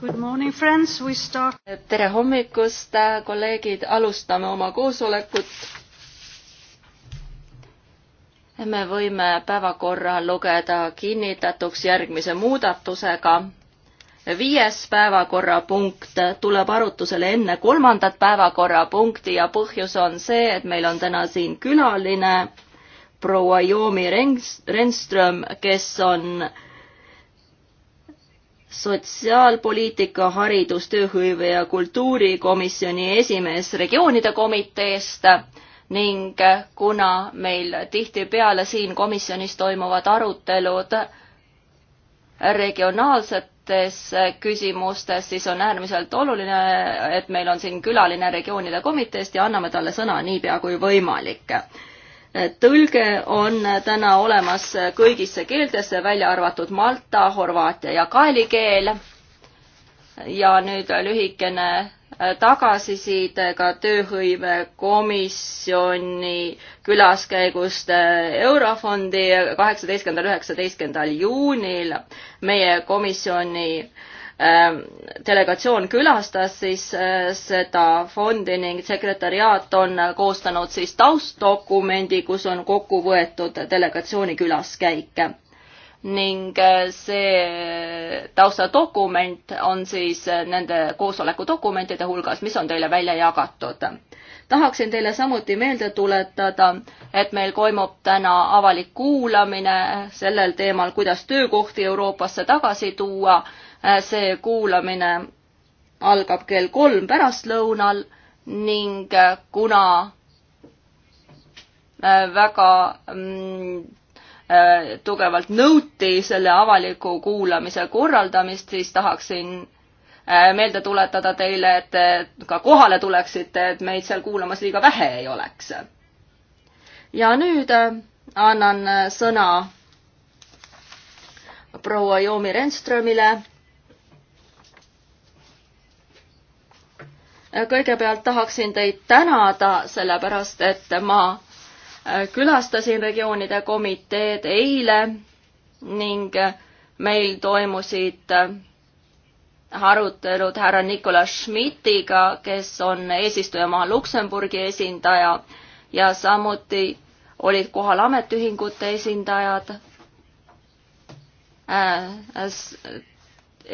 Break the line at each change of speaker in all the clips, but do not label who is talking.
Good morning, friends. We start... tere hommikust, kolleegid, alustame oma koosolekut. me võime päevakorra lugeda kinnitatuks järgmise muudatusega. viies päevakorrapunkt tuleb arutusele enne kolmandat päevakorrapunkti ja põhjus on see, et meil on täna siin külaline proua Joomi Renström, kes on äh, sotsiaalpoliitika, haridus, tööhõive ja kultuurikomisjoni esimees regioonide komiteest ning kuna meil tihtipeale siin komisjonis toimuvad arutelud regionaalsetes küsimustes, siis on äärmiselt oluline, et meil on siin külaline regioonide komiteest ja anname talle sõna niipea kui võimalik tõlge on täna olemas kõigisse keeltesse, välja arvatud malta, horvaatia ja kaeli keel. ja nüüd lühikene tagasiside ka tööhõivekomisjoni külaskäigust Eurofondi kaheksateistkümnendal, üheksateistkümnendal juunil. meie komisjoni Ähm, delegatsioon külastas siis äh, seda fondi ning sekretäriaat on äh, koostanud siis taustdokumendi, kus on kokku võetud delegatsiooni külaskäik. ning äh, see taustadokument on siis nende koosoleku dokumentide hulgas, mis on teile välja jagatud. tahaksin teile samuti meelde tuletada, et meil toimub täna avalik kuulamine sellel teemal, kuidas töökohti Euroopasse tagasi tuua Äh, see kuulamine algab kell kolm pärastlõunal ning äh, kuna äh, väga mm, tugevalt nõuti selle avaliku kuulamise korraldamist, siis tahaksin meelde tuletada teile, et ka kohale tuleksite, et meid seal kuulamas liiga vähe ei oleks. ja nüüd annan sõna proua Joomi Renströmile kõigepealt tahaksin teid tänada, sellepärast et ma äh, külastasin regioonide komiteed eile ning äh, meil toimusid äh, arutelud härra Nicolas Schmidtiga, kes on eesistujamaa Luksemburgi esindaja ja samuti olid kohal ametiühingute esindajad,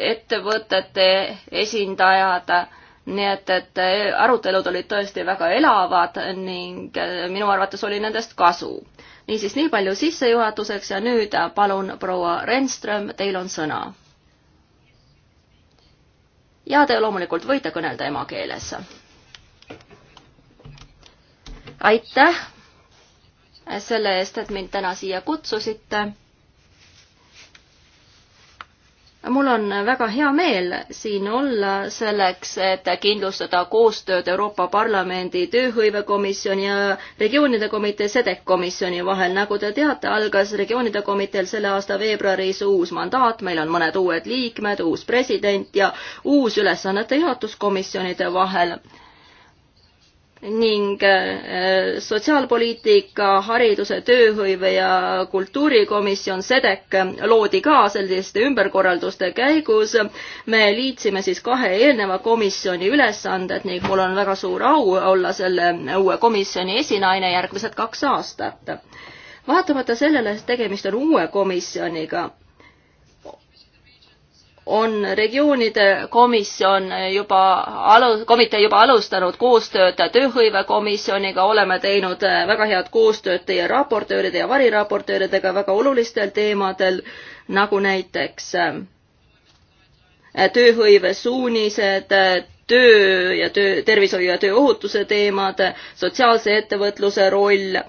ettevõtete esindajad nii et, et eh, arutelud olid tõesti väga elavad ning eh, minu arvates oli nendest kasu. niisiis, nii palju sissejuhatuseks ja nüüd palun, proua Renström, teil on sõna. ja te loomulikult võite kõnelda emakeeles. aitäh selle eest, et mind täna siia kutsusite mul on väga hea meel siin olla selleks, et kindlustada koostööd Euroopa Parlamendi tööhõivekomisjoni ja regioonide komitee SEDEC komisjoni vahel. nagu te teate, algas regioonide komiteel selle aasta veebruaris uus mandaat, meil on mõned uued liikmed, uus president ja uus ülesannete jaotus komisjonide vahel ning äh, sotsiaalpoliitika, hariduse, tööhõive ja kultuurikomisjon SEDEC loodi ka selliste ümberkorralduste käigus. me liitsime siis kahe eelneva komisjoni ülesanded ning mul on väga suur au olla selle uue komisjoni esinaine järgmised kaks aastat. vaatamata sellele, et tegemist on uue komisjoniga on regioonide komisjon juba alu-, komitee juba alustanud koostööd tööhõivekomisjoniga, oleme teinud väga head koostööd teie raportööride ja variraportööridega väga olulistel teemadel, nagu näiteks äh, tööhõivesuunised, töö ja töö, tervishoiu ja tööohutuse teemad, sotsiaalse ettevõtluse roll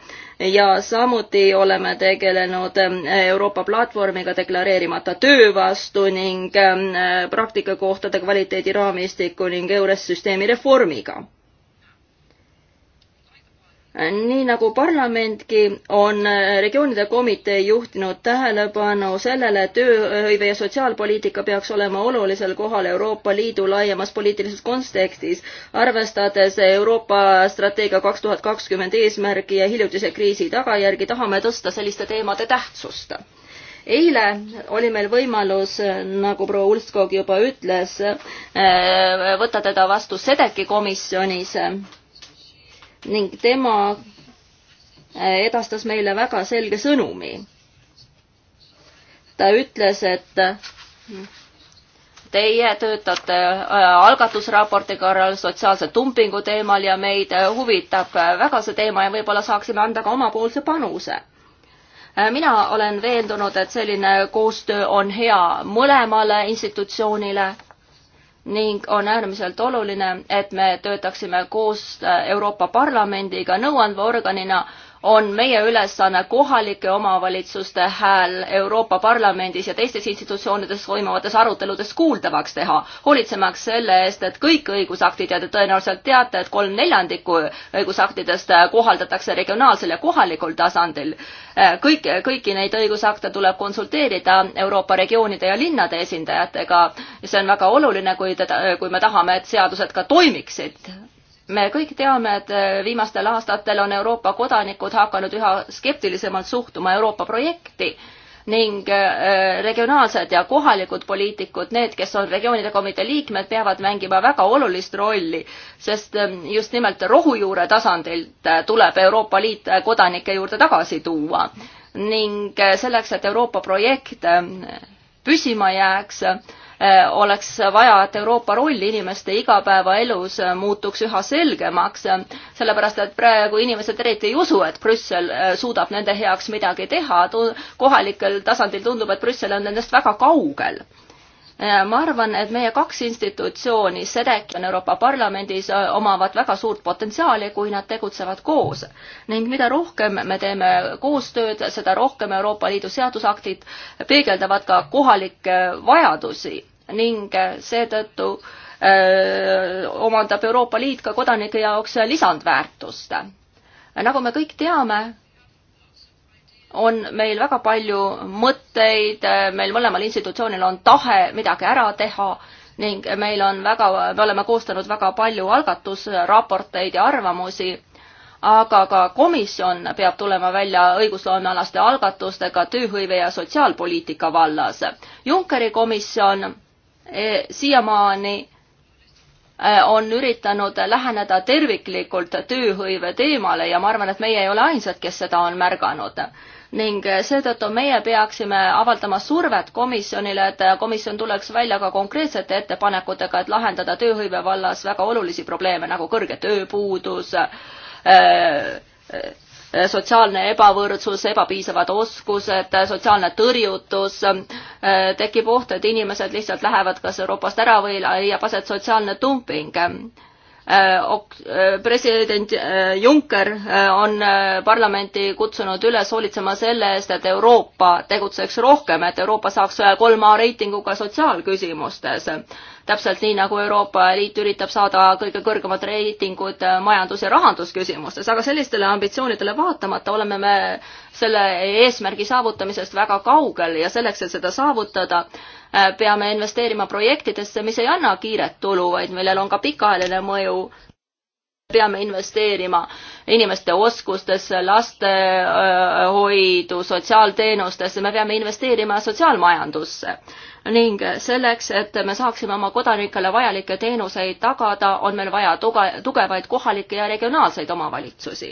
ja samuti oleme tegelenud ähm, Euroopa platvormiga deklareerimata töö vastu ning ähm, praktikakohtade kvaliteediraamistiku ning EURES süsteemi reformiga nii nagu parlamentki, on äh, regioonide komitee juhtinud tähelepanu sellele, et tööhõive ja sotsiaalpoliitika peaks olema olulisel kohal Euroopa Liidu laiemas poliitilises kontekstis, arvestades Euroopa strateegia kaks tuhat kakskümmend eesmärgi ja hiljutise kriisi tagajärgi, tahame tõsta selliste teemade tähtsust. eile oli meil võimalus, nagu proua Ulskog juba ütles, äh, võtta teda vastu SEDEC-i komisjonis ning tema eh, edastas meile väga selge sõnumi. ta ütles, et teie töötate eh, algatusraporti korral sotsiaalse dumpingu teemal ja meid eh, huvitab väga see teema ja võib-olla saaksime anda ka omapoolse panuse mina olen veendunud, et selline koostöö on hea mõlemale institutsioonile ning on äärmiselt oluline, et me töötaksime koos äh, Euroopa Parlamendiga nõuandva organina on meie ülesanne kohalike omavalitsuste hääl Euroopa Parlamendis ja teistes institutsioonides toimuvates aruteludes kuuldavaks teha, hoolitsemaks selle eest, et kõik õigusaktid ja te tõenäoliselt teate, et kolm neljandikku õigusaktidest kohaldatakse regionaalsel ja kohalikul tasandil. kõik, kõiki neid õigusakte tuleb konsulteerida Euroopa regioonide ja linnade esindajatega. see on väga oluline, kui te, kui me tahame, et seadused ka toimiksid me kõik teame, et äh, viimastel aastatel on Euroopa kodanikud hakanud üha skeptilisemalt suhtuma Euroopa projekti ning äh, äh, regionaalsed ja kohalikud poliitikud, need, kes on regioonide komitee liikmed, peavad mängima väga olulist rolli, sest ähm, just nimelt rohujuure tasandilt tuleb Euroopa Liit kodanike juurde tagasi tuua. ning selleks, et Euroopa projekt ähm, püsima jääks, Äh, oleks vaja, et Euroopa roll inimeste igapäevaelus äh, muutuks üha selgemaks, äh, sellepärast et praegu inimesed eriti ei usu, et Brüssel suudab nende heaks midagi teha, kohalikel tasandil tundub, et Brüssel on nendest väga kaugel ma arvan, et meie kaks institutsiooni, SEDEC ja Euroopa Parlamendis, omavad väga suurt potentsiaali, kui nad tegutsevad koos. ning mida rohkem me teeme koostööd, seda rohkem Euroopa Liidu seadusaktid peegeldavad ka kohalikke vajadusi ning seetõttu äh, omandab Euroopa Liit ka kodanike jaoks lisandväärtust. nagu me kõik teame, on meil väga palju mõtteid, meil mõlemal institutsioonil on tahe midagi ära teha ning meil on väga, me oleme koostanud väga palju algatusraporteid ja arvamusi, aga ka komisjon peab tulema välja õigusloomealaste algatustega tööhõive ja sotsiaalpoliitika vallas. Junckeri komisjon E, siiamaani e, on üritanud läheneda terviklikult tööhõive teemale ja ma arvan, et meie ei ole ainsad, kes seda on märganud. ning seetõttu meie peaksime avaldama survet komisjonile, et komisjon tuleks välja ka konkreetsete ettepanekutega, et lahendada tööhõive vallas väga olulisi probleeme nagu kõrge tööpuudus äh,, Äh, sotsiaalne ebavõrdsus, ebapiisavad oskused, äh, sotsiaalne tõrjutus, äh, tekib oht, et inimesed lihtsalt lähevad kas Euroopast ära või leiab aset sotsiaalne dumping. president Juncker on parlamenti kutsunud üles hoolitsema selle eest, et Euroopa tegutseks rohkem, et Euroopa saaks kolm A reitinguga sotsiaalküsimustes täpselt nii, nagu Euroopa Liit üritab saada kõige kõrgemad reitingud äh, majandus- ja rahandusküsimustes, aga sellistele ambitsioonidele vaatamata oleme me selle eesmärgi saavutamisest väga kaugel ja selleks, et seda saavutada, äh, peame investeerima projektidesse, mis ei anna kiiret tulu, vaid millel on ka pikaajaline mõju. peame investeerima inimeste oskustesse, lastehoidu, äh, sotsiaalteenustesse, me peame investeerima sotsiaalmajandusse ning selleks, et me saaksime oma kodanikele vajalikke teenuseid tagada, on meil vaja tugevaid kohalikke ja regionaalseid omavalitsusi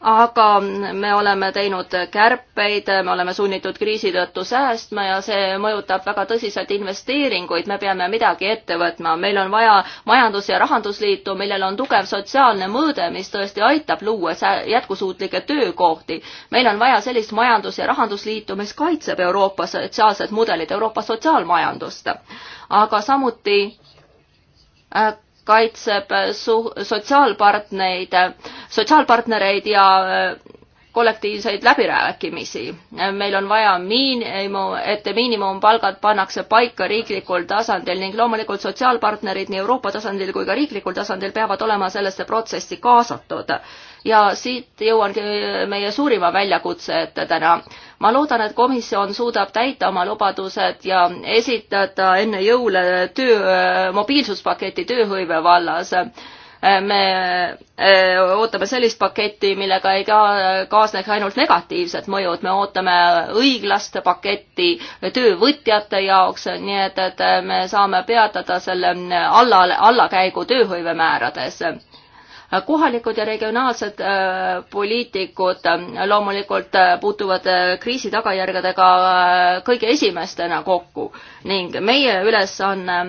aga me oleme teinud kärpeid, me oleme sunnitud kriisi tõttu säästma ja see mõjutab väga tõsiselt investeeringuid, me peame midagi ette võtma, meil on vaja majandus- ja rahandusliitu, millel on tugev sotsiaalne mõõde, mis tõesti aitab luua jätkusuutlikke töökohti. meil on vaja sellist majandus- ja rahandusliitu, mis kaitseb Euroopa sotsiaalset mudelit, Euroopa sotsiaalmajandust. aga samuti äh, kaitseb su-, sotsiaalpartneid, sotsiaalpartnereid ja äh, kollektiivseid läbirääkimisi. meil on vaja miinimum, et miinimumpalgad pannakse paika riiklikul tasandil ning loomulikult sotsiaalpartnerid nii Euroopa tasandil kui ka riiklikul tasandil peavad olema sellesse protsessi kaasatud ja siit jõuangi meie suurima väljakutse ette täna. ma loodan, et komisjon suudab täita oma lubadused ja esitada enne jõule töö, mobiilsuspaketi tööhõive vallas me e, ootame sellist paketti, millega ei kaasneks ainult negatiivsed mõjud, me ootame õiglast paketti töövõtjate jaoks, nii et, et me saame peatada selle alla, allakäigu tööhõivemäärades kohalikud ja regionaalsed äh, poliitikud äh, loomulikult äh, puutuvad kriisi tagajärgedega kõige esimestena kokku ning meie ülesanne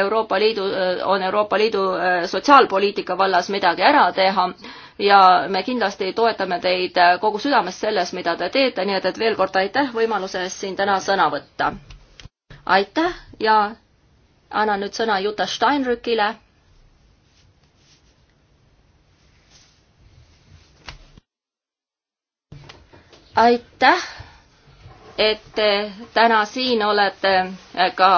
Euroopa Liidu, on Euroopa Liidu sotsiaalpoliitika vallas midagi ära teha ja me kindlasti toetame teid kogu südamest selles, mida te teete, nii et, et veel kord aitäh võimaluse eest siin täna sõna võtta. aitäh ja annan nüüd sõna Juta Steinrückile aitäh, et te täna siin olete ka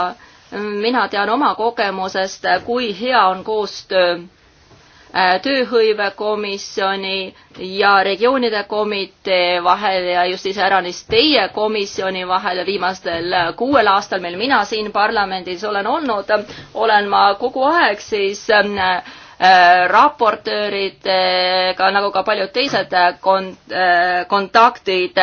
mina tean oma kogemusest, kui hea on koostöö äh, tööhõivekomisjoni ja regioonide komitee vahel ja just iseäranis teie komisjoni vahel viimastel kuuel aastal, mil mina siin parlamendis olen olnud, olen ma kogu aeg siis äh, Äh, raportööridega, nagu ka paljud teised äh, kont-, äh, kontaktid,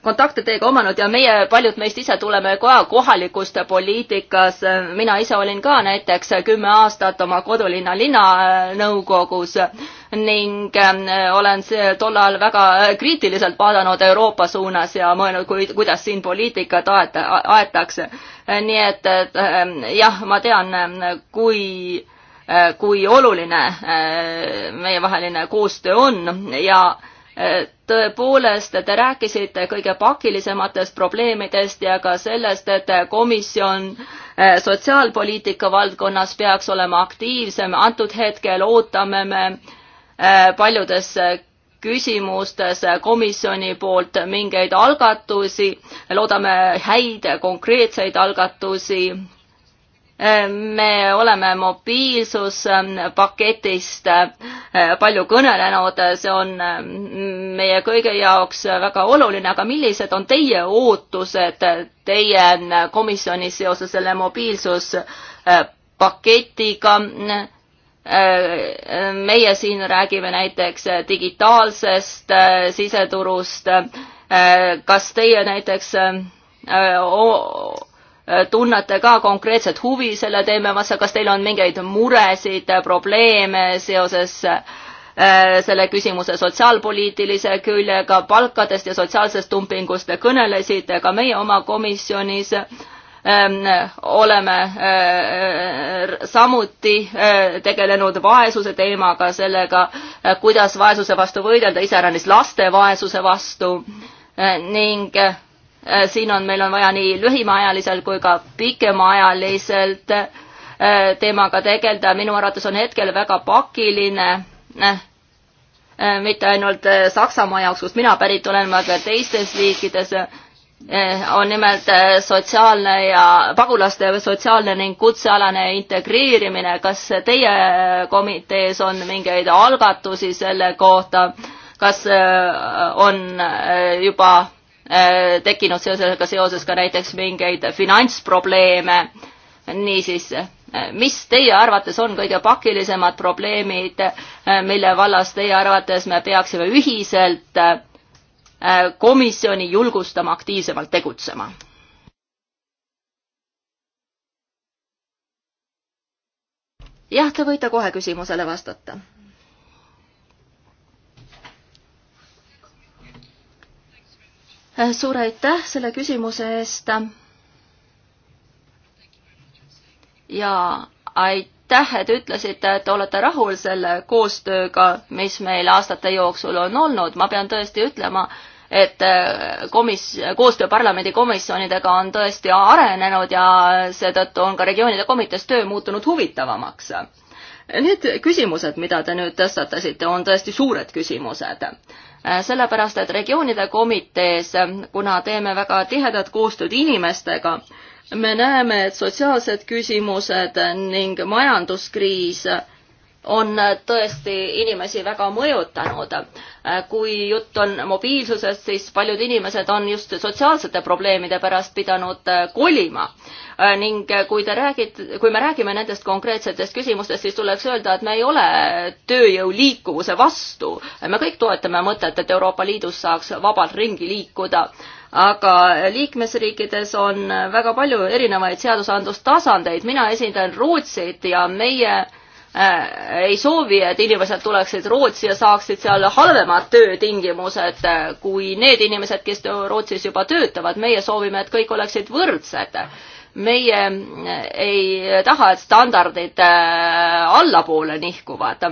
kontakte teiega omanud ja meie, paljud meist ise tuleme ka kohalikust poliitikast. mina ise olin ka näiteks kümme aastat oma kodulinna linnanõukogus äh, ning ähm, olen tollal väga äh, kriitiliselt vaadanud Euroopa suunas ja mõelnud, kuidas siin poliitikat aetakse. nii et, et ähm, jah, ma tean, ähm, kui äh, kui oluline äh, meievaheline koostöö on ja tõepoolest, te rääkisite kõige pakilisematest probleemidest ja ka sellest, et komisjon sotsiaalpoliitika valdkonnas peaks olema aktiivsem. antud hetkel ootame me Äh, paljudes äh, küsimustes komisjoni poolt mingeid algatusi, loodame häid konkreetseid algatusi. Äh, me oleme mobiilsuspaketist palju kõnelenud, see on meie kõigi jaoks väga oluline, aga millised on teie ootused teie komisjonis seoses selle mobiilsuspaketiga? Äh, meie siin räägime näiteks digitaalsest äh, siseturust. Äh, kas teie näiteks tunnete ka konkreetset huvi selle teema vastu, kas teil on mingeid muresid, probleeme seoses selle küsimuse sotsiaalpoliitilise küljega, palkadest ja sotsiaalsest dumpingust te kõnelesite ka meie oma komisjonis Ähm, oleme äh, äh, samuti äh, tegelenud vaesuse teemaga, sellega, kuidas vaesuse vastu võidelda, iseäranis laste vaesuse vastu ning siin on, meil on vaja nii lühimaajaliselt kui ka pikemaajaliselt teemaga tegeleda, minu arvates on hetkel väga pakiline, mitte ainult Saksamaa jaoks, kust mina pärit olen, aga teistes riikides Eh, on nimelt eh, sotsiaalne ja pagulaste sotsiaalne ning kutsealane integreerimine. kas teie komitees on mingeid algatusi selle kohta? kas eh, on juba tekkinud sellega seoses ka näiteks mingeid finantsprobleeme? niisiis, mis teie arvates on kõige pakilisemad probleemid, mille vallas teie arvates me peaksime ühiselt Äh, komisjoni julgustama aktiivsemalt tegutsema. jah, te võite kohe küsimusele vastata. Äh, suur aitäh selle küsimuse eest. ja aitäh, et ütlesite, et olete rahul selle koostööga, mis meil aastate jooksul on olnud. ma pean tõesti ütlema, et äh, komis-, koostöö parlamendikomisjonidega on tõesti arenenud ja seetõttu on ka regioonide komitees töö muutunud huvitavamaks. Need küsimused, mida te nüüd tõstatasite, on tõesti suured küsimused. Äh, sellepärast, et regioonide komitees, kuna teeme väga tihedat koostööd inimestega, me näeme, et sotsiaalsed küsimused ning majanduskriis on tõesti inimesi väga mõjutanud. kui jutt on mobiilsusest, siis paljud inimesed on just sotsiaalsete probleemide pärast pidanud kolima. ning kui te räägite, kui me räägime nendest konkreetsetest küsimustest, siis tuleks öelda, et me ei ole tööjõu liikuvuse vastu. me kõik toetame mõtet, et Euroopa Liidus saaks vabalt ringi liikuda aga liikmesriikides on väga palju erinevaid seadusandlustasandeid, mina esindan Rootsit ja meie äh, Äh, ei soovi, et inimesed tuleksid Rootsi ja saaksid seal halvemad töötingimused äh, kui need inimesed, kes Rootsis juba töötavad. meie soovime, et kõik oleksid võrdsed. meie äh, ei taha, et standardid allapoole nihkuvad,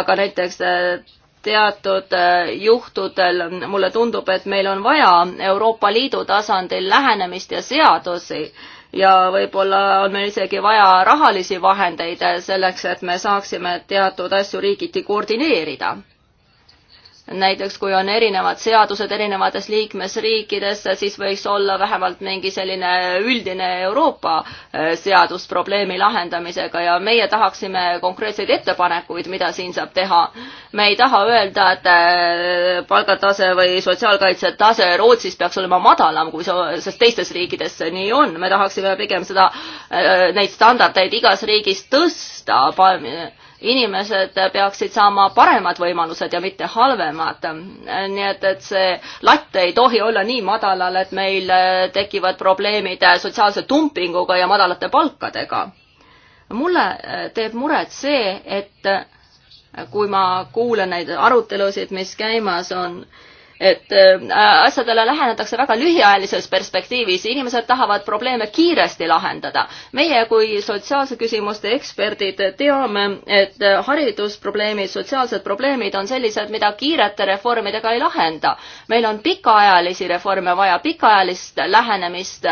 aga näiteks teatud juhtudel mulle tundub, et meil on vaja Euroopa Liidu tasandil lähenemist ja seadusi ja võib-olla on meil isegi vaja rahalisi vahendeid selleks, et me saaksime teatud asju riigiti koordineerida näiteks kui on erinevad seadused erinevates liikmesriikides, siis võiks olla vähemalt mingi selline üldine Euroopa äh, seadus probleemi lahendamisega ja meie tahaksime konkreetseid ettepanekuid, mida siin saab teha. me ei taha öelda, et äh, palgatase või sotsiaalkaitse tase Rootsis peaks olema madalam, kui see, sest teistes riikides see nii on, me tahaksime pigem seda, äh, neid standardeid igas riigis tõsta inimesed peaksid saama paremad võimalused ja mitte halvemad. nii et, et see latt ei tohi olla nii madalal, et meil tekivad probleemid sotsiaalse dumpinguga ja madalate palkadega. mulle teeb muret see, et kui ma kuulan neid arutelusid, mis käimas on, et äh, asjadele lähenetakse väga lühiajalises perspektiivis, inimesed tahavad probleeme kiiresti lahendada. meie kui sotsiaalse küsimuste eksperdid teame, et äh, haridusprobleemid, sotsiaalsed probleemid on sellised, mida kiirete reformidega ei lahenda. meil on pikaajalisi reforme vaja, pikaajalist lähenemist,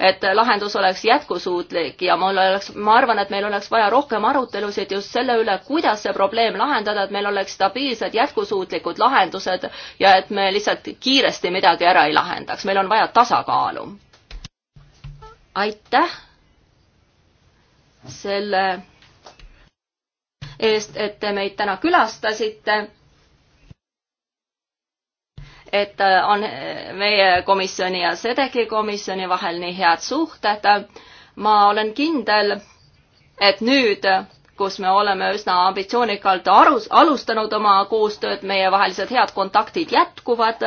et lahendus oleks jätkusuutlik ja mul oleks, ma arvan, et meil oleks vaja rohkem arutelusid just selle üle, kuidas see probleem lahendada, et meil oleks stabiilsed jätkusuutlikud lahendused ja et me lihtsalt kiiresti midagi ära ei lahendaks, meil on vaja tasakaalu. aitäh selle eest, et te meid täna külastasite. et on meie komisjoni ja Sedeki komisjoni vahel nii head suhted. ma olen kindel, et nüüd kus me oleme üsna ambitsioonikalt arus, alustanud oma koostööd, meievahelised head kontaktid jätkuvad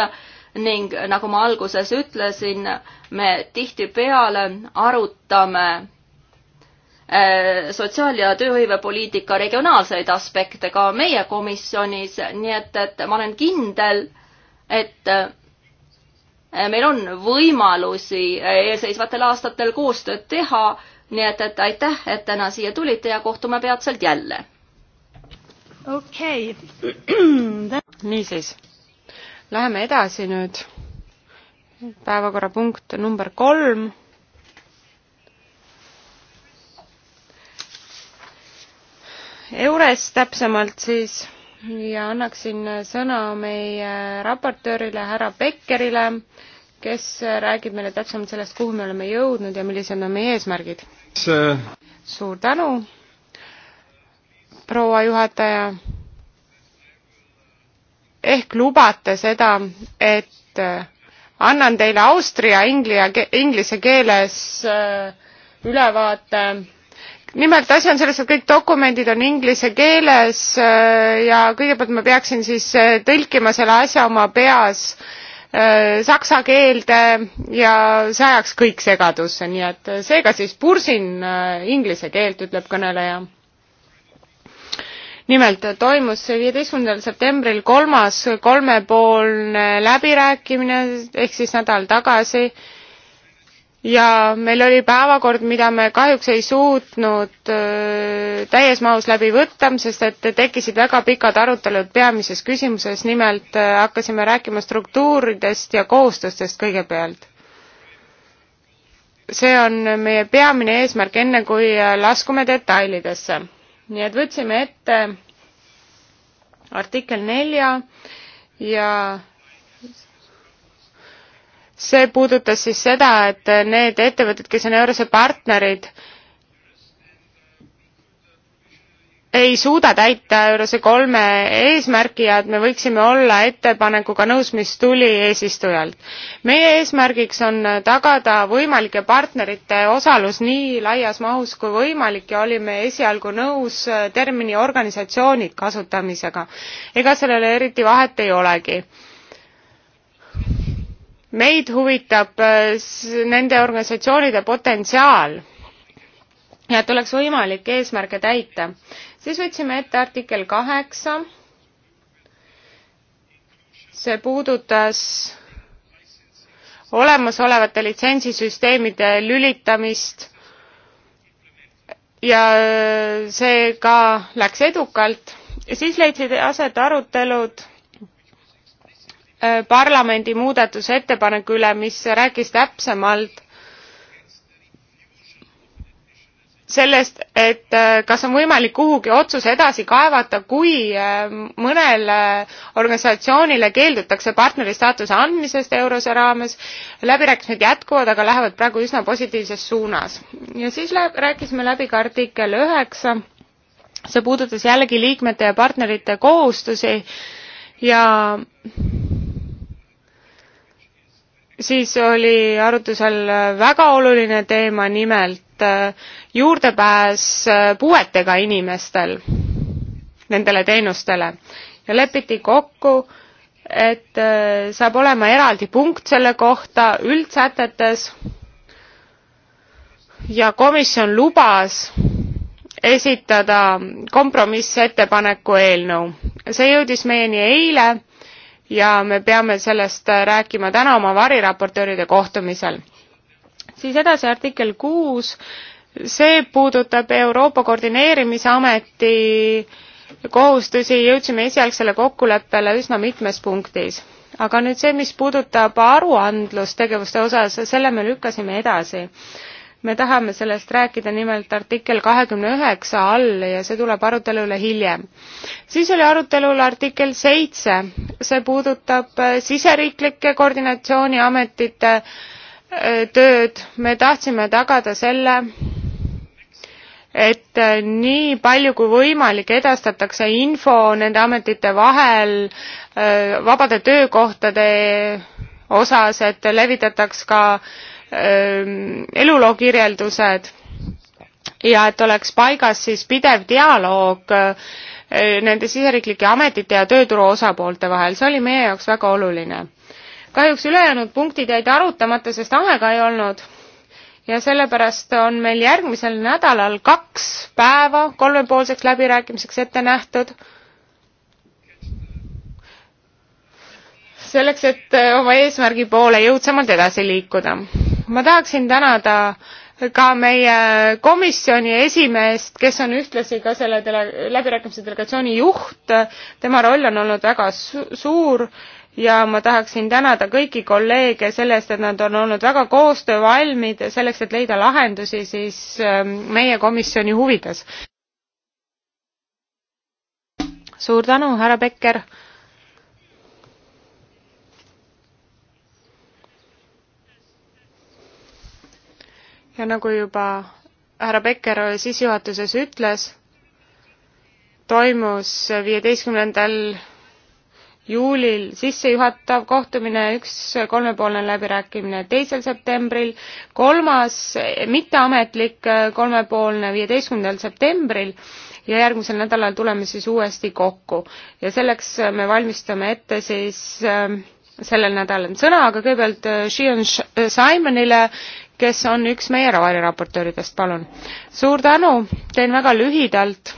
ning nagu ma alguses ütlesin, me tihtipeale arutame äh, sotsiaal- ja tööhõivepoliitika regionaalseid aspekte ka meie komisjonis, nii et, et ma olen kindel, et äh, meil on võimalusi äh, eelseisvatel aastatel koostööd teha nii et, et aitäh, et täna siia tulite ja kohtume peatselt jälle.
okei okay..
niisiis, läheme edasi nüüd. päevakorrapunkt number kolm. Eures täpsemalt siis ja annaksin sõna meie raportöörile härra Pekkerile kes räägib meile täpsemalt sellest, kuhu me oleme jõudnud ja millised on meie eesmärgid. suur tänu, proua juhataja. ehk lubate seda, et annan teile austria inglia, inglise keeles äh, ülevaate. nimelt asi on selles, et kõik dokumendid on inglise keeles äh, ja kõigepealt ma peaksin siis äh, tõlkima selle asja oma peas Äh, saksa keelde ja see ajaks kõik segadusse, nii et äh, seega siis pursin äh, inglise keelt, ütleb kõneleja nimelt toimus viieteistkümnendal septembril kolmas kolmepoolne läbirääkimine ehk siis nädal tagasi äh, ja meil oli päevakord, mida me kahjuks ei suutnud öö, täies mahus läbi võtta, sest et tekkisid väga pikad arutelud peamises küsimuses, nimelt öö, hakkasime rääkima struktuuridest ja kohustustest kõigepealt. see on meie peamine eesmärk, enne kui laskume detailidesse. nii et võtsime ette artikkel nelja ja see puudutas siis seda, et need ettevõtted, kes on Eurose partnerid, ei suuda täita Eurose kolme eesmärki ja et me võiksime olla ettepanekuga nõus, mis tuli eesistujalt. meie eesmärgiks on tagada võimalike partnerite osalus nii laias mahus kui võimalik ja olime esialgu nõus termini organisatsioonid kasutamisega. ega sellele eriti vahet ei olegi meid huvitab äh, nende organisatsioonide potentsiaal ja et oleks võimalik eesmärke täita. siis võtsime ette artikkel kaheksa. see puudutas olemasolevate litsentsisüsteemide lülitamist ja äh, see ka läks edukalt. siis leidsid aset arutelud Äh, parlamendi muudatusettepaneku üle, mis rääkis täpsemalt sellest, et äh, kas on võimalik kuhugi otsus edasi kaevata, kui äh, mõnele organisatsioonile keeldutakse partneri staatuse andmisest Eurose raames. läbirääkimised jätkuvad, aga lähevad praegu üsna positiivses suunas. ja siis läheb, rääkisime läbi ka artikkel üheksa. see puudutas jällegi liikmete ja partnerite kohustusi ja siis oli arutusel väga oluline teema, nimelt äh, juurdepääs äh, puuetega inimestel nendele teenustele ja lepiti kokku, et äh, saab olema eraldi punkt selle kohta üldsätetes ja komisjon lubas esitada kompromissettepaneku eelnõu. see jõudis meieni eile ja me peame sellest rääkima täna oma variraportööride kohtumisel. siis edasi artikkel kuus, see puudutab Euroopa Koordineerimisameti kohustusi, jõudsime esialgsele kokkuleppele üsna mitmes punktis. aga nüüd see, mis puudutab aruandlustegevuste osas, selle me lükkasime edasi me tahame sellest rääkida nimelt artikkel kahekümne üheksa all ja see tuleb arutelule hiljem. siis oli arutelul artikkel seitse, see puudutab äh, siseriiklike koordinatsiooniametite äh, tööd, me tahtsime tagada selle, et äh, nii palju kui võimalik edastatakse info nende ametite vahel vabade töökohtade osas, et levitataks ka äh, Ähm, elulookirjeldused ja et oleks paigas siis pidev dialoog äh, nende siseriiklike ametite ja tööturu osapoolte vahel, see oli meie jaoks väga oluline. kahjuks ülejäänud punktid jäid arutamata, sest aega ei olnud ja sellepärast on meil järgmisel nädalal kaks päeva kolmepoolseks läbirääkimiseks ette nähtud. selleks, et äh, oma eesmärgi poole jõudsamalt edasi liikuda ma tahaksin tänada ka meie komisjoni esimeest, kes on ühtlasi ka selle dele-, läbirääkimiste delegatsiooni juht, tema roll on olnud väga su suur ja ma tahaksin tänada kõiki kolleege selle eest, et nad on olnud väga koostöövalmid selleks, et leida lahendusi siis ähm, meie komisjoni huvides. suur tänu, härra Becker ja nagu juba härra Becker sissejuhatuses ütles, toimus viieteistkümnendal juulil sissejuhatav kohtumine, üks kolmepoolne läbirääkimine teisel septembril, kolmas mitteametlik kolmepoolne viieteistkümnendal septembril ja järgmisel nädalal tuleme siis uuesti kokku. ja selleks me valmistame ette siis äh, sellel nädalal sõna, aga kõigepealt äh, Shion Simonile, kes on üks meie variraportööridest, palun. suur tänu, teen väga lühidalt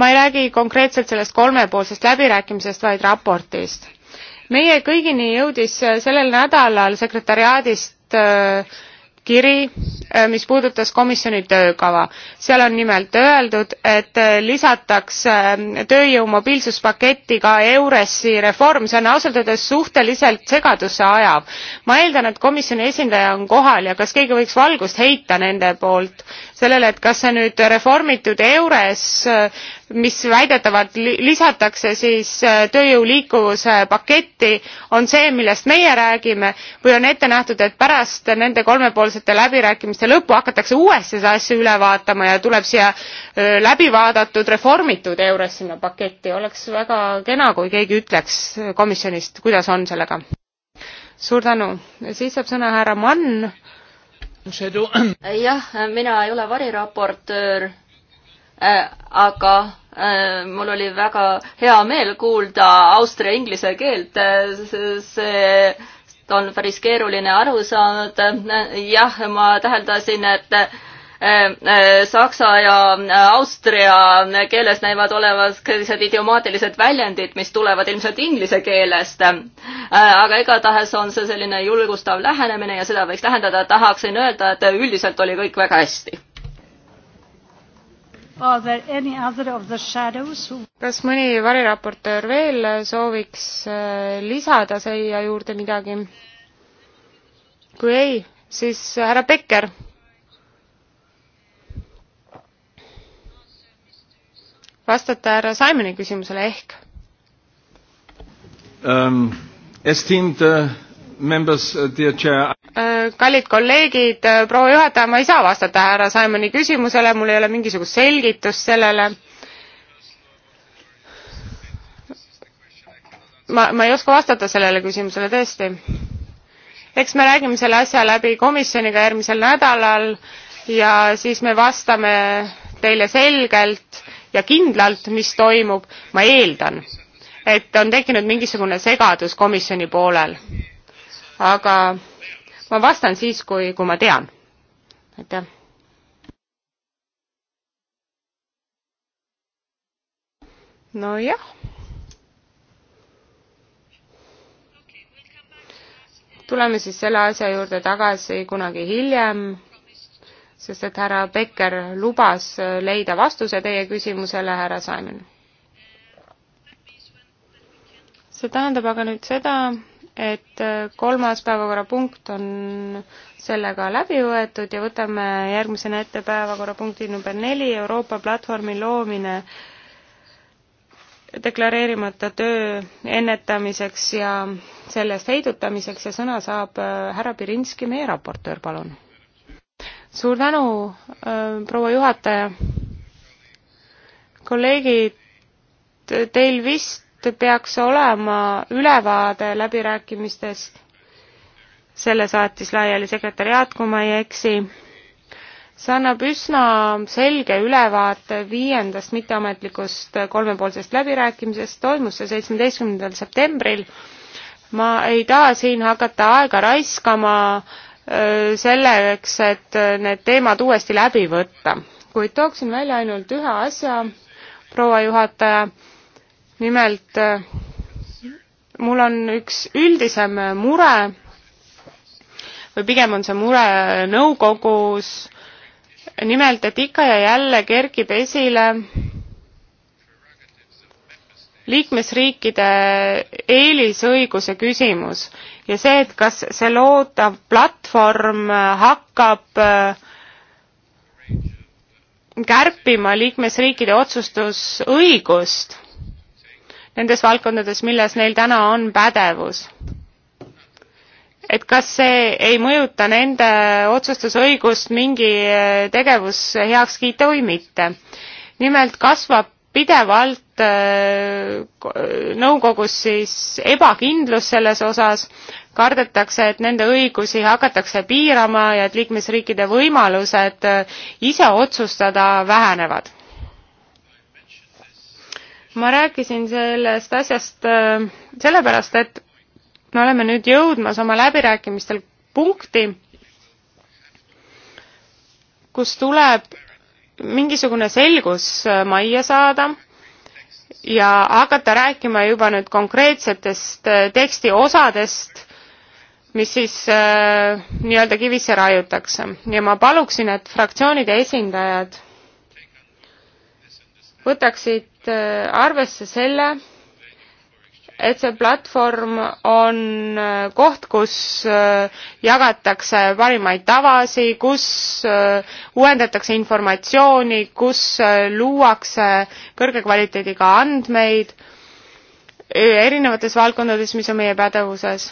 ma ei räägi konkreetselt sellest kolmepoolsest läbirääkimisest, vaid raportist. meie kõigini jõudis sellel nädalal sekretariaadist äh, kiri, äh, mis puudutas komisjoni töökava. seal on nimelt öeldud, et äh, lisatakse äh, tööjõu mobiilsuspaketti ka EURES-i reform, see on ausalt öeldes suhteliselt segadusse ajav. ma eeldan, et komisjoni esindaja on kohal ja kas keegi võiks valgust heita nende poolt sellele, et kas see nüüd reformitud EURES mis väidetavalt lisatakse siis äh, tööjõu liikuvuse paketti on see millest meie räägime või on ette nähtud et pärast nende kolmepoolsete läbirääkimiste lõppu hakatakse uuesti seda asja üle vaatama ja tuleb siia äh, läbivaadatud reformitud eures sinna paketti oleks väga kena kui keegi ütleks komisjonist kuidas on sellega suur tänu siis saab sõna härra Mann
jah mina ei ole variraportöör äh, aga Äh, mul oli väga hea meel kuulda austria inglise keelt, see on päris keeruline aru saanud. jah, ma täheldasin, et äh, äh, saksa ja austria keeles näivad olevat sellised idiomaatilised väljendid, mis tulevad ilmselt inglise keelest. aga igatahes on see selline julgustav lähenemine ja seda võiks tähendada, tahaksin öelda, et üldiselt oli kõik väga hästi
kas mõni variraportöör veel sooviks äh, lisada siia juurde midagi? kui ei, siis härra Becker. vastata härra Simoni küsimusele ehk um,. Ähm, Esteemed uh äh, Members, uh, dear chair. Äh, kallid kolleegid, äh, proua juhataja, ma ei saa vastata härra Simoni küsimusele, mul ei ole mingisugust selgitust sellele. ma, ma ei oska vastata sellele küsimusele tõesti. eks me räägime selle asja läbi komisjoniga järgmisel nädalal ja siis me vastame teile selgelt ja kindlalt, mis toimub, ma eeldan, et on tekkinud mingisugune segadus komisjoni poolel aga ma vastan siis, kui, kui ma tean. aitäh. nojah. tuleme siis selle asja juurde tagasi kunagi hiljem, sest et härra Becker lubas leida vastuse teie küsimusele, härra Simon. see tähendab aga nüüd seda, et äh, kolmas päevakorrapunkt on sellega läbi võetud ja võtame järgmisena ette päevakorrapunkti number neli, Euroopa platvormi loomine deklareerimata töö ennetamiseks ja selle eest heidutamiseks ja sõna saab äh, härra Pirinski, meie raportöör, palun. suur tänu, äh, proua juhataja. kolleegid, teil vist raport peaks olema ülevaade läbirääkimistest, selle saatis laiali sekretäriaat, kui ma ei eksi, see annab üsna selge ülevaate viiendast mitteametlikust kolmepoolsest läbirääkimisest, toimus see seitsmeteistkümnendal septembril. ma ei taha siin hakata aega raiskama selleks, et need teemad uuesti läbi võtta, kuid tooksin välja ainult ühe asja, proua juhataja nimelt äh, mul on üks üldisem äh, mure või pigem on see mure nõukogus, nimelt et ikka ja jälle kerkib esile liikmesriikide eelisõiguse küsimus ja see, et kas see loodav platvorm äh, hakkab kärpima liikmesriikide otsustusõigust nendes valdkondades, milles neil täna on pädevus. et kas see ei mõjuta nende otsustusõigust mingi eh, tegevus heaks kiita või mitte. nimelt kasvab pidevalt eh, nõukogus siis ebakindlus selles osas, kardetakse, et nende õigusi hakatakse piirama ja et liikmesriikide võimalused eh, ise otsustada vähenevad ma rääkisin sellest asjast äh, sellepärast, et me oleme nüüd jõudmas oma läbirääkimistel punkti, kus tuleb mingisugune selgus äh, majja saada ja hakata rääkima juba nüüd konkreetsetest äh, teksti osadest, mis siis äh, nii-öelda kivisse raiutakse ja ma paluksin, et fraktsioonide esindajad võtaksid võtnud äh, arvesse selle, et see platvorm on äh, koht, kus äh, jagatakse parimaid tavasid, kus uuendatakse informatsiooni, kus luuakse kõrge kvaliteediga andmeid e, erinevates valdkondades, mis on meie pädevuses.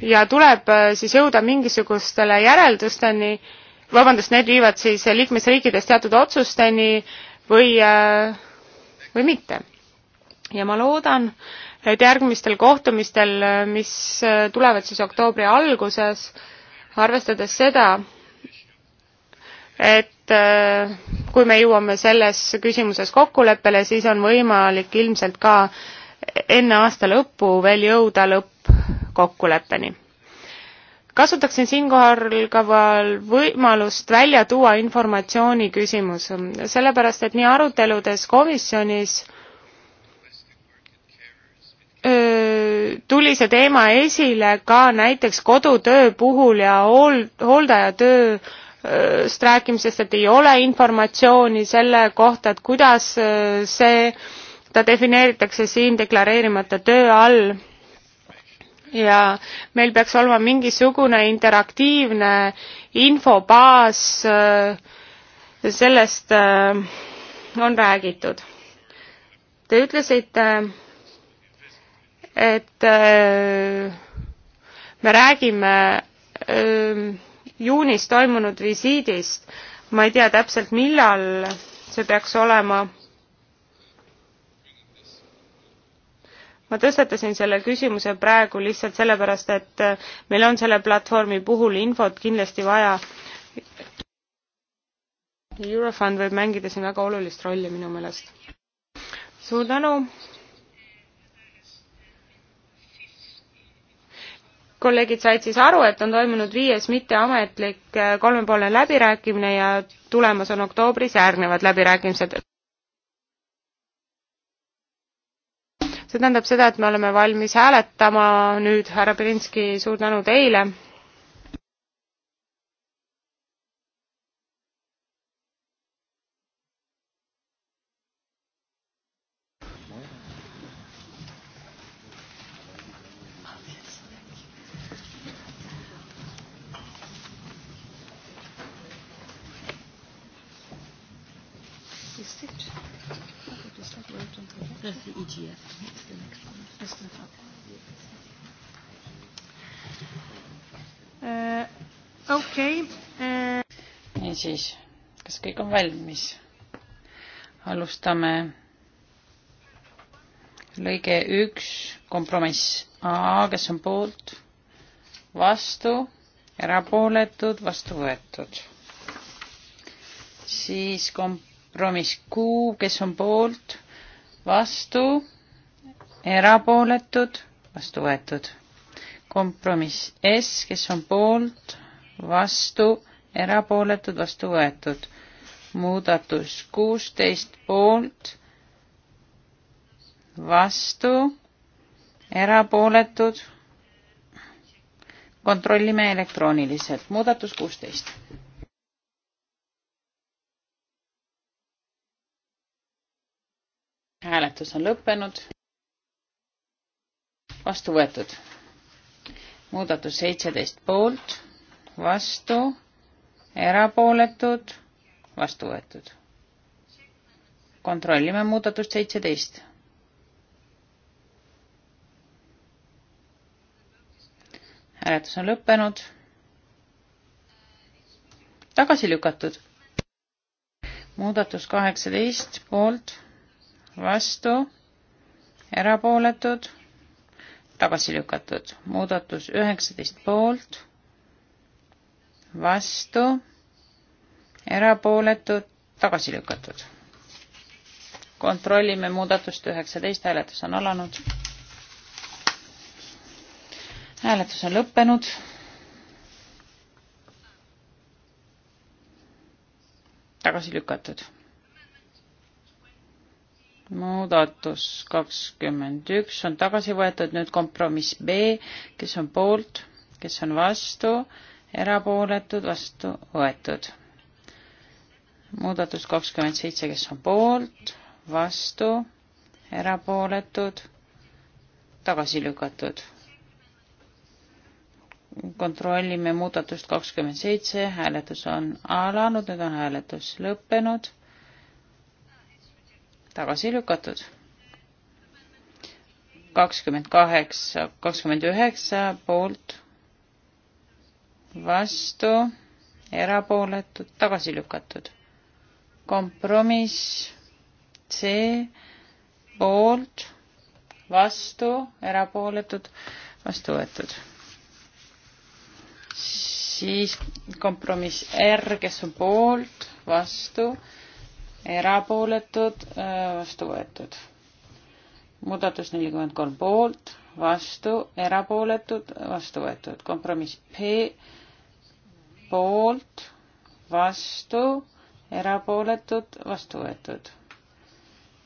ja tuleb siis jõuda mingisugustele järeldusteni, vabandust, need viivad siis liikmesriikides teatud otsusteni või äh, või mitte. ja ma loodan, et järgmistel kohtumistel, mis tulevad siis oktoobri alguses, arvestades seda, et äh, kui me jõuame selles küsimuses kokkuleppele, siis on võimalik ilmselt ka enne aasta lõppu veel jõuda lõppkokkuleppeni kasutaksin siinkohal ka võimalust välja tuua informatsiooni küsimus, sellepärast et nii aruteludes komisjonis tuli see teema esile ka näiteks kodutöö puhul ja hool-, hooldajatööst rääkimisest, et ei ole informatsiooni selle kohta, et kuidas see, ta defineeritakse siin deklareerimata töö all ja meil peaks olema mingisugune interaktiivne infobaas, äh, sellest äh, on räägitud. Te ütlesite, et äh, me räägime juunis toimunud visiidist, ma ei tea täpselt, millal see peaks olema ma tõstatasin selle küsimuse praegu lihtsalt sellepärast, et äh, meil on selle platvormi puhul infot kindlasti vaja. Eurofond võib mängida siin väga olulist rolli minu meelest. suur tänu. kolleegid said siis aru, et on toimunud viies mitteametlik äh, kolmepoolne läbirääkimine ja tulemas on oktoobris järgnevad läbirääkimised. see tähendab seda, et me oleme valmis hääletama nüüd, härra Belinski, suur tänu teile
okei äh, okay.. Äh. niisiis, kas kõik on valmis? alustame. lõige üks, kompromiss A, kes on poolt, vastu, erapooletud, vastu võetud. siis kompromiss Q, kes on poolt, vastu erapooletud, vastu võetud. kompromiss S, kes on poolt, vastu, erapooletud, vastu võetud. muudatus kuusteist poolt, vastu, erapooletud. kontrollime elektrooniliselt. muudatus kuusteist. hääletus on lõppenud vastu võetud. muudatus seitseteist poolt, vastu, erapooletud, vastu võetud. kontrollime muudatust seitseteist. hääletus on lõppenud. tagasi lükatud. muudatus kaheksateist poolt, vastu, erapooletud tagasi lükatud. muudatus üheksateist poolt, vastu, erapooletud, tagasi lükatud. kontrollime muudatust üheksateist, hääletus on alanud. hääletus on lõppenud. tagasi lükatud muudatus kakskümmend üks on tagasi võetud, nüüd kompromiss B, kes on poolt, kes on vastu, erapooletud, vastu võetud. muudatus kakskümmend seitse, kes on poolt, vastu, erapooletud, tagasi lükatud. kontrollime muudatust kakskümmend seitse, hääletus on alanud, nüüd on hääletus lõppenud tagasi lükatud. kakskümmend kaheksa, kakskümmend üheksa poolt, vastu, erapooletud, tagasi lükatud. kompromiss C poolt, vastu, erapooletud, vastu võetud. siis kompromiss R, kes on poolt, vastu erapooletud, äh, vastu võetud. muudatus nelikümmend kolm poolt, vastu, erapooletud, vastu võetud. kompromiss P poolt, vastu, erapooletud, vastu võetud.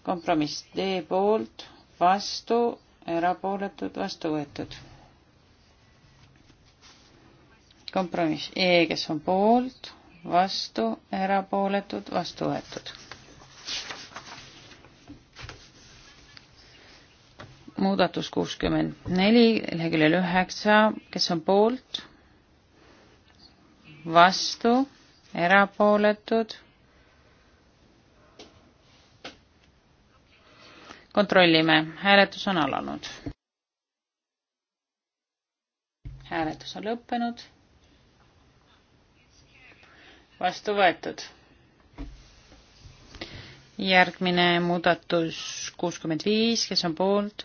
kompromiss D poolt, vastu, erapooletud, vastu võetud. kompromiss E, kes on poolt, vastu, erapooletud, vastu võetud muudatus kuuskümmend neli, leheküljel üheksa, kes on poolt, vastu, erapooletud. kontrollime, hääletus on alanud. hääletus on lõppenud. vastu võetud järgmine muudatus kuuskümmend viis, kes on poolt,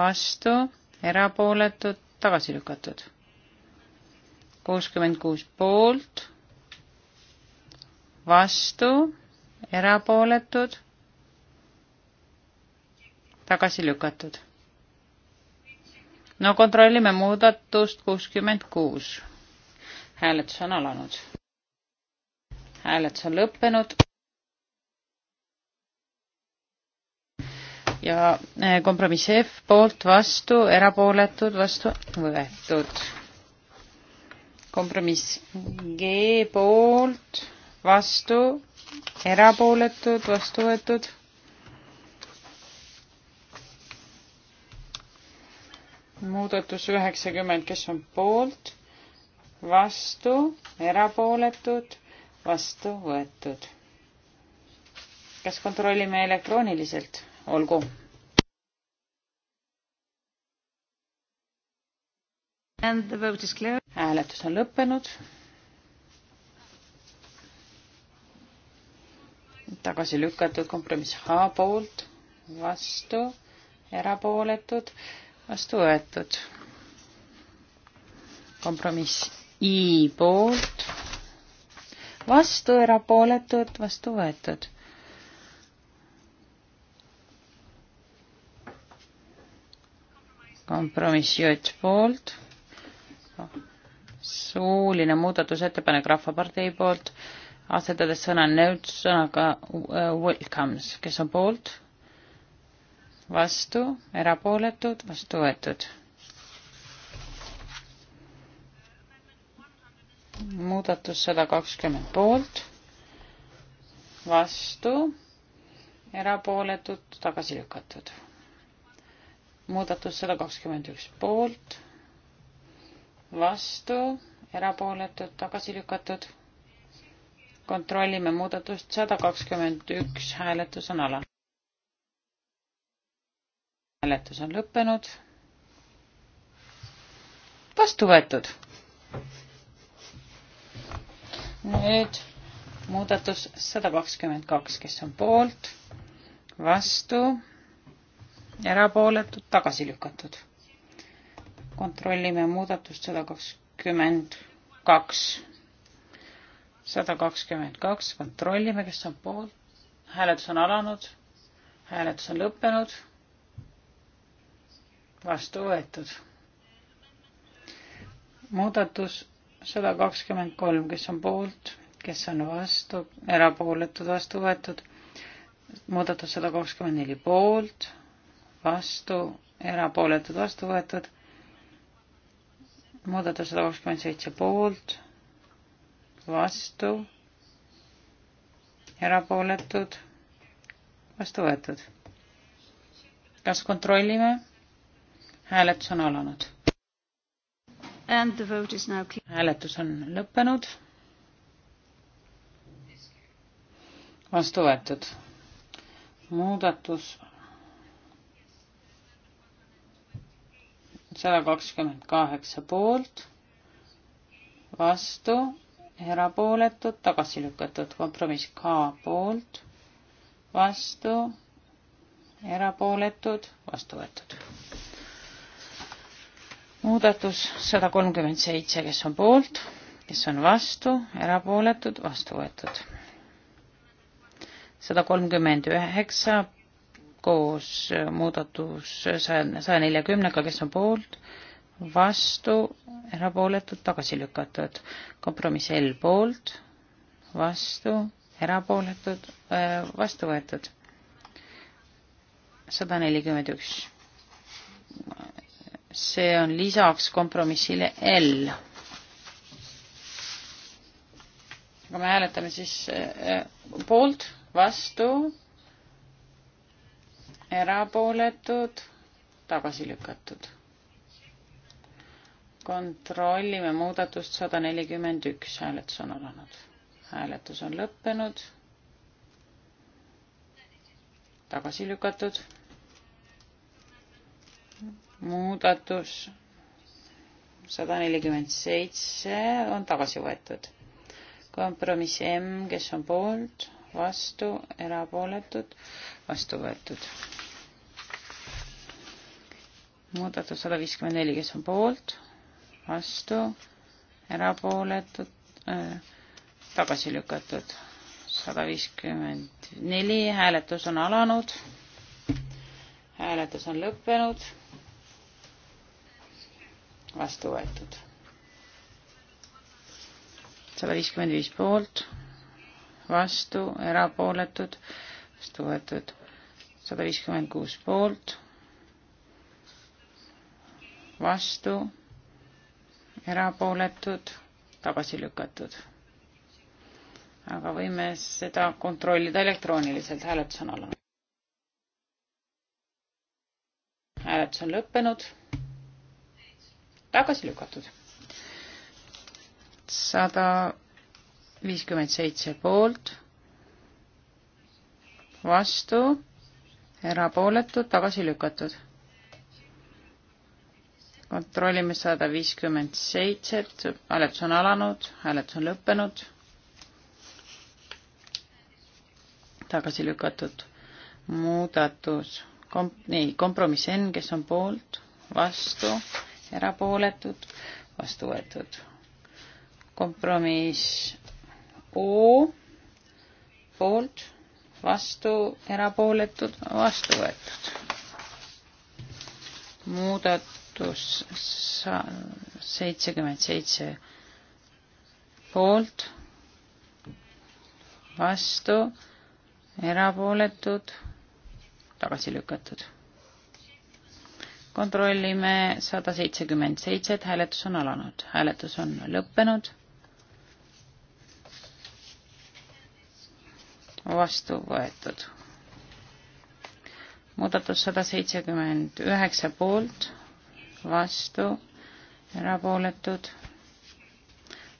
vastu, erapooletud, tagasi lükatud. kuuskümmend kuus poolt, vastu, erapooletud, tagasi lükatud. no kontrollime muudatust kuuskümmend kuus. hääletus on alanud. hääletus on lõppenud. ja eh, kompromiss F poolt vastu, erapooletud vastu võetud. kompromiss G poolt vastu, erapooletud vastu võetud. muudatus üheksakümmend, kes on poolt, vastu, erapooletud, vastu võetud. kas kontrollime elektrooniliselt? olgu. hääletus on lõppenud. tagasi lükatud kompromiss H poolt, vastu, erapooletud, vastu võetud. kompromiss I poolt, vastu, erapooletud, vastu võetud kompromiss J poolt, suuline muudatusettepanek Rahvapartei poolt, asetades sõna nõud sõnaga äh, welcomes, kes on poolt, vastu, erapooletud, vastu võetud. muudatus sada kakskümmend poolt, vastu, erapooletud, tagasi lükatud muudatus sada kakskümmend üks poolt, vastu, erapooletud, tagasi lükatud. kontrollime muudatust sada kakskümmend üks, hääletus on ala. hääletus on lõppenud. vastu võetud. nüüd muudatus sada kakskümmend kaks, kes on poolt, vastu erapooletud, tagasi lükatud. kontrollime muudatust sada kakskümmend kaks, sada kakskümmend kaks, kontrollime, kes on poolt, hääletus on alanud, hääletus on lõppenud, vastu võetud. muudatus sada kakskümmend kolm, kes on poolt, kes on vastu, erapooletud, vastu võetud. muudatus sada kakskümmend neli poolt, vastu, erapooletud, vastu võetud. muudatus sada kakskümmend seitse poolt, vastu, erapooletud, vastu võetud. kas kontrollime? hääletus on alanud. hääletus on lõppenud. vastu võetud. muudatus sada kakskümmend kaheksa poolt, vastu, erapooletud, tagasi lükatud, kompromiss K poolt, vastu, erapooletud, vastu võetud. muudatus sada kolmkümmend seitse, kes on poolt, kes on vastu, erapooletud, vastu võetud. sada kolmkümmend üheksa koos muudatus saja neljakümnega, kes on poolt, vastu, erapooletud, tagasi lükatud. kompromiss L poolt, vastu, erapooletud, äh, vastu võetud. sada nelikümmend üks. see on lisaks kompromissile L. aga me hääletame siis äh, poolt, vastu erapooletud, tagasi lükatud. kontrollime muudatust sada nelikümmend üks, hääletus on alanud. hääletus on lõppenud. tagasi lükatud. muudatus sada nelikümmend seitse on tagasi võetud. kompromiss M, kes on poolt, vastu, erapooletud, vastu võetud muudatus sada viiskümmend neli, kes on poolt, vastu, erapooletud äh,, tagasi lükatud. sada viiskümmend neli, hääletus on alanud. hääletus on lõppenud. vastu võetud. sada viiskümmend viis poolt, vastu, erapooletud, vastu võetud. sada viiskümmend kuus poolt vastu, erapooletud, tagasi lükatud. aga võime seda kontrollida elektrooniliselt, hääletus on alanud. hääletus on lõppenud, tagasi lükatud. sada viiskümmend seitse poolt, vastu, erapooletud, tagasi lükatud kontrollime sada viiskümmend seitset, hääletus on alanud, hääletus on lõppenud. tagasi lükatud muudatus, komp-, ei, kompromiss N, kes on poolt, vastu, erapooletud, vastu võetud. kompromiss O, poolt, vastu, erapooletud, vastu võetud. muudat-, muudatus seitsekümmend seitse poolt, vastu, erapooletud, tagasi lükatud. kontrollime sada seitsekümmend seitse, et hääletus on alanud, hääletus on lõppenud. vastu võetud muudatus sada seitsekümmend üheksa poolt, vastu, erapooletud,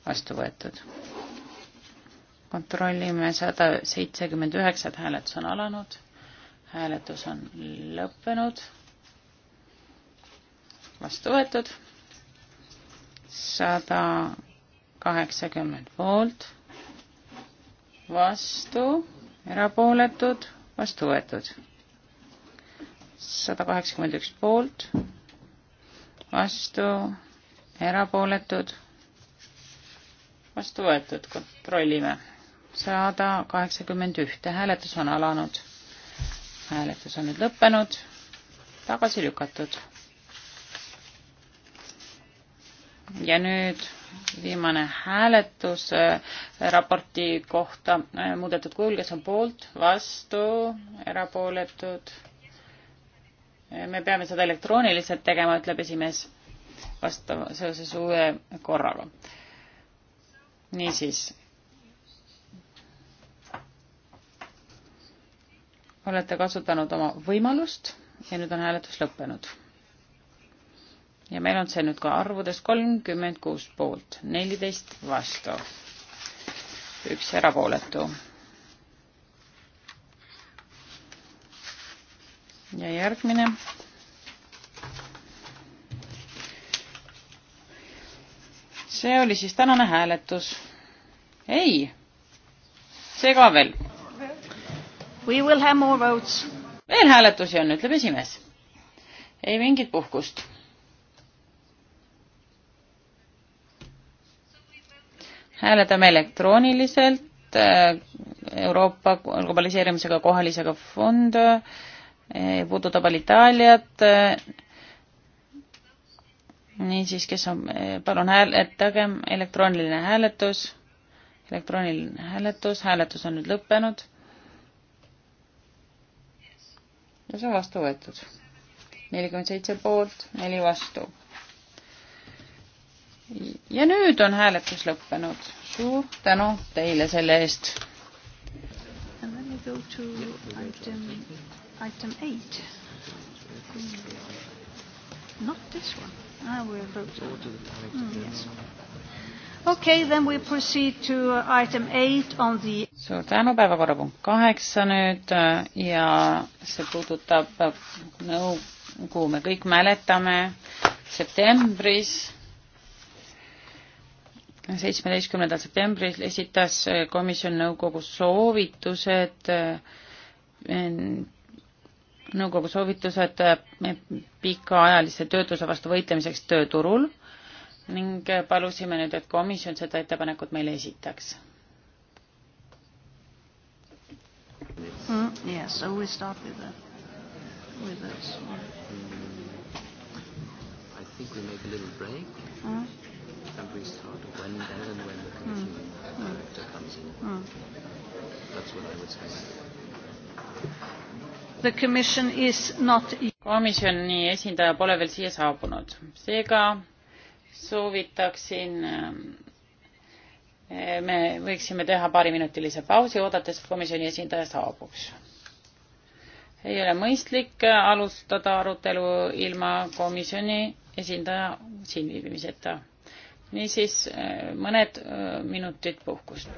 vastu võetud. kontrollime sada seitsekümmend üheksa, et hääletus on alanud, hääletus on lõppenud, vastu võetud, sada kaheksakümmend poolt, vastu, erapooletud, vastu võetud. sada kaheksakümmend üks poolt, vastu, erapooletud, vastu võetud, kontrollime. sada kaheksakümmend ühte, hääletus on alanud. hääletus on nüüd lõppenud, tagasi lükatud. ja nüüd viimane hääletus äh, raporti kohta äh, muudetud kujul, kes on poolt, vastu, erapooletud me peame seda elektrooniliselt tegema, ütleb esimees vastav, seoses uue korraga. niisiis. olete kasutanud oma võimalust ja nüüd on hääletus lõppenud. ja meil on see nüüd ka arvudes kolmkümmend kuus poolt, neliteist vastu, üks erapooletu ja järgmine. see oli siis tänane hääletus. ei, see ka veel. We will have more votes. veel hääletusi on, ütleb esimees. ei mingit puhkust. hääletame elektrooniliselt äh, Euroopa globaliseerimisega kohalisega fond Eh, puudutab veel Itaaliat. Eh, niisiis, kes on, eh, palun hääletagem, elektrooniline hääletus, elektrooniline hääletus, hääletus on nüüd lõppenud. ja see on vastu võetud. nelikümmend seitse poolt, neli vastu. ja nüüd on hääletus lõppenud. suur tänu teile selle eest. And then we go to item Item
8. Not this one. Ah, we'll vote. Mm, yes.
Okay, then we proceed to uh, item 8 on the... suur tänu, päevakorrapunkt kaheksa nüüd äh, ja see puudutab äh, nõukogu, me kõik mäletame, septembris, seitsmeteistkümnendal septembril esitas äh, komisjon nõukogu soovitused nõukogu soovitused äh, pikaajalise töötuse vastu võitlemiseks tööturul ning äh, palusime nüüd, et komisjon seda ettepanekut meile esitaks mm,. Yeah, so we start with the,
with this one. I think we make a little break mm. and we start when then and when the mm. commission mm. director comes in mm.. That's what I would say.
Not... komisjoni esindaja pole veel siia saabunud, seega soovitaksin, eh, me võiksime teha paariminutilise pausi, oodates komisjoni esindaja saabuks. ei ole mõistlik alustada arutelu ilma komisjoni esindaja siin viibimiseta. niisiis eh, mõned eh, minutid puhkust.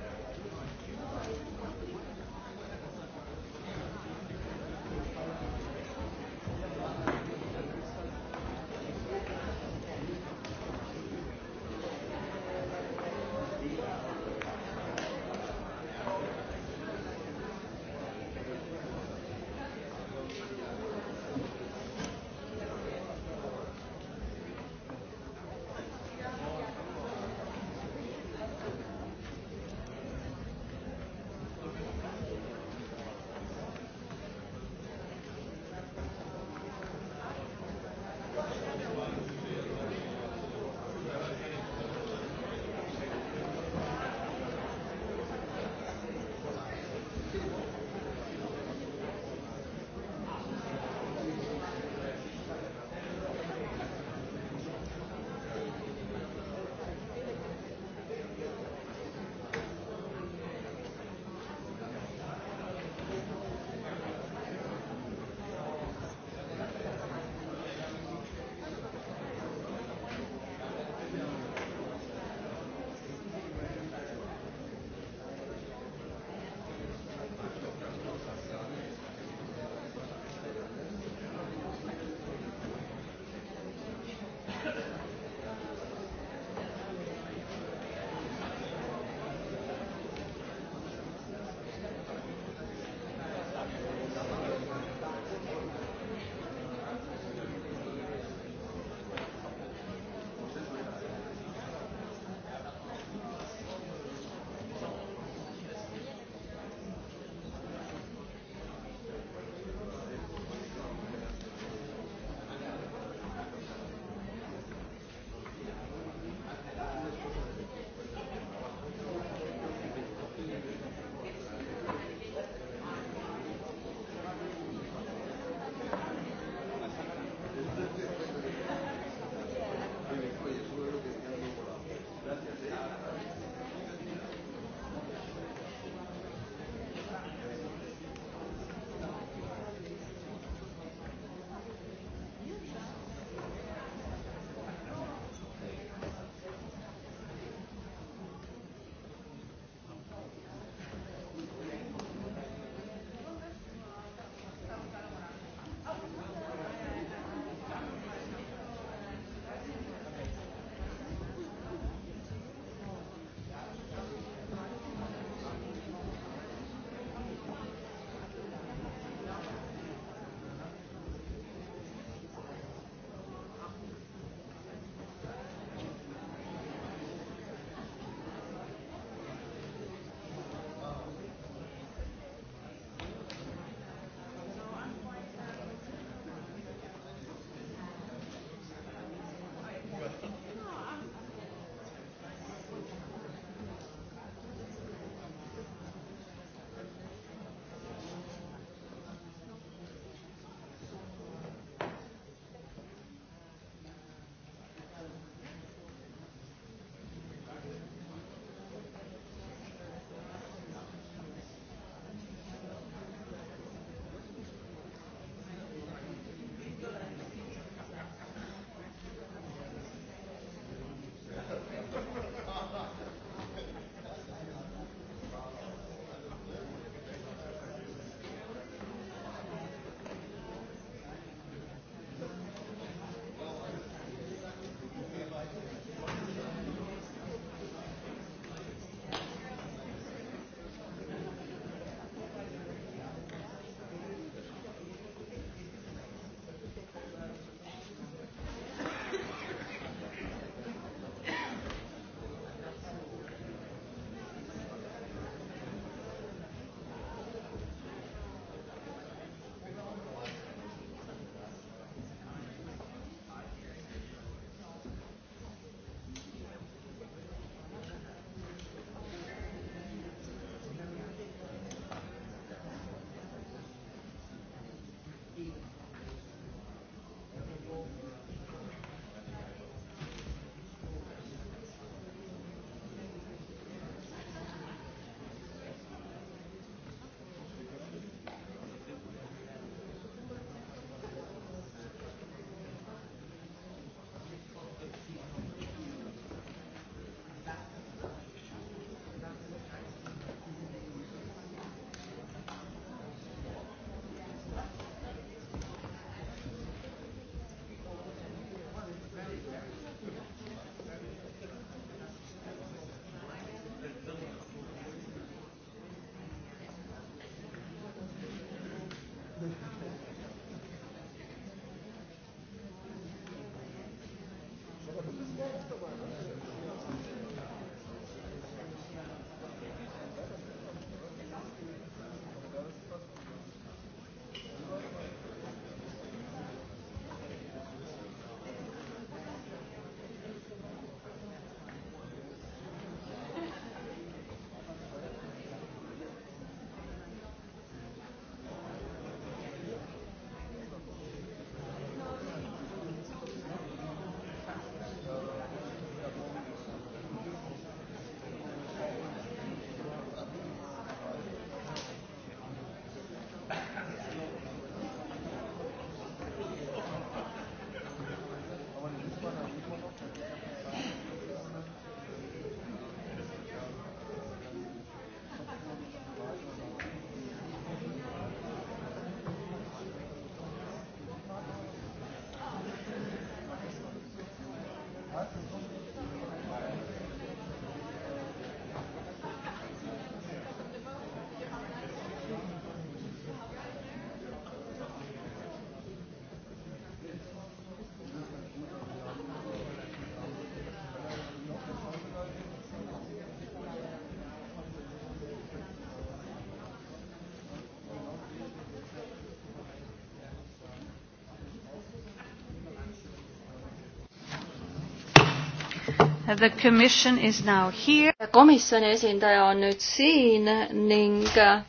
The commission is now here. komisjoni esindaja on nüüd siin ning äh,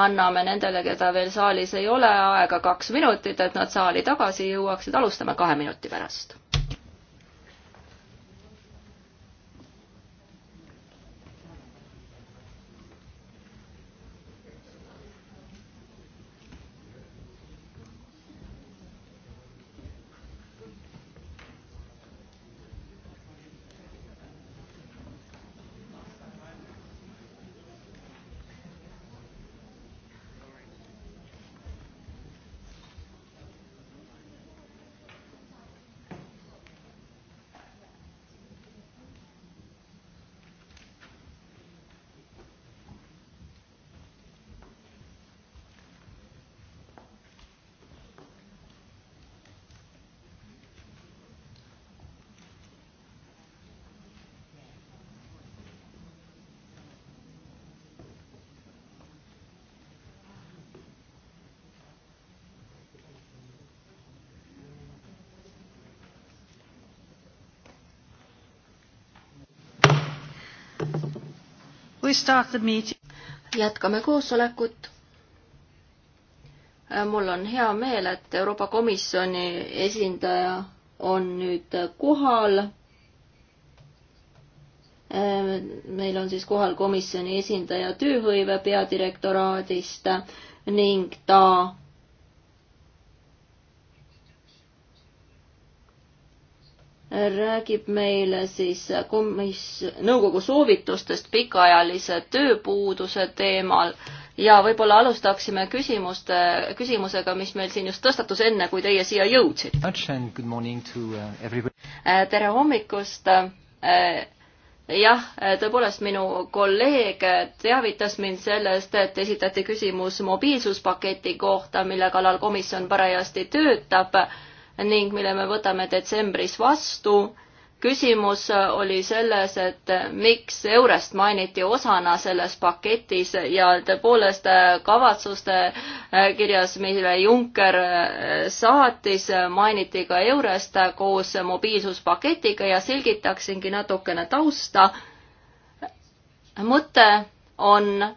anname nendele, keda veel saalis ei ole, aega kaks minutit, et nad saali tagasi jõuaksid, alustame kahe minuti pärast. jätkame koosolekut. mul on hea meel, et Euroopa Komisjoni esindaja on nüüd kohal. meil on siis kohal komisjoni esindaja tööhõive peadirektoraadist ning ta räägib meile siis komis-, nõukogu soovitustest pikaajalise tööpuuduse teemal ja võib-olla alustaksime küsimuste, küsimusega, mis meil siin just tõstatus enne, kui teie siia jõudsite.
Uh, äh,
tere hommikust! Äh, jah, äh, tõepoolest minu kolleeg teavitas mind sellest, et esitati küsimus mobiilsuspaketi kohta, mille kallal komisjon parajasti töötab ning mille me võtame detsembris vastu. küsimus oli selles, et miks Eurest mainiti osana selles paketis ja tõepoolest äh, kavatsuste äh, kirjas, mille Juncker äh, saatis, mainiti ka Eurest koos mobiilsuspaketiga ja selgitaksingi natukene tausta. mõte on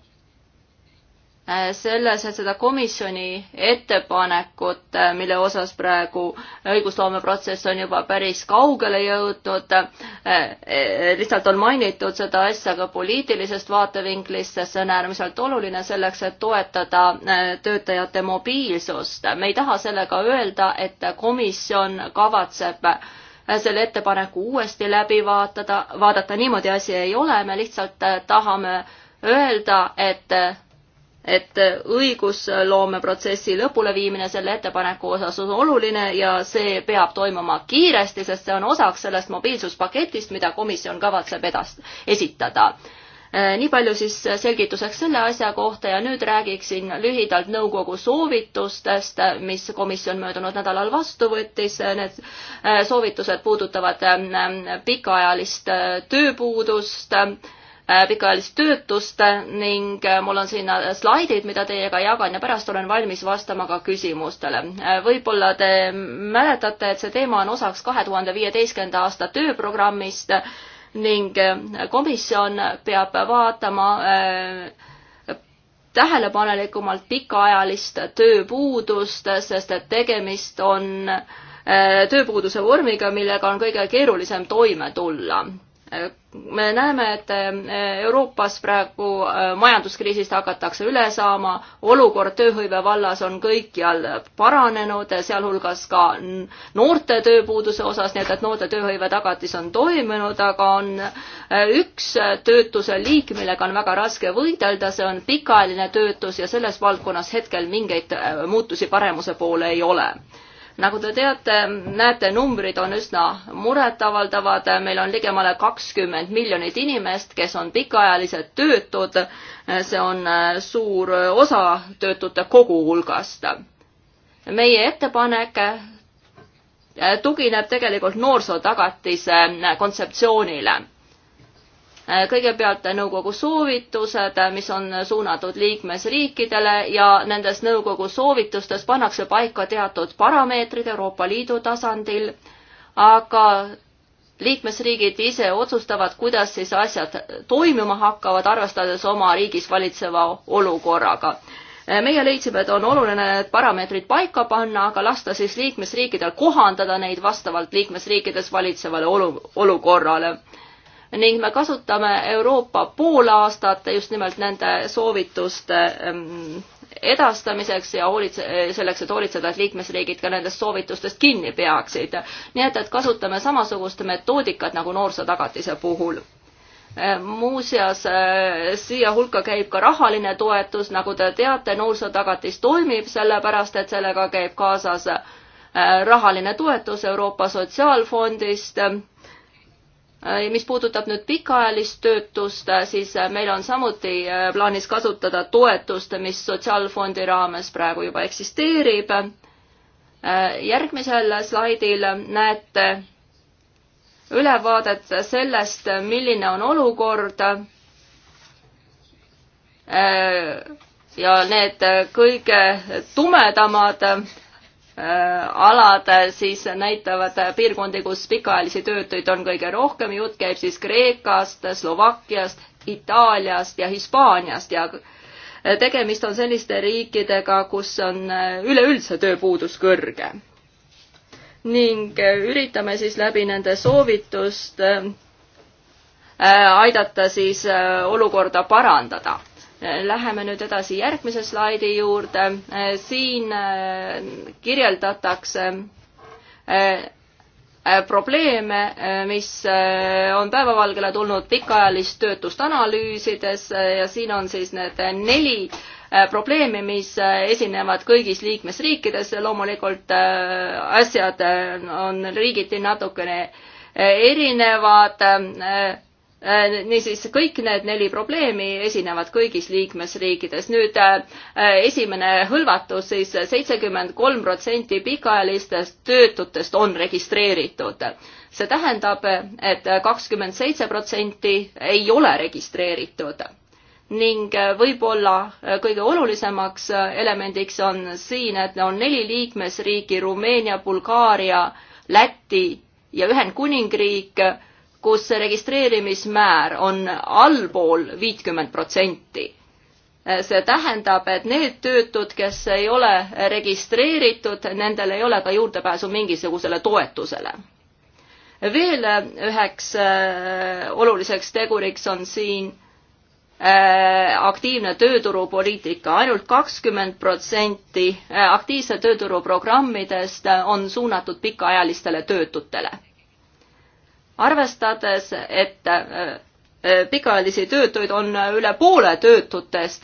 Äh, selles, et seda komisjoni ettepanekut, äh, mille osas praegu õigusloomeprotsess on juba päris kaugele jõudnud, äh, lihtsalt on mainitud seda asja ka poliitilisest vaatevinklist, sest see on äärmiselt oluline selleks, et toetada töötajate mobiilsust. me ei taha sellega öelda, et komisjon kavatseb selle ettepaneku uuesti läbi vaatada, vaadata, niimoodi asi ei ole, me lihtsalt tahame öelda, et et õigusloomeprotsessi lõpuleviimine selle ettepaneku osas on oluline ja see peab toimuma kiiresti, sest see on osaks sellest mobiilsuspaketist, mida komisjon kavatseb edast-, esitada äh, nii palju siis selgituseks selle asja kohta ja nüüd räägiksin lühidalt nõukogu soovitustest, mis komisjon möödunud nädalal vastu võttis. Need äh, soovitused puudutavad ähm, äh, pikaajalist tööpuudust Äh, pikaajalist töötust ning äh, mul on siin äh, slaidid, mida teiega jagan ja pärast olen valmis vastama ka küsimustele. võib-olla te mäletate, et see teema on osaks kahe tuhande viieteistkümnenda aasta tööprogrammist ning komisjon peab vaatama tähelepanelikumalt pikaajalist tööpuudust, sest et tegemist on tööpuuduse vormiga, millega on kõige keerulisem toime tulla me näeme, et eh, Euroopas praegu eh, majanduskriisist hakatakse üle saama, olukord tööhõive vallas on kõikjal paranenud, sealhulgas ka noorte tööpuuduse osas, nii et, et noorte tööhõive tagatis on toimunud, aga on eh, üks töötuse liik, millega on väga raske võidelda, see on pikaajaline töötus ja selles valdkonnas hetkel mingeid muutusi paremuse poole ei ole nagu te teate, näete, numbrid on üsna muretavaldavad, meil on ligemale kakskümmend miljonit inimest, kes on pikaajaliselt töötud, see on äh, suur osa töötute koguhulgast. meie ettepanek äh, tugineb tegelikult noorsootagatise äh, kontseptsioonile kõigepealt nõukogu soovitused, mis on suunatud liikmesriikidele ja nendes nõukogu soovitustes pannakse paika teatud parameetrid Euroopa Liidu tasandil, aga liikmesriigid ise otsustavad, kuidas siis asjad toimima hakkavad, arvestades oma riigis valitseva olukorraga meie leidsime, et on oluline need parameetrid paika panna, aga lasta siis liikmesriikidel kohandada neid vastavalt liikmesriikides valitsevale olu, olukorrale ning me kasutame Euroopa poolaastat just nimelt nende soovituste ähm, edastamiseks ja hoolitse, selleks, et hoolitseda, et liikmesriigid ka nendest soovitustest kinni peaksid. nii et, et kasutame samasugust metoodikat nagu noorsootagatise puhul ähm, muuseas, äh, siia hulka käib ka rahaline toetus, nagu te teate, noorsootagatis toimib sellepärast, et sellega käib kaasas äh, rahaline toetus Euroopa Sotsiaalfondist Äh, mis puudutab nüüd pikaajalist töötust, äh, siis äh, meil on samuti plaanis kasutada toetust, mis Sotsiaalfondi raames praegu juba eksisteerib. järgmisel slaidil näete ülevaadet sellest, milline on olukord ja need kõige tumedamad Äh, alad äh, siis näitavad äh, piirkondi, kus pikaajalisi töötuid on kõige rohkem, jutt käib siis Kreekast, Slovakkiast, Itaaliast ja Hispaaniast ja tegemist on selliste riikidega, kus on üleüldse tööpuudus kõrge. ning üritame siis läbi nende soovituste aidata siis olukorda parandada Läheme nüüd edasi järgmise slaidi juurde. siin äh, kirjeldatakse äh, äh, probleeme, mis on päevavalgele tulnud pikaajalist töötust analüüsides ja siin on siis need neli probleemi, mis esinevad kõigis liikmesriikides. loomulikult asjad on riigiti natukene erinevad Äh, niisiis kõik need neli probleemi esinevad kõigis liikmesriikides. nüüd äh, esimene hõlvatus siis seitsekümmend kolm protsenti pikaajalistest töötutest on registreeritud. see tähendab et, et kakskümmend seitse protsenti ei ole registreeritud ning äh, võib-olla kõige olulisemaks elemendiks on siin, et on neli liikmesriiki, Rumeenia, Bulgaaria, Läti ja Ühendkuningriik kus registreerimismäär on allpool viitkümmet protsenti. see tähendab, et need töötud, kes ei ole registreeritud, nendel ei ole ka juurdepääsu mingisugusele toetusele. veel üheks äh, oluliseks teguriks on siin äh, aktiivne tööturupoliitika ainult, ainult kakskümmend protsenti äh, aktiivse tööturu programmidest on suunatud pikaajalistele töötutele arvestades, et äh, äh, pikaajalisi töötuid on äh, üle poole töötutest,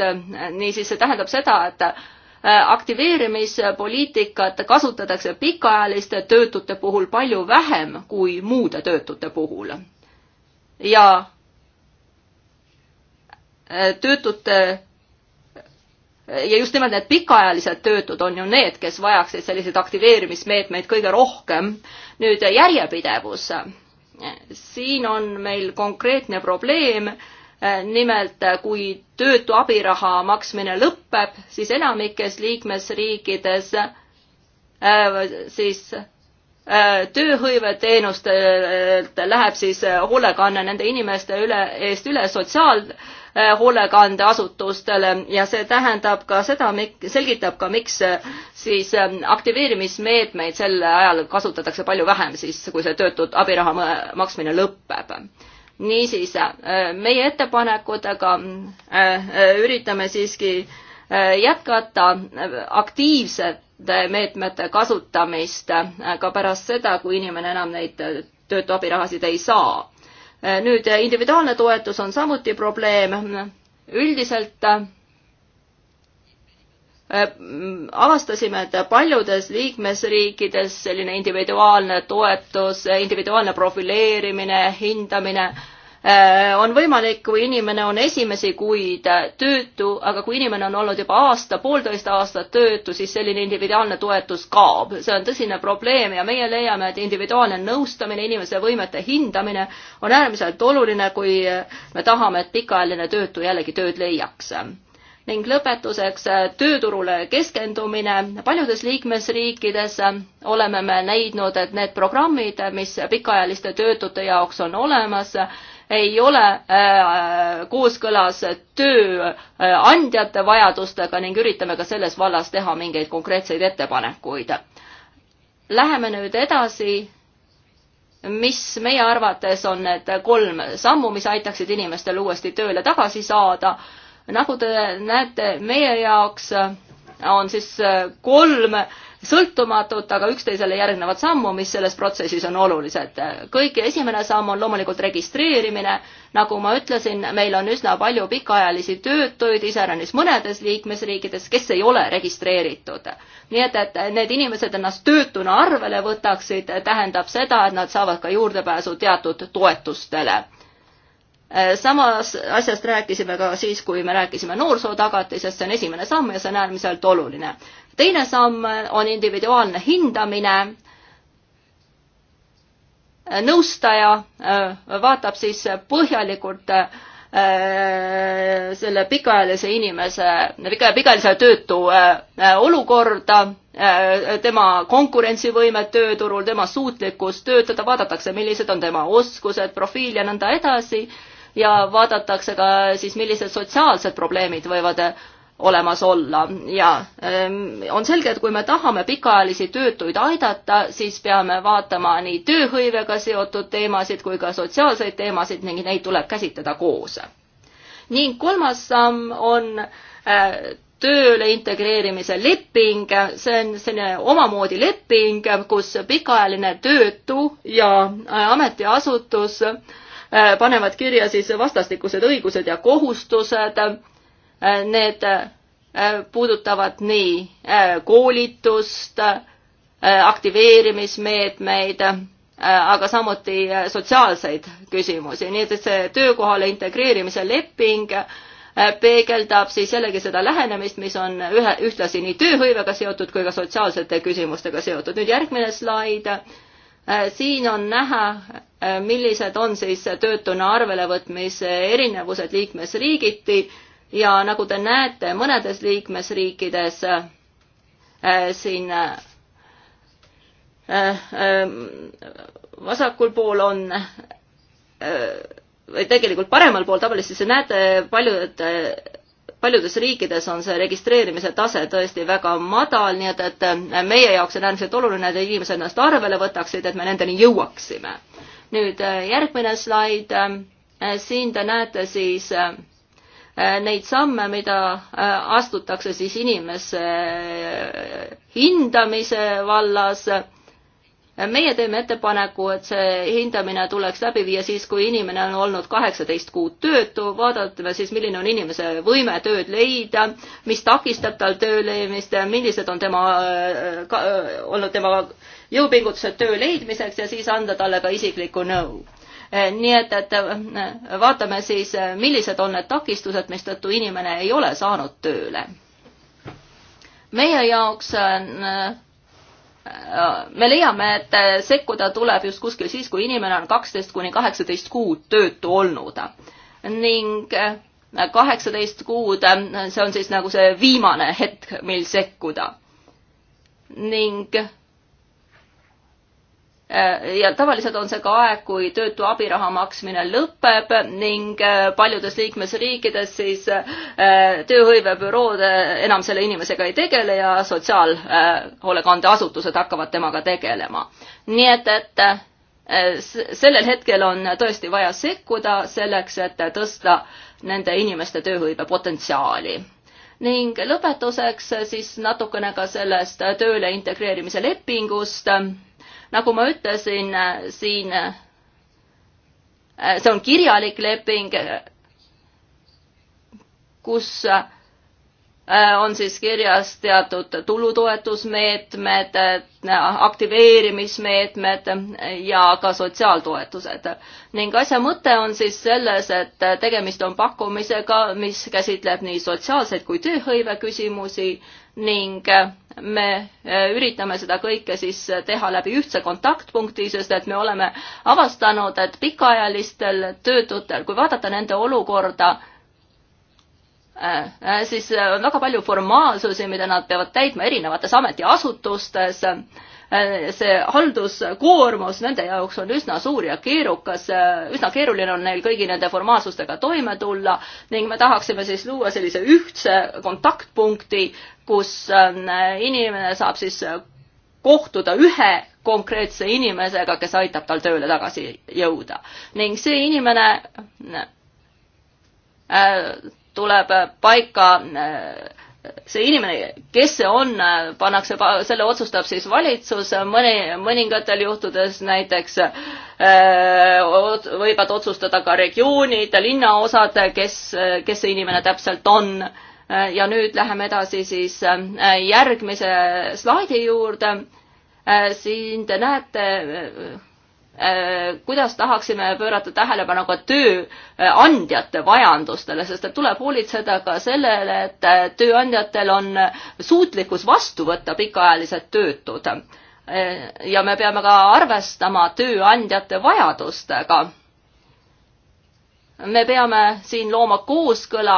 niisiis see tähendab seda, et aktiveerimispoliitikat kasutatakse pikaajaliste töötute puhul palju vähem kui muude töötute puhul. ja töötute ja just nimelt need pikaajalised töötud on ju need, kes vajaksid selliseid aktiveerimismeetmeid kõige rohkem. nüüd järjepidevus siin on meil konkreetne probleem, nimelt kui töötu abiraha maksmine lõpeb, siis enamikes liikmesriikides äh, siis äh, tööhõiveteenustelt läheb siis hoolekanne nende inimeste üle, eest üle sotsiaal- Äh, hoolekandeasutustele ja see tähendab ka seda, selgitab ka, miks äh, siis äh, aktiveerimismeetmeid sel ajal kasutatakse palju vähem siis, kui see töötud abiraha maksmine lõpeb niisiis, meie ettepanekutega üritame siiski jätkata aktiivsete meetmete kasutamist ka pärast seda, kui inimene enam neid töötu abirahasid ei saa nüüd eh, individuaalne toetus on samuti probleem. üldiselt eh, mm, avastasime, et paljudes liikmesriikides selline individuaalne toetus, eh, individuaalne profileerimine, hindamine Äh, on võimalik, kui inimene on esimesi kuid äh, töötu, aga kui inimene on olnud juba aasta, poolteist aastat töötu, siis selline individuaalne toetus kaob. see on tõsine probleem ja meie leiame, et individuaalne nõustamine, inimese võimete hindamine on äärmiselt oluline, kui äh, me tahame, et pikaajaline töötu jällegi tööd leiaks ning lõpetuseks tööturule keskendumine. paljudes liikmesriikides oleme me näinud, et need programmid, mis pikaajaliste töötute jaoks on olemas, ei ole äh, kooskõlas tööandjate vajadustega ning üritame ka selles vallas teha mingeid konkreetseid ettepanekuid. Läheme nüüd edasi. mis meie arvates on need kolm sammu, mis aitaksid inimestel uuesti tööle tagasi saada? nagu te näete, meie jaoks on siis kolm äh, sõltumatut, aga üksteisele järgnevat sammu, mis selles protsessis on olulised. kõige esimene samm on loomulikult registreerimine. nagu ma ütlesin, meil on üsna palju pikaajalisi töötuid, iseäranis mõnedes liikmesriikides, kes ei ole registreeritud. nii et, et need inimesed ennast töötuna arvele võtaksid, tähendab seda, et nad saavad ka juurdepääsu teatud toetustele samas asjast rääkisime ka siis, kui me rääkisime noorsootagatisest, see on esimene samm ja see on äärmiselt oluline teine samm on individuaalne hindamine. nõustaja äh, vaatab siis põhjalikult äh, selle pikaajalise inimese, pikaajalise töötu äh, olukorda, tema konkurentsivõimet tööturul, tema suutlikkust töötada, vaadatakse, millised on tema oskused, profiil ja nõnda edasi ja vaadatakse ka siis, millised sotsiaalsed probleemid võivad olemas olla ja ähm, on selge, et kui me tahame pikaajalisi töötuid aidata, siis peame vaatama nii tööhõivega seotud teemasid kui ka sotsiaalseid teemasid ning neid tuleb käsitleda koos. ning kolmas samm on äh, tööle integreerimise leping, see on selline omamoodi leping, kus pikaajaline töötu ja äh, ametiasutus äh, panevad kirja siis vastastikused õigused ja kohustused Need äh, puudutavad nii äh, koolitust, äh, aktiveerimismeetmeid, aga samuti sotsiaalseid küsimusi, nii et see töökohale integreerimise leping peegeldab siis jällegi seda lähenemist, mis on ühe, ühtlasi nii tööhõivega seotud kui ka sotsiaalsete küsimustega seotud. nüüd järgmine slaid. siin on näha, millised on siis töötuna arvelevõtmise erinevused liikmesriigiti ja nagu te näete, mõnedes liikmesriikides äh, siin äh, äh vasakul pool on äh, või tegelikult paremal pool tabelis, siis näete paljud, äh, paljudes riikides on see registreerimise tase tõesti väga madal, nii et, et meie jaoks on äärmiselt oluline, et inimesed ennast arvele võtaksid, et me nendeni jõuaksime. nüüd järgmine slaid, siin te näete siis Äh, neid samme, mida äh, astutakse siis inimese äh, hindamise vallas. meie teeme ettepaneku, et see hindamine tuleks läbi viia siis, kui inimene on olnud kaheksateist kuud töötu, vaatame siis, milline on inimese võime tööd leida, mis takistab tal töö leidmist, millised on tema, olnud tema jõupingutused töö leidmiseks ja siis anda talle ka isiklikku nõu Eh, nii et, et eh, vaatame siis, eh, millised on need takistused, mistõttu inimene ei ole saanud tööle. meie jaoks on, me leiame, et sekkuda tuleb just kuskil siis, kui inimene on kaksteist kuni kaheksateist kuud töötu olnud ning kaheksateist kuud, see on siis nagu see viimane hetk, mil sekkuda. ning Äh, ja tavaliselt on see ka aeg, kui töötu abiraha maksmine lõpeb ning äh, paljudes liikmesriikides siis äh, tööhõivebürood enam selle inimesega ei tegele ja sotsiaalhoolekandeasutused hakkavad temaga tegelema. nii et, et sellel hetkel on tõesti vaja sekkuda selleks, et tõsta nende inimeste tööhõive potentsiaali ning lõpetuseks siis natukene ka sellest tööle integreerimise lepingust nagu ma ütlesin, äh, siin äh, see on kirjalik leping, kus äh, on siis kirjas teatud tulutoetusmeetmed, aktiveerimismeetmed ja ka sotsiaaltoetused. ning asja mõte on siis selles, et tegemist on pakkumisega, mis käsitleb nii sotsiaalseid kui tööhõive küsimusi ning äh, me äh, üritame seda kõike siis äh, teha läbi ühtse kontaktpunkti, sest et me oleme avastanud, et pikaajalistel töötutel, kui vaadata nende olukorda, siis on väga palju formaalsusi, mida nad peavad täitma erinevates ametiasutustes. see halduskoormus nende jaoks on üsna suur ja keerukas, üsna keeruline on neil kõigi nende formaalsustega toime tulla ning me tahaksime siis luua sellise ühtse kontaktpunkti, kus äh, inimene saab siis äh, kohtuda ühe konkreetse inimesega, kes aitab tal tööle tagasi jõuda. ning see inimene äh, tuleb paika, see inimene, kes see on, pannakse, selle otsustab siis valitsus, mõni, mõningatel juhtudes näiteks võivad otsustada ka regioonid, linnaosad, kes, kes see inimene täpselt on ja nüüd läheme edasi siis äh, järgmise slaidi juurde. Äh, siin te näete, äh, kuidas tahaksime pöörata tähelepanu ka tööandjate vajadustele, sest et tuleb hoolitseda ka sellele, et tööandjatel on suutlikkus vastu võtta pikaajalised töötud. ja me peame ka arvestama tööandjate vajadustega me peame siin looma kooskõla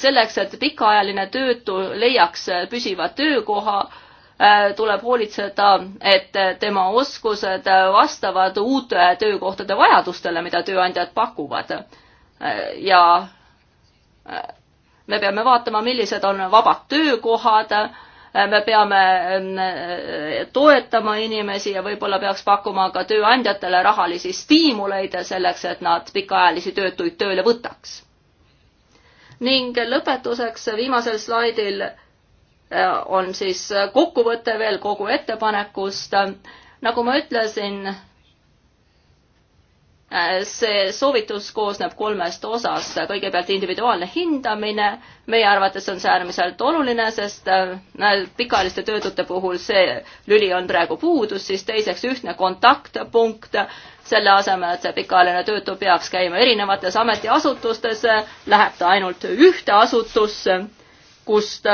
selleks, et pikaajaline töötu leiaks püsiva töökoha, äh, tuleb hoolitseda, et tema oskused vastavad uute töökohtade vajadustele, mida tööandjad pakuvad. Äh, ja äh, me peame vaatama, millised on vabad töökohad me peame ähm, äh, toetama inimesi ja võib-olla peaks pakkuma ka tööandjatele rahalisi stiimuleid selleks, et nad pikaajalisi töötuid tööle võtaks. ning lõpetuseks viimasel slaidil äh, on siis kokkuvõte veel kogu ettepanekust. nagu ma ütlesin, see soovitus koosneb kolmest osast, kõigepealt individuaalne hindamine, meie arvates on see äärmiselt oluline, sest äh, pikaajaliste töötute puhul see lüli on praegu puudus, siis teiseks ühtne kontaktpunkt, selle asemel, et see pikaajaline töötu peaks käima erinevates ametiasutustes, läheb ta ainult ühte asutusse, kust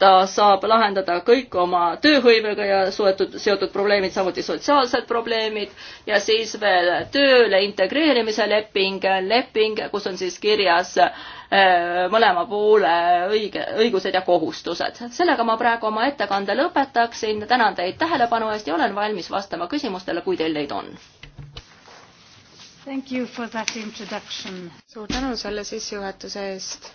ta saab lahendada kõik oma tööhõivega ja suetud, seotud probleemid, samuti sotsiaalsed probleemid ja siis veel tööle integreerimise leping, leping, kus on siis kirjas äh, mõlema poole õige, õigused ja kohustused. sellega ma praegu oma ettekande lõpetaksin, tänan teid tähelepanu eest ja olen valmis vastama küsimustele, kui teil neid on.
Thank you for that introduction. suur tänu selle sissejuhatuse eest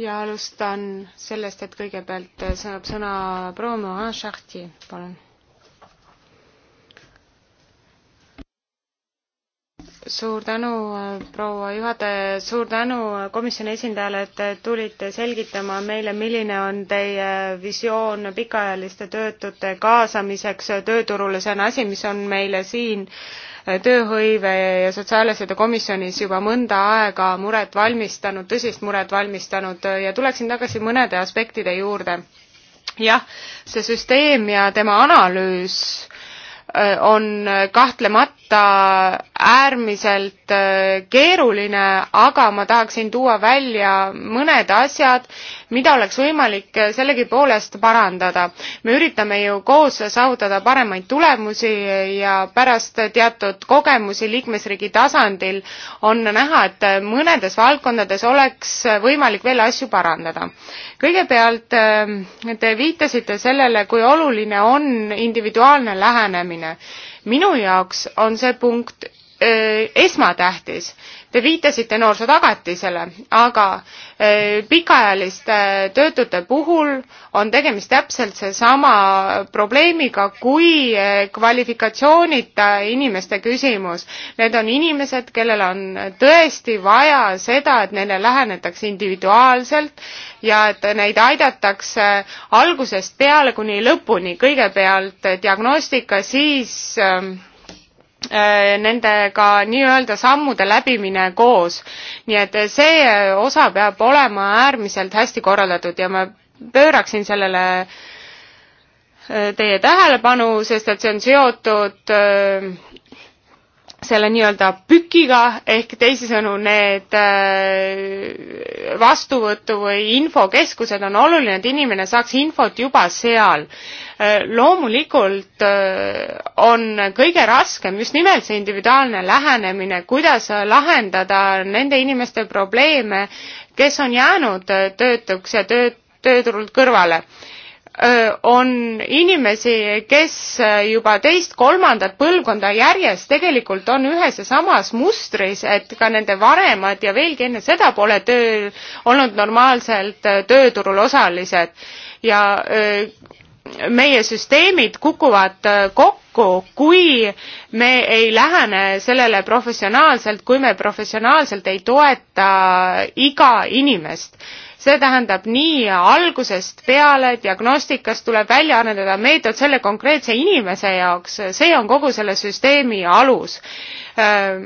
ja alustan sellest, et kõigepealt äh, saab sõna proua Mohan Šahti, palun. suur tänu, äh, proua juhataja, suur tänu komisjoni esindajale, et tulite selgitama meile, milline on teie visioon pikaajaliste töötute kaasamiseks tööturule, see on asi, mis on meile siin äh, Äh, tööhõive ja sotsiaalasjade komisjonis juba mõnda aega muret valmistanud, tõsist muret valmistanud äh, ja tuleksin tagasi mõnede aspektide juurde. jah, see süsteem ja tema analüüs äh, on kahtlemata äärmiselt äh, keeruline, aga ma tahaksin tuua välja mõned asjad, mida oleks võimalik äh, sellegipoolest parandada. me üritame ju koos saavutada paremaid tulemusi ja pärast teatud kogemusi liikmesriigi tasandil on näha, et mõnedes valdkondades oleks võimalik veel asju parandada. kõigepealt äh, te viitasite sellele, kui oluline on individuaalne lähenemine minu jaoks on see punkt esmatähtis. Te viitasite noorsootagatisele, aga pikaajaliste äh, töötute puhul on tegemist täpselt seesama probleemiga kui äh, kvalifikatsioonita inimeste küsimus. Need on inimesed, kellel on tõesti vaja seda, et neile lähenetakse individuaalselt ja et neid aidatakse algusest peale kuni lõpuni, kõigepealt diagnostika, siis ähm, Äh, nendega nii-öelda sammude läbimine koos. nii et see äh, osa peab olema äärmiselt hästi korraldatud ja ma pööraksin sellele äh, teie tähelepanu, sest et see on seotud selle nii-öelda pükiga ehk teisisõnu need äh, vastuvõtu või infokeskused on oluline, et inimene saaks infot juba seal. Äh, loomulikult äh, on kõige raskem just nimelt see individuaalne lähenemine, kuidas lahendada nende inimeste probleeme, kes on jäänud töötuks ja töö, tööturult kõrvale on inimesi, kes juba teist-kolmandat põlvkonda järjest tegelikult on ühes ja samas mustris, et ka nende vanemad ja veelgi enne seda pole töö, olnud normaalselt tööturul osalised. ja öö, meie süsteemid kukuvad kokku, kui me ei lähene sellele professionaalselt, kui me professionaalselt ei toeta iga inimest see tähendab nii algusest peale diagnostikast tuleb välja arendada meetod selle konkreetse inimese jaoks, see on kogu selle süsteemi alus äh,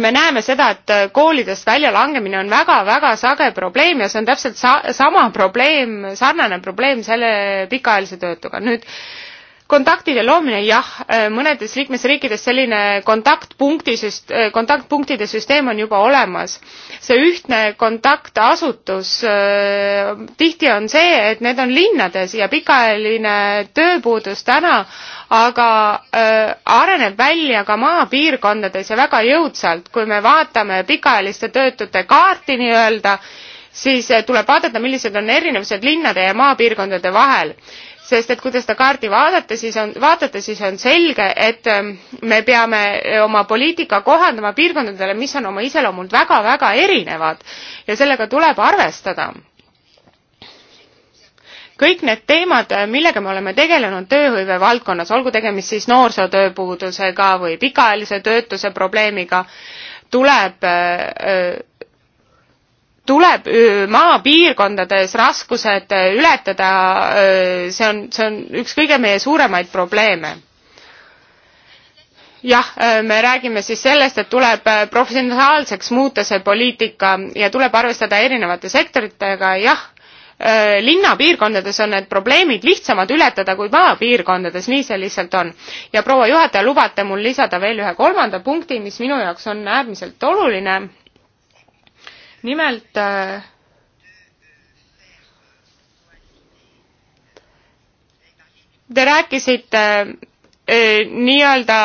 me näeme seda, et koolidest väljalangemine on väga-väga sage probleem ja see on täpselt sa sama probleem, sarnane probleem selle pikaajalise töötuga. nüüd kontaktide loomine, jah, äh, mõnedes liikmesriikides selline kontaktpunkti süst-, äh, kontaktpunktide süsteem on juba olemas. see ühtne kontaktasutus, äh, tihti on see, et need on linnades ja pikaajaline tööpuudus täna aga äh, areneb välja ka maapiirkondades ja väga jõudsalt, kui me vaatame pikaajaliste töötute kaarti nii-öelda, siis tuleb vaadata, millised on erinevused linnade ja maapiirkondade vahel sest et kui te seda kaardi vaadate, siis on, vaatate, siis on selge, et ähm, me peame äh, oma poliitika kohandama piirkondadele, mis on oma iseloomult väga-väga erinevad ja sellega tuleb arvestada. kõik need teemad, äh, millega me oleme tegelenud tööhõive valdkonnas, olgu tegemist siis noorsootööpuudusega või pikaajalise töötuse probleemiga, tuleb öö, äh, tuleb maapiirkondades raskused ületada, see on, see on üks kõige meie suuremaid probleeme. jah, me räägime siis sellest, et tuleb professionaalseks muuta see poliitika ja tuleb arvestada erinevate sektoritega, jah, linnapiirkondades on need probleemid lihtsamad ületada kui maapiirkondades, nii see lihtsalt on. ja proua juhataja, lubate mul lisada veel ühe kolmanda punkti, mis minu jaoks on äärmiselt oluline nimelt äh, te rääkisite äh, äh, nii-öelda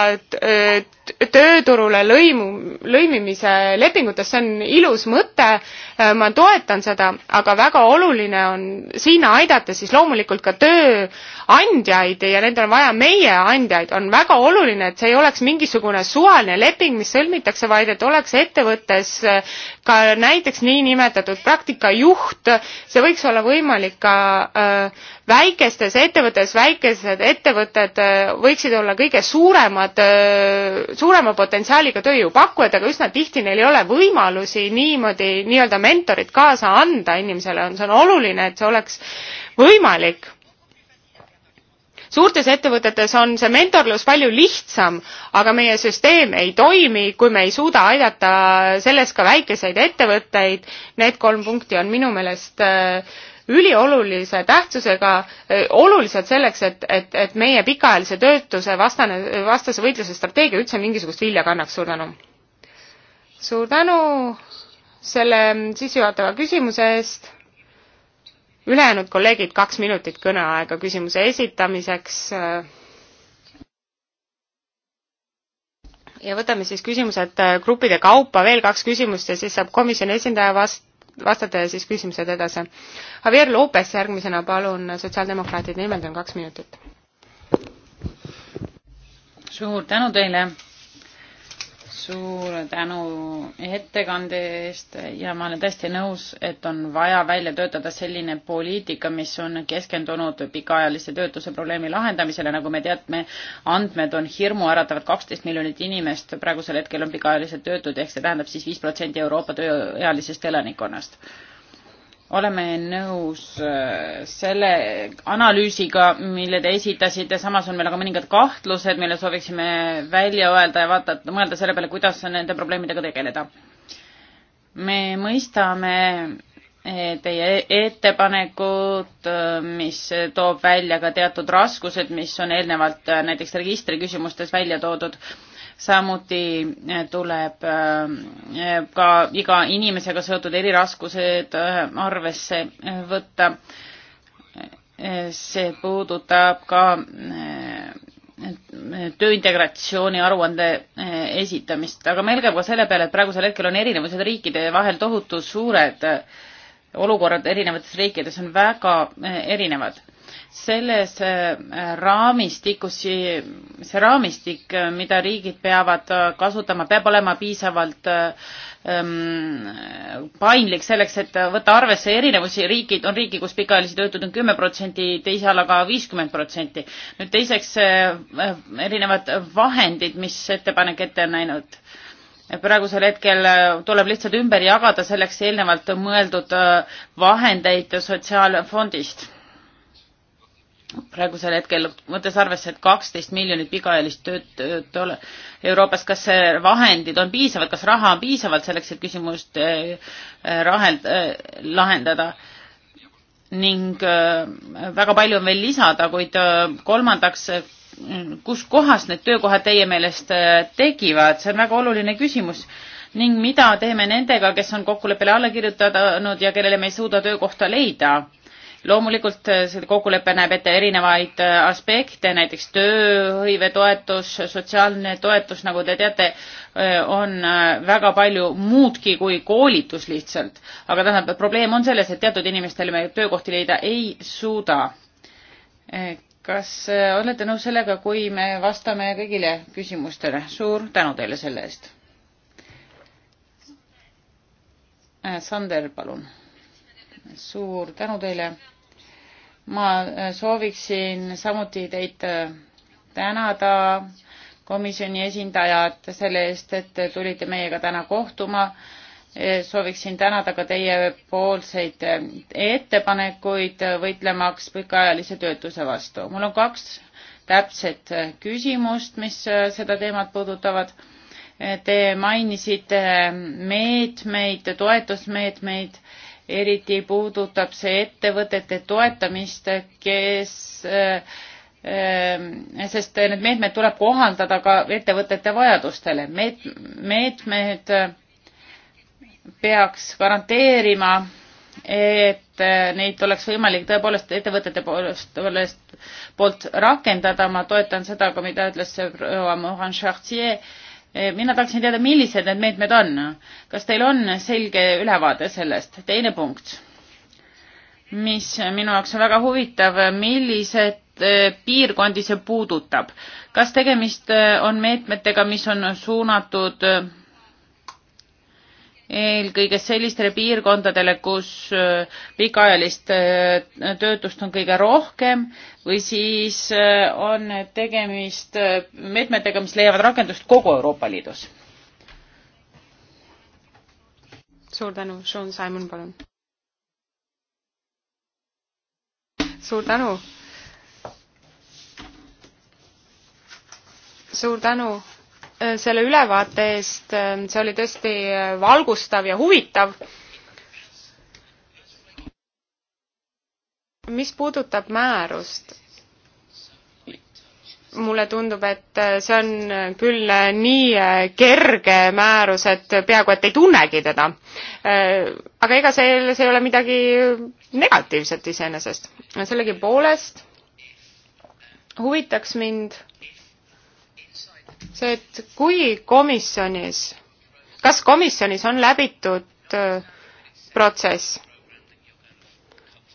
tööturule lõimu, lõimimise lepingutest, see on ilus mõte, äh, ma toetan seda, aga väga oluline on siin aidata siis loomulikult ka tööandjaid ja nendel on vaja meie andjaid, on väga oluline, et see ei oleks mingisugune suvaline leping, mis sõlmitakse, vaid et oleks ettevõttes äh, ka näiteks niinimetatud praktikajuht, see võiks olla võimalik ka äh, väikestes ettevõttes, väikesed ettevõtted äh, võiksid olla kõige suuremad äh, suurema potentsiaaliga tööjõupakkujad, aga üsna tihti neil ei ole võimalusi niimoodi nii-öelda mentorit kaasa anda inimesele, on, see on oluline, et see oleks võimalik suurtes ettevõtetes on see mentorlus palju lihtsam, aga meie süsteem ei toimi, kui me ei suuda aidata selles ka väikeseid ettevõtteid. Need kolm punkti on minu meelest äh, üliolulise tähtsusega, eh, olulised selleks, et, et, et meie pikaajalise töötuse vastane, vastase võitluse strateegia üldse mingisugust vilja kannaks, suur tänu! suur tänu selle sissejuhatava küsimuse eest, ülejäänud kolleegid kaks minutit kõneaega küsimuse esitamiseks ja võtame siis küsimused eh, gruppide kaupa, veel kaks küsimust ja siis saab komisjoni esindaja vast-, vastate siis küsimused edasi. Javier Lopes järgmisena, palun, sotsiaaldemokraatide nimel, teil on kaks minutit.
suur tänu teile suur tänu ettekande eest ja ma olen täiesti nõus, et on vaja välja töötada selline poliitika, mis on keskendunud pikaajalise töötuse probleemi lahendamisele, nagu me teame, andmed on hirmuäratavad, kaksteist miljonit inimest praegusel hetkel on pikaajaliselt töötud, ehk see tähendab siis viis protsenti Euroopa tööealisest elanikkonnast oleme nõus äh, selle analüüsiga, mille te esitasite, samas on meil aga mõningad kahtlused, mille sooviksime välja öelda ja vaadata, mõelda selle peale, kuidas nende probleemidega tegeleda. me mõistame eh, teie ettepanekut, äh, mis toob välja ka teatud raskused, mis on eelnevalt äh, näiteks registri küsimustes välja toodud samuti äh, tuleb äh, ka iga inimesega seotud eriraskused äh, arvesse võtta. see puudutab ka tööintegratsiooni aruande esitamist, aga mõelgem ka selle peale, et praegusel hetkel on erinevused riikide vahel tohutu suured. olukorrad erinevates riikides on väga erinevad selles äh, raamistikus, see raamistik, äh, mida riigid peavad äh, kasutama, peab olema piisavalt ähm, paindlik selleks, et võtta arvesse erinevusi, riigid, on riike, kus pikaajalisi töötuid on kümme protsenti, teise alaga viiskümmend protsenti. nüüd teiseks äh, erinevad vahendid, mis ettepanek ette on näinud praegusel hetkel tuleb lihtsalt ümber jagada selleks eelnevalt mõeldud vahendeid sotsiaalfondist praegusel hetkel, võttes arvesse, et kaksteist miljonit pikaajalist tööd, tööd ole, Euroopas, kas vahendid on piisavad, kas raha on piisavalt selleks, et küsimust äh, rahend-, äh, lahendada? ning äh, väga palju on veel lisada, kuid kolmandaks, kuskohast need töökohad teie meelest tekivad, see on väga oluline küsimus ning mida teeme nendega, kes on kokkuleppele alla kirjutanud ja kellele me ei suuda töökohta leida? loomulikult eh, see kokkulepe näeb ette erinevaid eh, aspekte, näiteks tööhõivetoetus, sotsiaalne toetus, nagu te teate, eh, on väga palju muudki kui koolitus lihtsalt. aga tähendab, probleem on selles, et teatud inimestele me töökohti leida ei suuda. kas olete nõus sellega, kui me vastame kõigile küsimustele? suur tänu teile selle eest. Sander, palun. suur tänu teile ma äh, sooviksin samuti teid äh, tänada, komisjoni esindajad, selle eest, et tulite meiega täna kohtuma. Äh, sooviksin tänada ka teiepoolseid ettepanekuid võitlemaks pikaajalise töötuse vastu. mul on kaks täpset küsimust, mis seda teemat puudutavad. Te mainisite meetmeid, toetusmeetmeid eriti puudutab see ettevõtete toetamist, kes, eh, sest need meetmed tuleb kohandada ka ettevõtete vajadustele. meet-, meetmed peaks garanteerima, et neid oleks võimalik tõepoolest ettevõtete poolest, poolest, poolt rakendada, ma toetan seda ka, mida ütles proua Mohan Chartier, Eh, mina tahaksin teada, millised need meetmed on. kas teil on selge ülevaade sellest? teine punkt, mis minu jaoks on väga huvitav, millised eh, piirkondi see puudutab? kas tegemist eh, on meetmetega, mis on suunatud eelkõige sellistele piirkondadele, kus äh, pikaajalist äh, töötust on kõige rohkem või siis äh, on tegemist meetmetega, mis leiavad rakendust kogu Euroopa Liidus.
suur tänu, Sean Simon, palun. suur tänu. suur tänu Äh, selle ülevaate eest, äh, see oli tõesti äh, valgustav ja huvitav. mis puudutab määrust, mulle tundub, et see on küll nii kerge määrus, et peaaegu et ei tunnegi teda. aga ega selles ei ole midagi negatiivset iseenesest. sellegipoolest huvitaks mind see, et kui komisjonis, kas komisjonis on läbitud äh, protsess?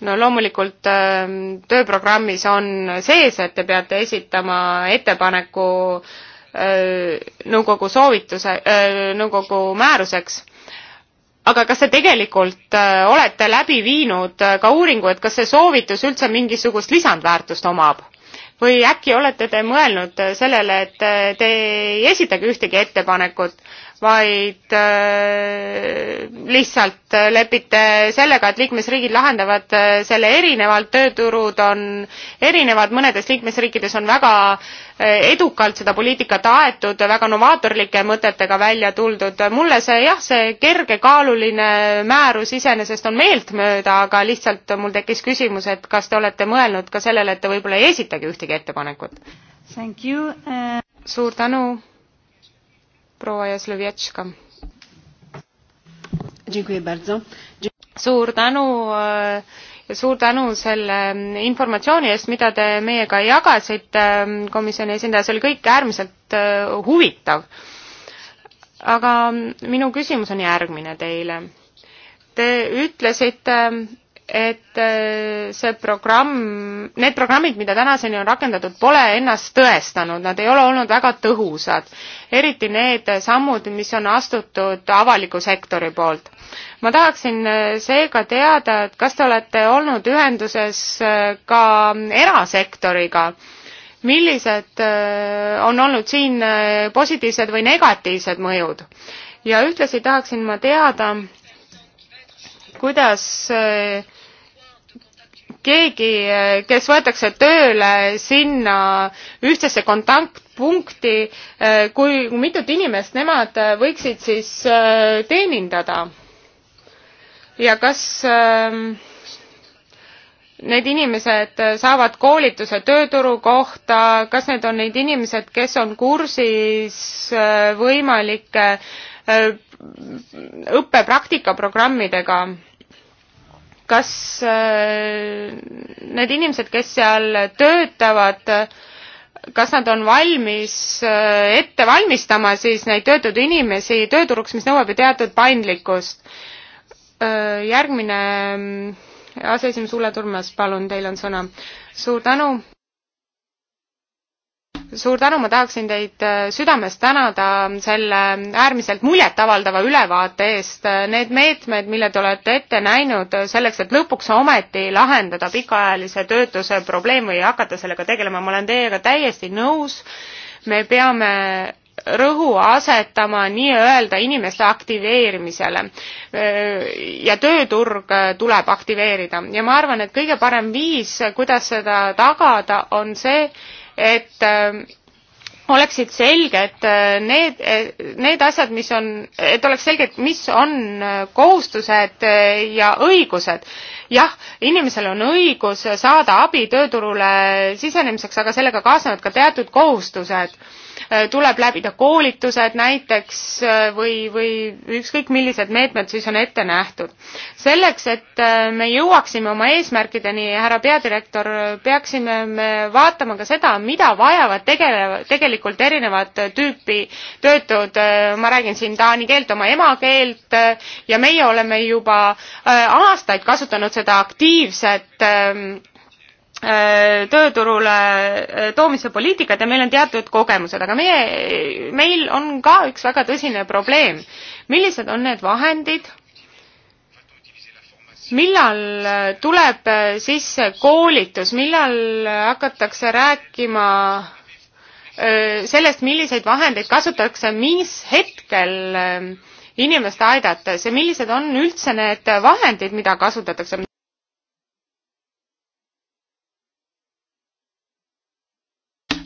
no loomulikult ähm, tööprogrammis on sees, et te peate esitama ettepaneku äh, nõukogu soovituse, äh, nõukogu määruseks aga kas te tegelikult olete läbi viinud ka uuringu, et kas see soovitus üldse mingisugust lisandväärtust omab? või äkki olete te mõelnud sellele, et te ei esitagi ühtegi ettepanekut, vaid äh, lihtsalt äh, lepite sellega, et liikmesriigid lahendavad äh, selle erinevalt, tööturud on erinevad, mõnedes liikmesriikides on väga edukalt seda poliitikat aetud, väga novaatorlike mõtetega välja tuldud. mulle see jah, see kergekaaluline määrus iseenesest on meeltmööda, aga lihtsalt mul tekkis küsimus, et kas te olete mõelnud ka sellele, et te võib-olla ei esitagi ühtegi ettepanekut? Uh... suur tänu proua Jaslovetška. suur tänu ja äh, suur tänu selle informatsiooni eest, mida te meiega jagasite, ähm, komisjoni esindaja, see oli kõik äärmiselt äh, huvitav. aga minu küsimus on järgmine teile. Te ütlesite, et äh, see programm, need programmid, mida tänaseni on rakendatud, pole ennast tõestanud, nad ei ole olnud väga tõhusad. eriti need sammud, mis on astutud avaliku sektori poolt. ma tahaksin äh, seega teada, et kas te olete olnud ühenduses äh, ka erasektoriga? millised on olnud siin positiivsed või negatiivsed mõjud? ja ühtlasi tahaksin ma teada, kuidas äh, keegi, kes võetakse tööle sinna ühtsesse kontaktpunkti, kui mitut inimest nemad võiksid siis äh, teenindada? ja kas ähm, need inimesed saavad koolituse tööturu kohta, kas need on need inimesed, kes on kursis äh, võimalike äh, õppe-praktikaprogrammidega? kas äh, need inimesed, kes seal töötavad, kas nad on valmis äh, ette valmistama siis neid töötuid inimesi tööturuks, mis nõuab ju teatud paindlikkust. Äh, järgmine aseesimees Ulle Turmas, palun, teil on sõna. suur tänu, suur tänu, ma tahaksin teid äh, südamest tänada selle äärmiselt muljetavaldava ülevaate eest. Need meetmed, mille te olete ette näinud selleks, et lõpuks ometi lahendada pikaajalise töötuse probleem või hakata sellega tegelema, ma olen teiega täiesti nõus. me peame rõhu asetama nii-öelda inimeste aktiveerimisele äh, ja tööturg äh, tuleb aktiveerida ja ma arvan, et kõige parem viis, kuidas seda tagada, on see, et ähm, oleksid selged äh, need, äh, need asjad, mis on, et oleks selge, et mis on äh, kohustused ja õigused. jah, inimesel on õigus saada abi tööturule sisenemiseks, aga sellega kaasnevad ka teatud kohustused Äh, tuleb läbida koolitused näiteks äh, või, või ükskõik millised meetmed siis on ette nähtud. selleks, et äh, me jõuaksime oma eesmärkideni, härra peadirektor, peaksime me vaatama ka seda, mida vajavad tegele-, tegelikult erinevat tüüpi töötud, ma räägin siin taani keelt, oma emakeelt ja meie oleme juba aastaid kasutanud seda aktiivset ähm, Äh, tööturule äh, toomise poliitikat ja meil on teatud kogemused, aga meie, meil on ka üks väga tõsine probleem. millised on need vahendid, millal äh, tuleb sisse koolitus, millal hakatakse rääkima sellest, milliseid vahendeid kasutatakse, mis hetkel inimest aidates ja millised on üldse need vahendid, mida kasutatakse?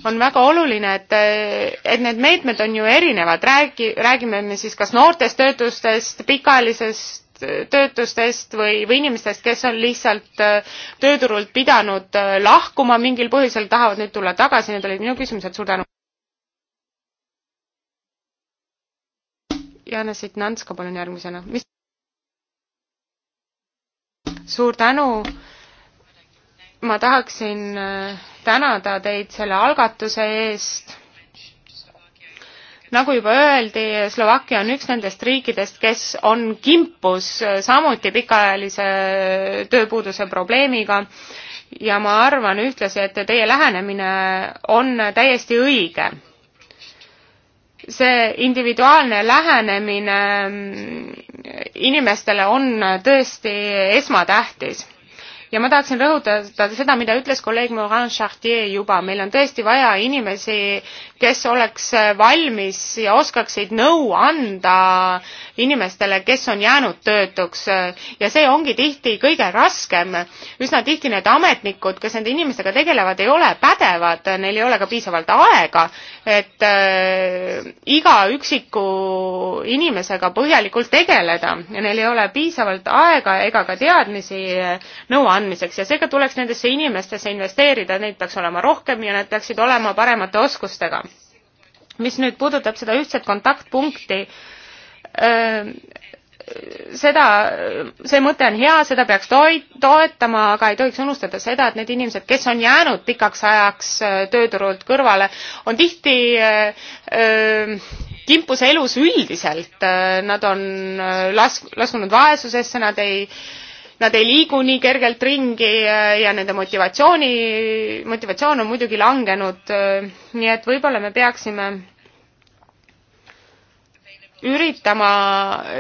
on väga oluline, et, et need meetmed on ju erinevad, räägi, räägime me siis kas noortest töötustest, pikaajalisest töötustest või, või inimestest, kes on lihtsalt äh, tööturult pidanud äh, lahkuma mingil põhjusel, tahavad nüüd tulla tagasi, need olid minu küsimused, suur tänu. Jana Sitnanska, palun järgmisena. mis? suur tänu. ma tahaksin äh, tänada teid selle algatuse eest. nagu juba öeldi, Slovakkia on üks nendest riikidest, kes on kimpus samuti pikaajalise tööpuuduse probleemiga ja ma arvan ühtlasi, et teie lähenemine on täiesti õige. see individuaalne lähenemine inimestele on tõesti esmatähtis ja ma tahaksin rõhutada seda, mida ütles kolleeg Morin Chartier juba, meil on tõesti vaja inimesi, kes oleks valmis ja oskaksid nõu anda inimestele, kes on jäänud töötuks ja see ongi tihti kõige raskem. üsna tihti need ametnikud, kes nende inimestega tegelevad, ei ole pädevad, neil ei ole ka piisavalt aega, et äh, iga üksiku inimesega põhjalikult tegeleda ja neil ei ole piisavalt aega ega ka teadmisi äh, nõu anda andmiseks ja seega tuleks nendesse inimestesse investeerida, neid peaks olema rohkem ja nad peaksid olema paremate oskustega. mis nüüd puudutab seda ühtset kontaktpunkti, seda, see mõte on hea, seda peaks toi-, toetama, aga ei tohiks unustada seda, et need inimesed, kes on jäänud pikaks ajaks tööturult kõrvale, on tihti öö, kimpus elus üldiselt, nad on las-, laskunud vaesusesse, nad ei öö, nad ei liigu nii kergelt ringi äh, ja nende motivatsiooni, motivatsioon on muidugi langenud, äh, nii et võib-olla me peaksime üritama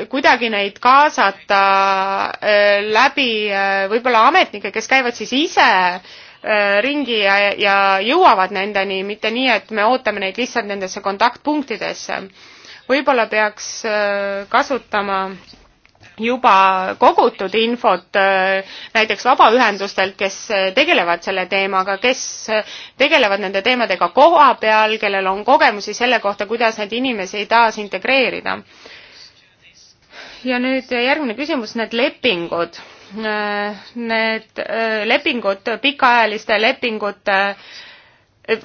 kuidagi neid kaasata äh, läbi võib-olla ametnike, kes käivad siis ise ringi ja, ja jõuavad nendeni, mitte nii, et me ootame neid lihtsalt nendesse kontaktpunktidesse. võib-olla peaks kasutama juba kogutud infot äh, näiteks vabaühendustelt, kes äh, tegelevad selle teemaga, kes äh, tegelevad nende teemadega koha peal, kellel on kogemusi selle kohta, kuidas neid inimesi taas integreerida. ja nüüd järgmine küsimus, need lepingud. Need lepingud, pikaajaliste lepingute,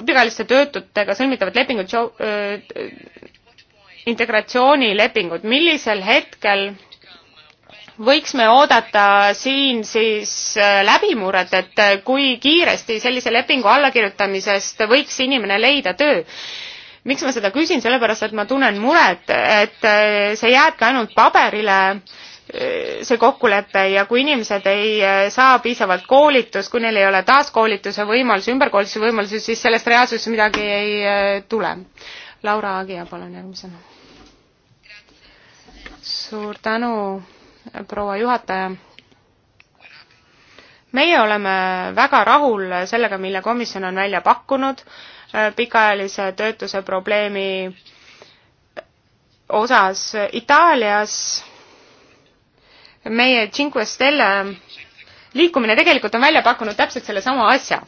pikaajaliste töötutega sõlmitavad lepingud, integratsioonilepingud, millisel hetkel võiks me oodata siin siis äh, läbimurret, et äh, kui kiiresti sellise lepingu allakirjutamisest võiks inimene leida töö? miks ma seda küsin, sellepärast et ma tunnen muret, et äh, see jääbki ainult paberile, see kokkulepe ja kui inimesed ei saa piisavalt koolitust, kui neil ei ole taaskoolituse võimalusi, ümberkoolituse võimalusi, siis sellest reaalsuses midagi ei tule. Laura Agia, palun järgmisena. suur tänu proua juhataja. meie oleme väga rahul sellega, mille komisjon on välja pakkunud äh, pikaajalise töötuse probleemi äh, osas Itaalias. meie Cinque Stelle liikumine tegelikult on välja pakkunud täpselt sellesama asja.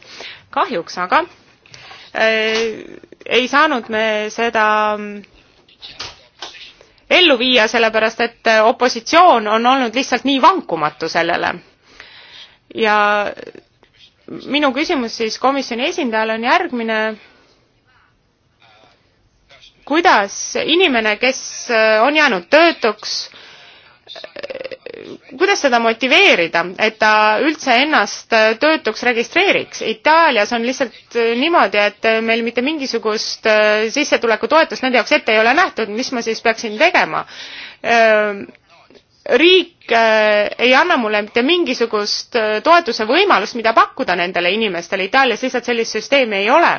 kahjuks aga äh, ei saanud me seda ellu viia, sellepärast et äh, opositsioon on olnud lihtsalt nii vankumatu sellele. ja minu küsimus siis komisjoni esindajale on järgmine. kuidas inimene, kes äh, on jäänud töötuks, kuidas teda motiveerida, et ta üldse ennast töötuks registreeriks? Itaalias on lihtsalt äh, niimoodi, et äh, meil mitte mingisugust äh, sissetulekutoetust nende jaoks ette ei ole nähtud, mis ma siis peaksin tegema? Ähm, riik ei anna mulle mitte mingisugust toetuse võimalust, mida pakkuda nendele inimestele, Itaalias lihtsalt sellist süsteemi ei ole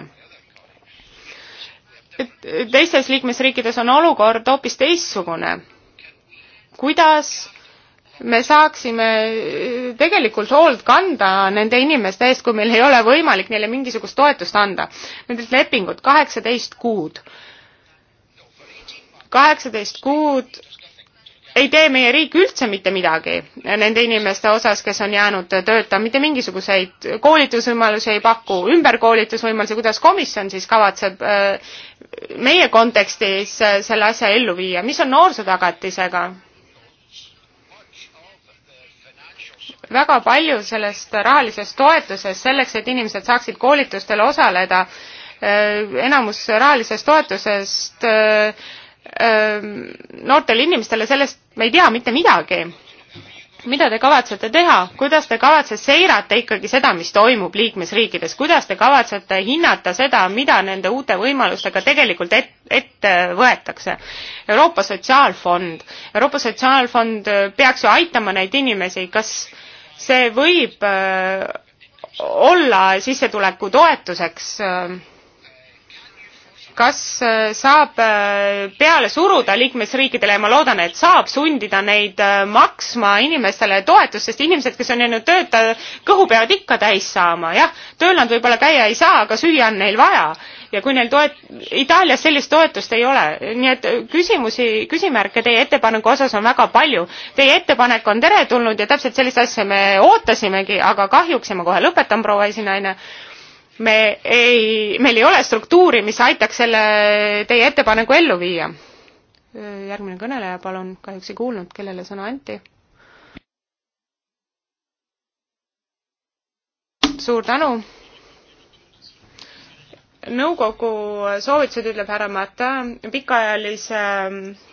teistes liikmesriikides on olukord hoopis teistsugune. kuidas me saaksime äh, tegelikult hoolt kanda nende inimeste eest, kui meil ei ole võimalik neile mingisugust toetust anda. Nendelt lepingut kaheksateist kuud. kaheksateist kuud ei tee meie riik üldse mitte midagi nende inimeste osas, kes on jäänud tööta, mitte mingisuguseid koolitusvõimalusi ei paku, ümberkoolitusvõimalusi, kuidas komisjon siis kavatseb äh, meie kontekstis äh, selle asja ellu viia, mis on noorsootagatisega? väga palju sellest rahalisest toetusest selleks, et inimesed saaksid koolitustel osaleda. Äh, enamus rahalisest toetusest äh, ähm, noortele inimestele, sellest me ei tea mitte midagi. mida te kavatsete teha, kuidas te kavatsete seirata ikkagi seda, mis toimub liikmesriikides, kuidas te kavatsete hinnata seda, mida nende uute võimalustega tegelikult et, ette võetakse? Euroopa Sotsiaalfond, Euroopa Sotsiaalfond peaks ju aitama neid inimesi, kas äh, see võib äh, olla sissetulekutoetuseks äh, kas äh, saab äh, peale suruda liikmesriikidele ja ma loodan, et saab sundida neid äh, maksma inimestele toetust, sest inimesed, kes on jäänud tööta, kõhu peavad ikka täis saama, jah, tööl nad võib-olla käia ei saa, aga süüa on neil vaja ja kui neil toet-, Itaalias sellist toetust ei ole, nii et küsimusi, küsimärke teie ettepaneku osas on väga palju. Teie ettepanek on teretulnud ja täpselt sellist asja me ootasimegi, aga kahjuks ja ma kohe lõpetan, proua esinaine me ei, meil ei ole struktuuri, mis aitaks selle teie ettepaneku ellu viia. järgmine kõneleja, palun, kahjuks ei kuulnud, kellele sõna anti. suur tänu. nõukogu soovitused, ütleb härra Mata, pikaajalise äh,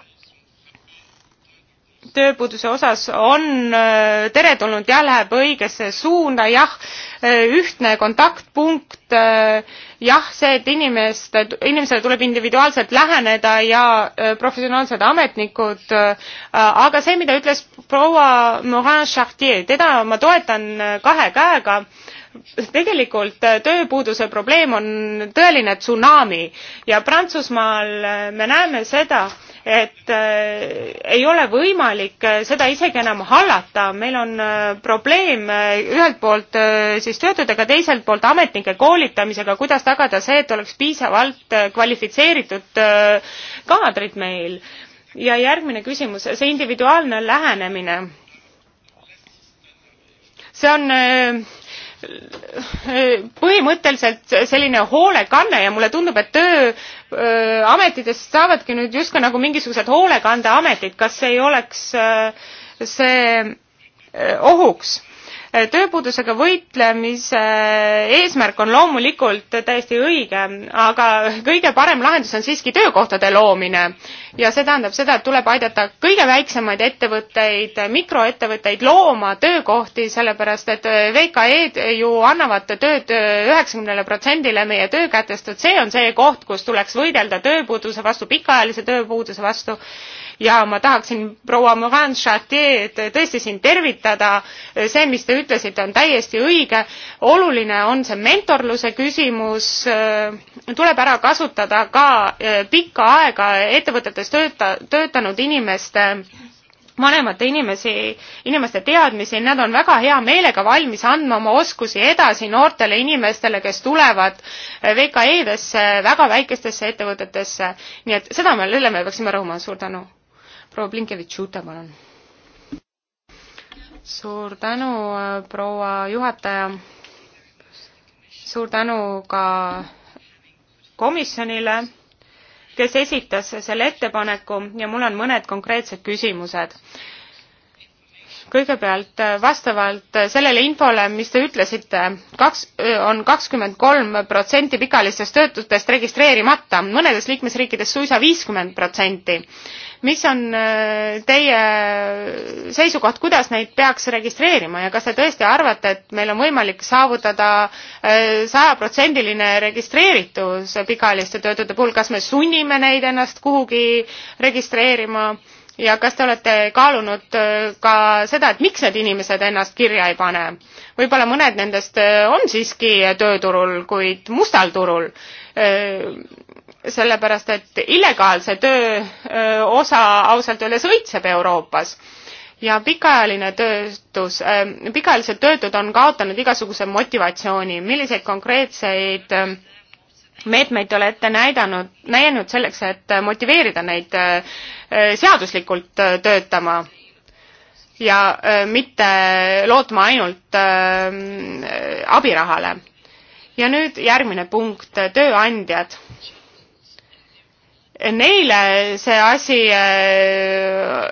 tööpuuduse osas on äh, teretulnud ja läheb õigesse suunda, jah, äh, ühtne kontaktpunkt, äh, jah, see, et inimeste, inimesele tuleb individuaalselt läheneda ja professionaalsed ametnikud, aga see, mida ütles proua Morin-Chartier, teda ma toetan kahe käega tegelikult tööpuuduse probleem on tõeline tsunami ja Prantsusmaal me näeme seda, et äh, ei ole võimalik äh, seda isegi enam hallata, meil on äh, probleem ühelt poolt siis töötajatega, teiselt poolt ametnike koolitamisega, kuidas tagada see, et oleks piisavalt kvalifitseeritud kaadrid meil. ja järgmine küsimus, see individuaalne lähenemine. see on põhimõtteliselt selline hoolekanne ja mulle tundub, et tööametitest saavadki nüüd justkui nagu mingisugused hoolekandeametid, kas ei oleks öö, äh, see öö, äh, ohuks? Eh, tööpuudusega võitlemise eh, eesmärk on loomulikult täiesti õige, aga kõige parem lahendus on siiski töökohtade loomine. ja see tähendab seda, et tuleb aidata kõige väiksemaid ettevõtteid, mikroettevõtteid looma töökohti, sellepärast et eh, VKE-d ju annavad tööd üheksakümnele protsendile meie töökätest, et see on see koht, kus tuleks võidelda tööpuuduse vastu, pikaajalise tööpuuduse vastu ja ma tahaksin proua Morin Chartier'd tõesti siin tervitada. see, mis te ütlesite, on täiesti õige. oluline on see mentorluse küsimus. tuleb ära kasutada ka eh, pikka aega ettevõtetes tööta, töötanud inimeste vanemate inimesi, inimeste teadmisi, nad on väga hea meelega valmis andma oma oskusi edasi noortele inimestele, kes tulevad eh, VKE-desse, väga väikestesse ettevõtetesse. nii et seda me, selle me peaksime rõhuma, suur tänu proua Blinkevitš-Jute, palun. suur tänu, proua juhataja. suur tänu ka komisjonile, kes esitas selle ettepaneku ja mul on mõned konkreetsed küsimused kõigepealt vastavalt sellele infole mis te ütlesite kaks on kakskümmend kolm protsenti pikaajalistest töötutest registreerimata mõnedes liikmesriikides suisa viiskümmend protsenti mis on äh, teie seisukoht, kuidas neid peaks registreerima ja kas te tõesti arvate, et meil on võimalik saavutada äh, sajaprotsendiline registreeritus pikaajaliste töötute puhul, kas me sunnime neid ennast kuhugi registreerima? ja kas te olete kaalunud äh, ka seda, et miks need inimesed ennast kirja ei pane? võib-olla mõned nendest on siiski tööturul, kuid mustal turul sellepärast et illegaalse töö osa ausalt öeldes õitseb Euroopas ja pikaajaline töötus, pikaajalised töötud on kaotanud igasuguse motivatsiooni, milliseid konkreetseid meetmeid te olete näidanud, näinud selleks, et motiveerida neid seaduslikult töötama ja mitte lootma ainult abirahale. ja nüüd järgmine punkt, tööandjad neile see asi äh,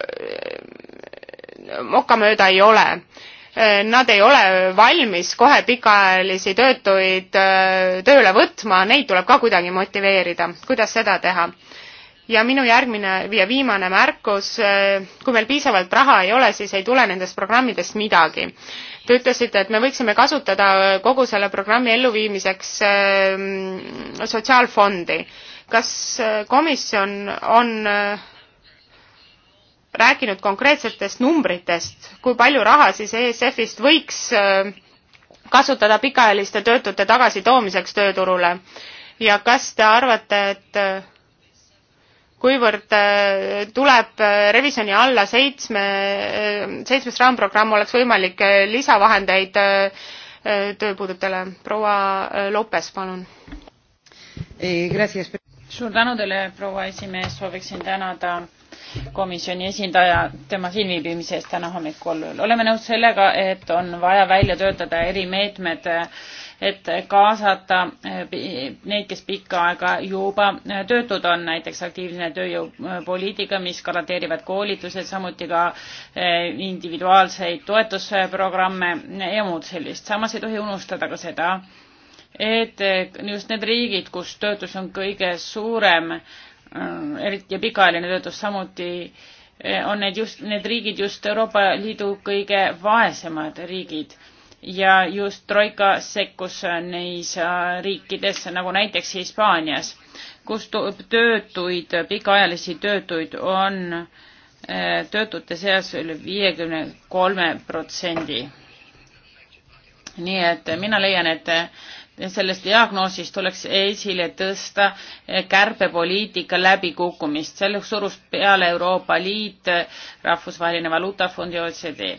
mokamööda ei ole. Äh, nad ei ole valmis kohe pikaajalisi töötuid äh, tööle võtma, neid tuleb ka kuidagi motiveerida. kuidas seda teha? ja minu järgmine ja viimane märkus, kui meil piisavalt raha ei ole, siis ei tule nendest programmidest midagi. Te ütlesite, et me võiksime kasutada kogu selle programmi elluviimiseks sotsiaalfondi kas äh, komisjon on äh, rääkinud konkreetsetest numbritest, kui palju raha siis ESF-ist võiks äh, kasutada pikaajaliste töötute tagasitoomiseks tööturule ja kas te arvate, et kuivõrd tuleb revisjoni alla seitsme, seitsmes raamprogramm, oleks võimalik lisavahendeid
tööpuudutele.
proua Lopes, palun.
Eh, suur tänu teile, proua esimees, sooviksin tänada komisjoni esindaja tema siin viibimise eest täna hommikul. oleme nõus sellega, et on vaja välja töötada erimeetmed, et kaasata neid, kes pikka aega juba töötud on, näiteks aktiivne tööjõupoliitika, mis garanteerivad koolitused, samuti ka eh, individuaalseid toetusprogramme ja muud sellist. samas ei tohi unustada ka seda, et just need riigid, kus töötus on kõige suurem, eriti ja pikaajaline töötus samuti, on need just, need riigid just Euroopa Liidu kõige vaesemad riigid ja just Troika sekkus neis riikides, nagu näiteks Hispaanias, kus töötuid, pikaajalisi töötuid on eh, töötute seas üle viiekümne kolme protsendi. nii et mina leian, et sellest diagnoosist tuleks esile tõsta kärpepoliitika läbikukkumist, selleks surus peale Euroopa Liit, Rahvusvaheline Valuutafond ja OECD.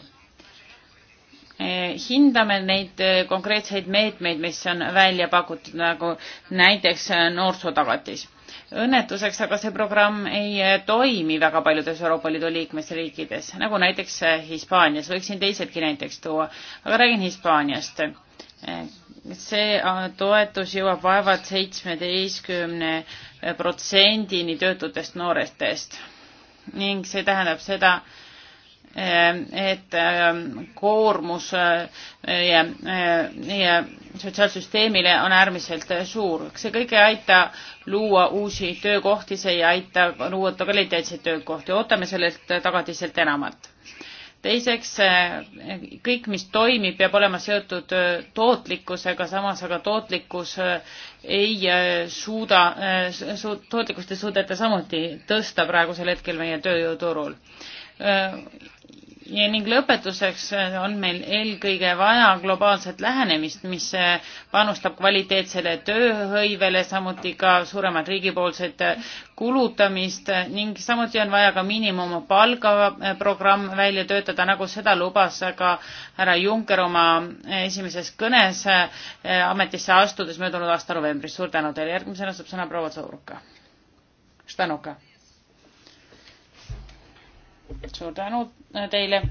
hindame neid konkreetseid meetmeid, mis on välja pakutud, nagu näiteks noorsootagatis. õnnetuseks aga see programm ei toimi väga paljudes Euroopa Liidu liikmesriikides, nagu näiteks Hispaanias, võiksin teisedki näiteks tuua, aga räägin Hispaaniast see äh, toetus jõuab vaevalt seitsmeteistkümne protsendini töötutest noortest ning see tähendab seda, äh, et äh, koormus meie, meie sotsiaalsüsteemile on äärmiselt suur. see kõik ei aita luua uusi töökohti, see ei aita luua kvaliteetseid töökohti, ootame sellelt tagatiselt enamat teiseks, kõik, mis toimib, peab olema seotud äh, tootlikkusega, samas aga tootlikkus äh, ei äh, suuda, tootlikkust ei suudeta samuti tõsta praegusel hetkel meie tööjõuturul ja ning lõpetuseks äh, on meil eelkõige vaja globaalset lähenemist, mis äh, panustab kvaliteetsele tööhõivele, samuti ka suuremat riigipoolset äh, kulutamist ning samuti on vaja ka miinimumpalgaprogramm välja töötada, nagu seda lubas ka härra Juncker oma esimeses kõnes ametisse astudes möödunud aasta novembris. suur tänu teile, järgmisena saab sõna proua Sõuruka. Štanuka suur tänu äh, teile.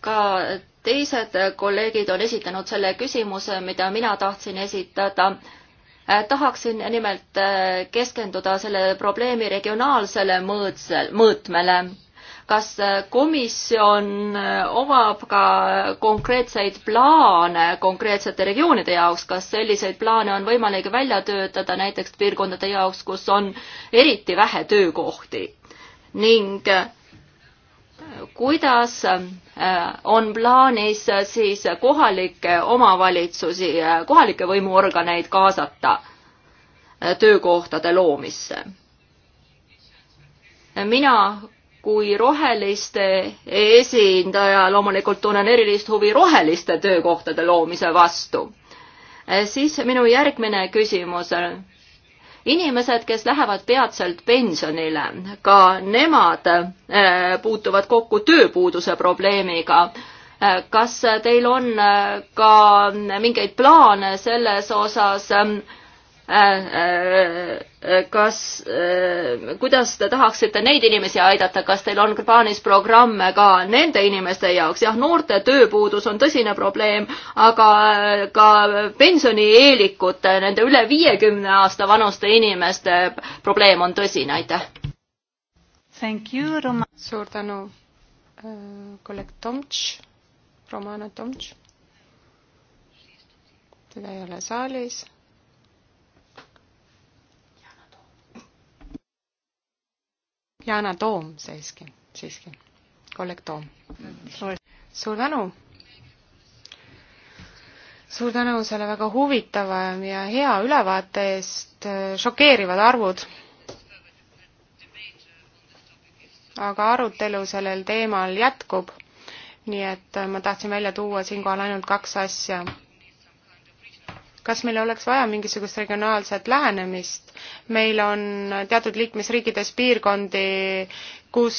ka teised kolleegid on esitanud selle küsimuse, mida mina tahtsin esitada. Äh, tahaksin nimelt äh, keskenduda selle probleemi regionaalsele mõõtsel, mõõtmele kas äh, komisjon äh, omab ka konkreetseid plaane konkreetsete regioonide jaoks, kas selliseid plaane on võimalik välja töötada näiteks piirkondade jaoks, kus on eriti vähe töökohti ning äh, kuidas on plaanis siis kohalikke omavalitsusi, kohalikke võimuorganeid kaasata töökohtade loomisse? mina kui roheliste esindaja loomulikult tunnen erilist huvi roheliste töökohtade loomise vastu. siis minu järgmine küsimus. inimesed, kes lähevad peatselt pensionile, ka nemad eh, puutuvad kokku tööpuuduse probleemiga. Eh, kas teil on eh, ka mingeid plaane selles osas, Äh, äh, kas, äh, kuidas te tahaksite neid inimesi aidata, kas teil on plaanis programme ka nende inimeste jaoks, jah, noorte tööpuudus on tõsine probleem, aga ka pensionieelikute, nende üle viiekümne aasta vanuste inimeste probleem on tõsine, aitäh.
suur tänu, kolleeg Tomtš, Romana Tomtš. teda ei ole saalis Yana Toom siiski, siiski, kolleeg Toom. suur tänu! suur tänu selle väga huvitava ja hea ülevaate eest, šokeerivad arvud. aga arutelu sellel teemal jätkub, nii et ma tahtsin välja tuua siinkohal ainult kaks asja kas meil oleks vaja mingisugust regionaalset lähenemist? meil on teatud liikmesriikides piirkondi, kus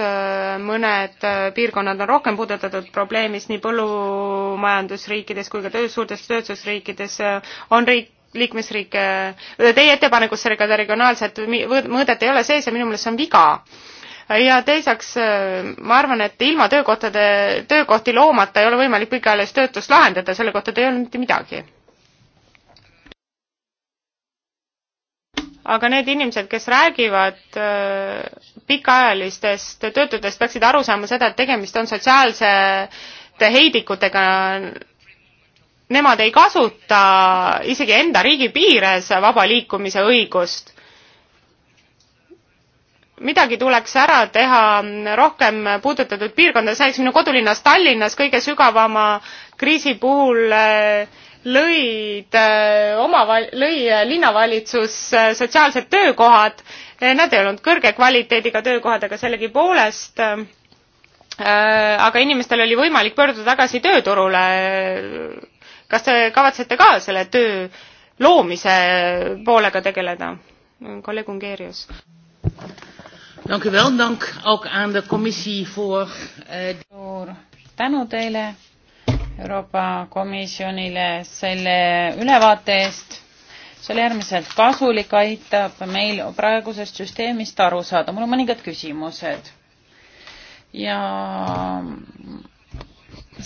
äh, mõned äh, piirkonnad on rohkem puudutatud probleemist, nii põllumajandusriikides kui ka töö, suurtes tööstusriikides äh, on riik, liikmesriike, teie ettepanekus sellega regionaalset mõõdet ei ole sees ja minu meelest see on viga ja teiseks ma arvan, et ilma töökohtade, töökohti loomata ei ole võimalik pikaajalist töötust lahendada, selle kohta te ei öelnud mitte midagi. aga need inimesed, kes räägivad äh, pikaajalistest töötutest, peaksid aru saama seda, et tegemist on sotsiaalsete heidikutega. Nemad ei kasuta isegi enda riigi piires vaba liikumise õigust. midagi tuleks ära teha rohkem puudutatud piirkondades, näiteks minu kodulinnas Tallinnas kõige sügavama kriisi puhul äh, lõid äh, omava-, lõi äh, linnavalitsus äh, sotsiaalsed töökohad, nad ei olnud kõrge kvaliteediga töökohad, aga sellegipoolest aga inimestel oli võimalik pöörduda tagasi tööturule. kas te kavatsete ka selle töö loomise poolega tegeleda? kolleeg Ungerius.
Eh, suur tänu teile Euroopa Komisjonile selle ülevaate eest. see oli äärmiselt kasulik, aitab meil praegusest süsteemist aru saada. mul on mõningad küsimused. ja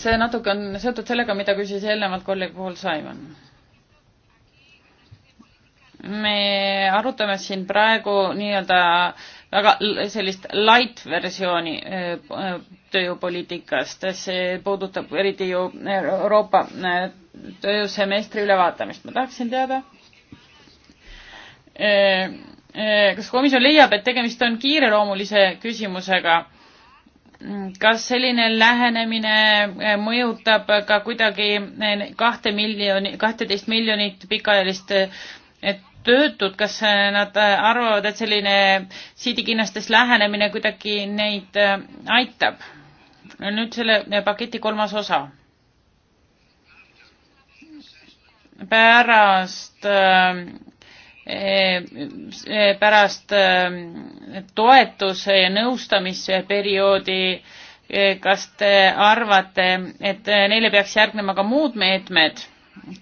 see natuke on seotud sellega, mida küsis eelnevalt kolleeg Paul Simon me arutame siin praegu nii-öelda väga sellist light versiooni äh, tööjõupoliitikast, see puudutab eriti ju Euroopa äh, tööjõusemestri ülevaatamist, ma tahaksin teada. Äh, kas komisjon leiab, et tegemist on kiireloomulise küsimusega? kas selline lähenemine mõjutab ka kuidagi kahte miljoni, kahteteist miljonit pikaajalist töötud, kas nad äh, arvavad, et selline siidikinnastes lähenemine kuidagi neid äh, aitab? nüüd selle äh, paketi kolmas osa. pärast pärast toetuse ja nõustamisperioodi kas te arvate, et neile peaks järgnema ka muud meetmed,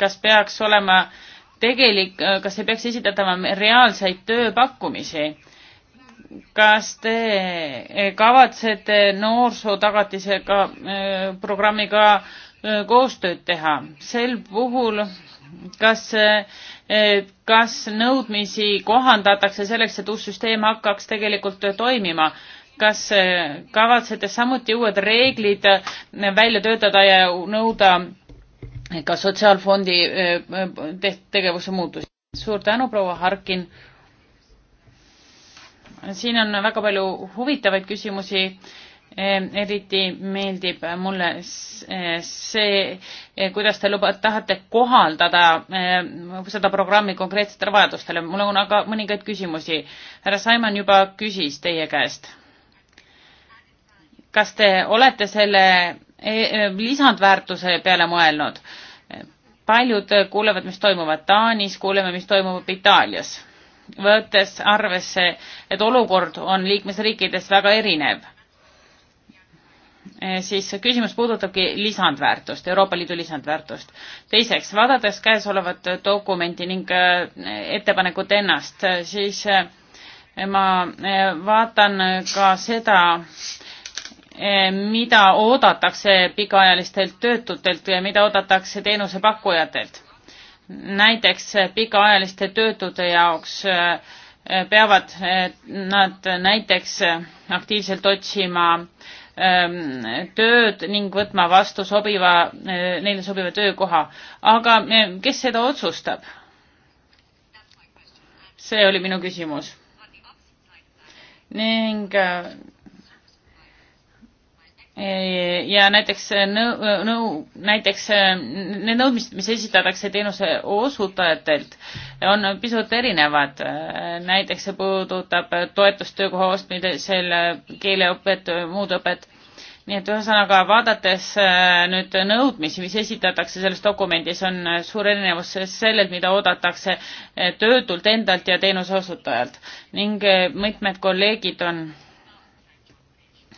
kas peaks olema äh, tegelik, kas ei peaks esitatama reaalseid tööpakkumisi? kas te kavatsete noorsootagatisega äh, programmiga äh, koostööd teha? sel puhul, kas, äh, kas nõudmisi kohandatakse selleks, et uus süsteem hakkaks tegelikult toimima? kas kavatsete samuti uued reeglid välja töötada ja nõuda ka sotsiaalfondi äh, äh, tegevuse muutusi. suur tänu, proua Harkin. siin on väga palju huvitavaid küsimusi. Äh, eriti meeldib mulle see, kuidas te luba-, tahate kohaldada seda programmi konkreetsetele vajadustele. mul on aga mõningaid küsimusi. härra Saimann juba küsis teie käest. kas te olete selle E, e, lisandväärtuse peale mõelnud. paljud kuulevad, mis toimuvad Taanis, kuuleme, mis toimub Itaalias, võttes arvesse, et olukord on liikmesriikides väga erinev e, siis küsimus puudutabki lisandväärtust, Euroopa Liidu lisandväärtust. teiseks, vaadates käesolevat dokumenti ning ettepanekut ennast, siis ma vaatan ka seda, Eh, mida oodatakse pikaajalistelt töötutelt ja mida oodatakse teenusepakkujatelt. näiteks pikaajaliste töötute jaoks eh, peavad eh, nad näiteks aktiivselt otsima ehm, tööd ning võtma vastu sobiva, neile sobiva töökoha. aga kes seda otsustab? see oli minu küsimus. ning ja näiteks äh, nõu, äh, nõu, näiteks äh, need nõudmised, mis esitatakse teenuse osutajatelt, on pisut erinevad. näiteks see puudutab toetust töökoha ostmisel, keeleõpet, muud õpet. nii et ühesõnaga, vaadates nüüd nõudmisi, mis esitatakse selles dokumendis, on suur erinevus sellelt, mida oodatakse töötult endalt ja teenuse osutajalt ning mitmed kolleegid on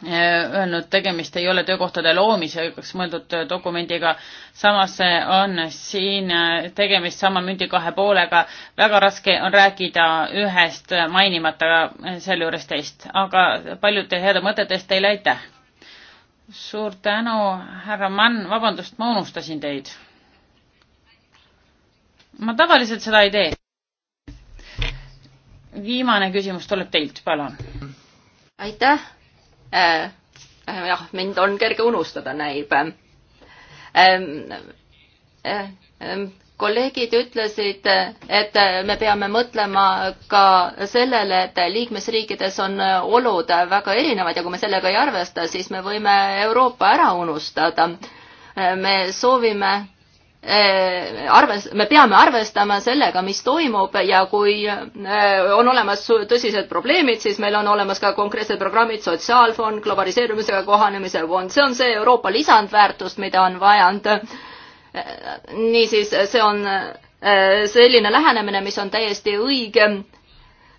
Äh, öelnud, tegemist ei ole töökohtade loomiseks mõeldud äh, dokumendiga. samas äh, on siin tegemist sama mündi kahe poolega. väga raske on rääkida ühest mainimata sealjuures teist, aga paljude heade mõtete eest teile aitäh. suur tänu, härra Mann, vabandust, ma unustasin teid. ma tavaliselt seda ei tee. viimane küsimus tuleb teilt, palun.
aitäh Äh, äh, jah, mind on kerge unustada, näib. Ähm, äh, ähm, kolleegid ütlesid, et me peame mõtlema ka sellele, et liikmesriikides on olud väga erinevad ja kui me sellega ei arvesta, siis me võime Euroopa ära unustada. me soovime Äh, arves, me peame arvestama sellega, mis toimub ja kui äh, on olemas tõsised probleemid, siis meil on olemas ka konkreetsed programmid, sotsiaalfond, globaliseerumisega kohanemise fond, see on see Euroopa lisandväärtust, mida on vaja anda. Äh, niisiis, see on selline lähenemine, mis on täiesti õige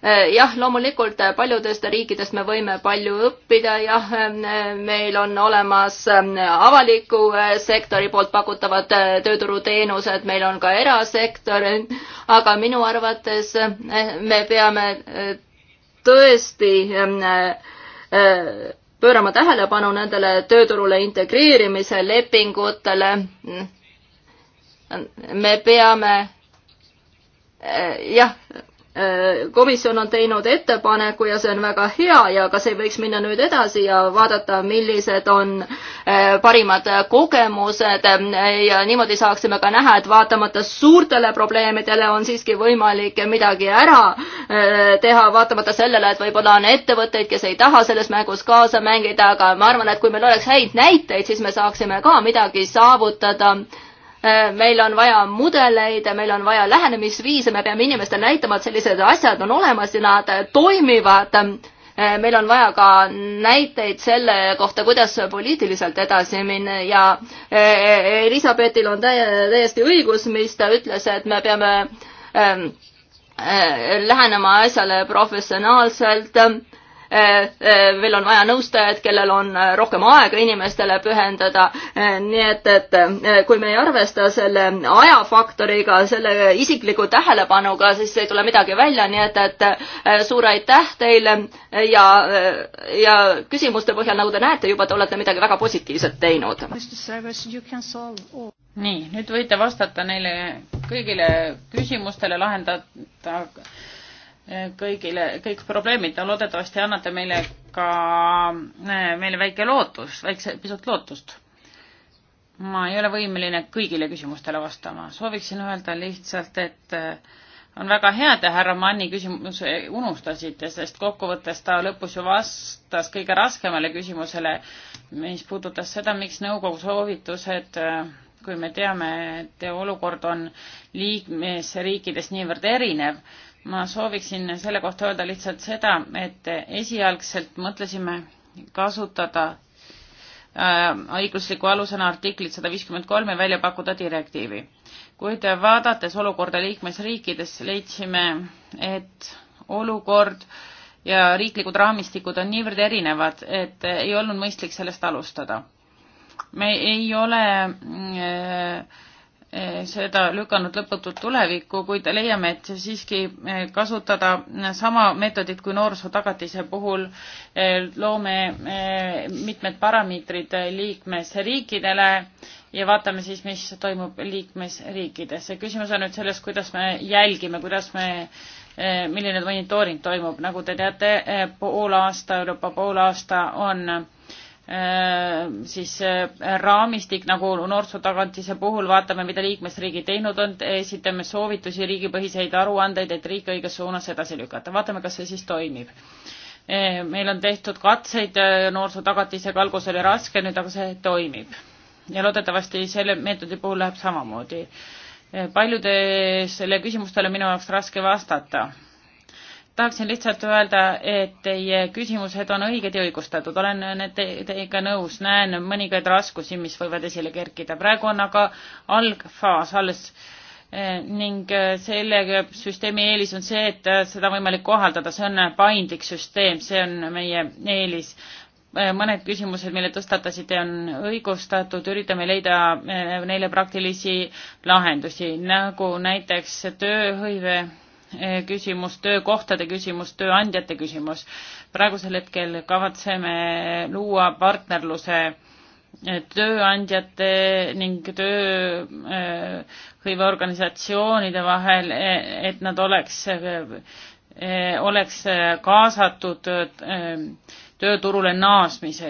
Eh, jah, loomulikult eh, paljudest riikidest me võime palju õppida, jah, eh, meil on olemas avaliku sektori poolt pakutavad tööturuteenused, meil on ka erasektor, aga minu arvates me peame tõesti pöörama tähelepanu nendele tööturule integreerimise lepingutele. me peame jah Äh, komisjon on teinud ettepaneku ja see on väga hea ja kas ei võiks minna nüüd edasi ja vaadata, millised on äh, parimad kogemused äh, ja niimoodi saaksime ka näha, et vaatamata suurtele probleemidele on siiski võimalik midagi ära teha, vaatamata sellele, et võib-olla on ettevõtteid, kes ei taha selles mängus kaasa mängida, aga ma arvan, et kui meil oleks häid näiteid, siis me saaksime ka midagi saavutada meil on vaja mudeleid, meil on vaja lähenemisviise, me peame inimestele näitama, et sellised asjad on olemas ja nad toimivad. meil on vaja ka näiteid selle kohta, kuidas poliitiliselt edasi minna ja e, e, Elizabethil on täiesti õigus, mis ta ütles, et me peame e, lähenema asjale professionaalselt Eh, eh, veel on vaja nõustajaid, kellel on eh, rohkem aega inimestele pühendada. nii et, et kui me ei arvesta selle ajafaktoriga, selle isikliku tähelepanuga, siis ei tule midagi välja, nii et, et suur aitäh teile ja, ja küsimuste põhjal, nagu te näete juba, te olete midagi väga positiivset teinud.
nii, nüüd võite vastata neile kõigile küsimustele, lahendada kõigile, kõik probleemid, no loodetavasti annate meile ka, eh, meile väike lootus, väikse, pisut lootust. ma ei ole võimeline kõigile küsimustele vastama, sooviksin öelda lihtsalt, et eh, on väga hea, et te härra Manni küsimuse unustasite, sest kokkuvõttes ta lõpus ju vastas kõige raskemale küsimusele, mis puudutas seda, miks nõukogu soovitused eh, kui me teame, et olukord on liikmesriikides niivõrd erinev, ma sooviksin selle kohta öelda lihtsalt seda, et esialgselt mõtlesime kasutada äh, õigusliku alusena artiklit sada viiskümmend kolm ja välja pakkuda direktiivi. kuid vaadates olukorda liikmesriikides, leidsime, et olukord ja riiklikud raamistikud on niivõrd erinevad, et ei olnud mõistlik sellest alustada. me ei ole mm, äh, Eh, seda lükanud lõputult tulevikku, kuid leiame, et siiski eh, kasutada sama meetodit kui noorsootagatise puhul, eh, loome mitmed parameetrid liikmesriikidele ja vaatame siis, mis toimub liikmesriikides. see küsimus on nüüd selles, kuidas me jälgime, kuidas me milline monitooring toimub, nagu te teate, poolaasta, Euroopa poolaasta on Äh, siis äh, raamistik nagu noorsootagatise puhul, vaatame, mida liikmesriigid teinud on, esitame soovitusi, riigipõhiseid aruandeid, et riik õiges suunas edasi lükata, vaatame, kas see siis toimib. Äh, meil on tehtud katseid noorsootagatisega, alguses oli raske, nüüd aga see toimib. ja loodetavasti selle meetodi puhul läheb samamoodi. paljudele küsimustele minu jaoks raske vastata tahaksin lihtsalt öelda, et teie küsimused on õiged ja õigustatud, olen need teiega nõus, näen mõningaid raskusi, mis võivad esile kerkida, praegu on aga algfaas alles eh, ning eh, selle süsteemi eelis on see, et eh, seda on võimalik kohaldada, see on paindlik süsteem, see on meie eelis. mõned küsimused, mille tõstatasite, on õigustatud, üritame leida neile praktilisi lahendusi, nagu näiteks tööhõive Eh, küsimus, töökohtade küsimus, tööandjate küsimus. praegusel hetkel kavatseme luua partnerluse eh, tööandjate ning tööhõiveorganisatsioonide vahel, eh, et nad oleks, oleks kaasatud tööturule naasmise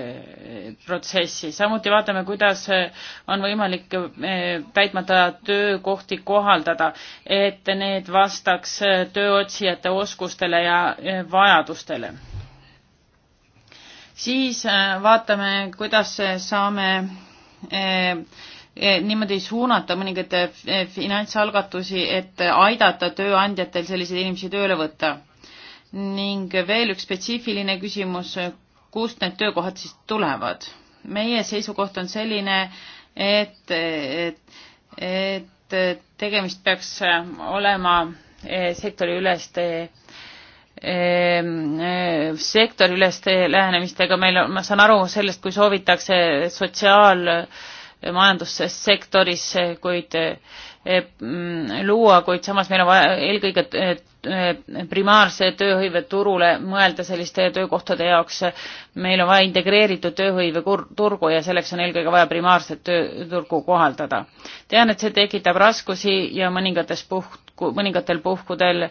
protsessi. samuti vaatame, kuidas on võimalik eh, täitmata töökohti kohaldada, et need vastaks tööotsijate oskustele ja eh, vajadustele. siis eh, vaatame, kuidas saame niimoodi suunata mõningaid finantsalgatusi, et aidata tööandjatel selliseid inimesi tööle võtta ning veel üks spetsiifiline küsimus, kust need töökohad siis tulevad. meie seisukoht on selline, et, et, et tegemist peaks olema e, sektoriüleste e, e, sektoriüleste lähenemistega, meil on, ma saan aru sellest, kui soovitakse sotsiaal- majandussektoris, kuid eh, mm, luua, kuid samas meil on vaja eelkõige eh, eh, primaarse tööhõive turule mõelda selliste töökohtade jaoks. meil on vaja integreeritud tööhõive turgu ja selleks on eelkõige vaja primaarset tööturgu kohaldada. tean, et see tekitab raskusi ja mõningates puhku, mõningatel puhkudel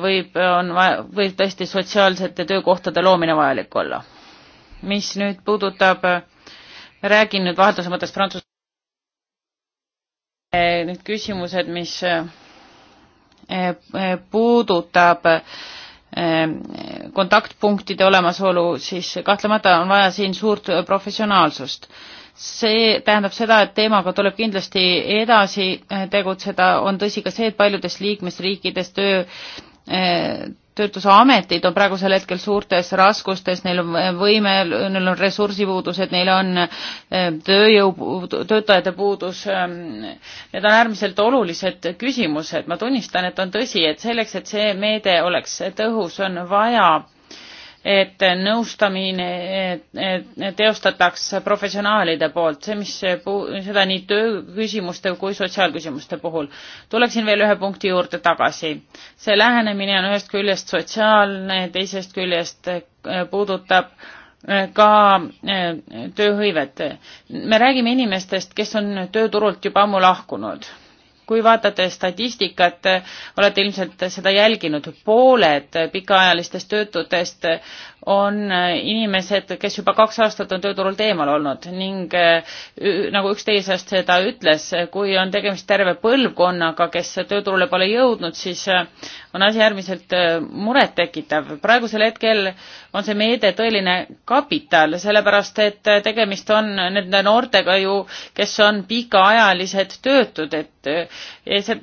võib, on vaja, võib tõesti sotsiaalsete töökohtade loomine vajalik olla. mis nüüd puudutab räägin nüüd vahetuse mõttes prantsuse eh, need küsimused, mis eh, eh, puudutab kontaktpunktide olemasolu, siis kahtlemata on vaja siin suurt professionaalsust. see tähendab seda, et teemaga tuleb kindlasti edasi tegutseda, on tõsi ka see, et paljudes liikmesriikides töö töötusametid on praegusel hetkel suurtes raskustes, neil on võime, neil on ressursipuudused, neil on eh, tööjõu, töötajate puudus. Ehm, need on äärmiselt olulised küsimused, ma tunnistan, et on tõsi, et selleks, et see meede oleks tõhus, on vaja et nõustamine teostataks professionaalide poolt, see, mis, seda nii tööküsimuste kui sotsiaalküsimuste puhul. tuleksin veel ühe punkti juurde tagasi. see lähenemine on ühest küljest sotsiaalne, teisest küljest eh, puudutab eh, ka eh, tööhõivet. me räägime inimestest, kes on tööturult juba ammu lahkunud kui vaatate statistikat, olete ilmselt seda jälginud, pooled pikaajalistest töötutest on äh, inimesed, kes juba kaks aastat on tööturult eemal olnud ning äh, nagu üks teie seast seda ütles, kui on tegemist terve põlvkonnaga, kes tööturule pole jõudnud, siis äh, on asi äärmiselt murettekitav. praegusel hetkel on see meede tõeline kapital, sellepärast et tegemist on nende noortega ju, kes on pikaajalised töötud, et see,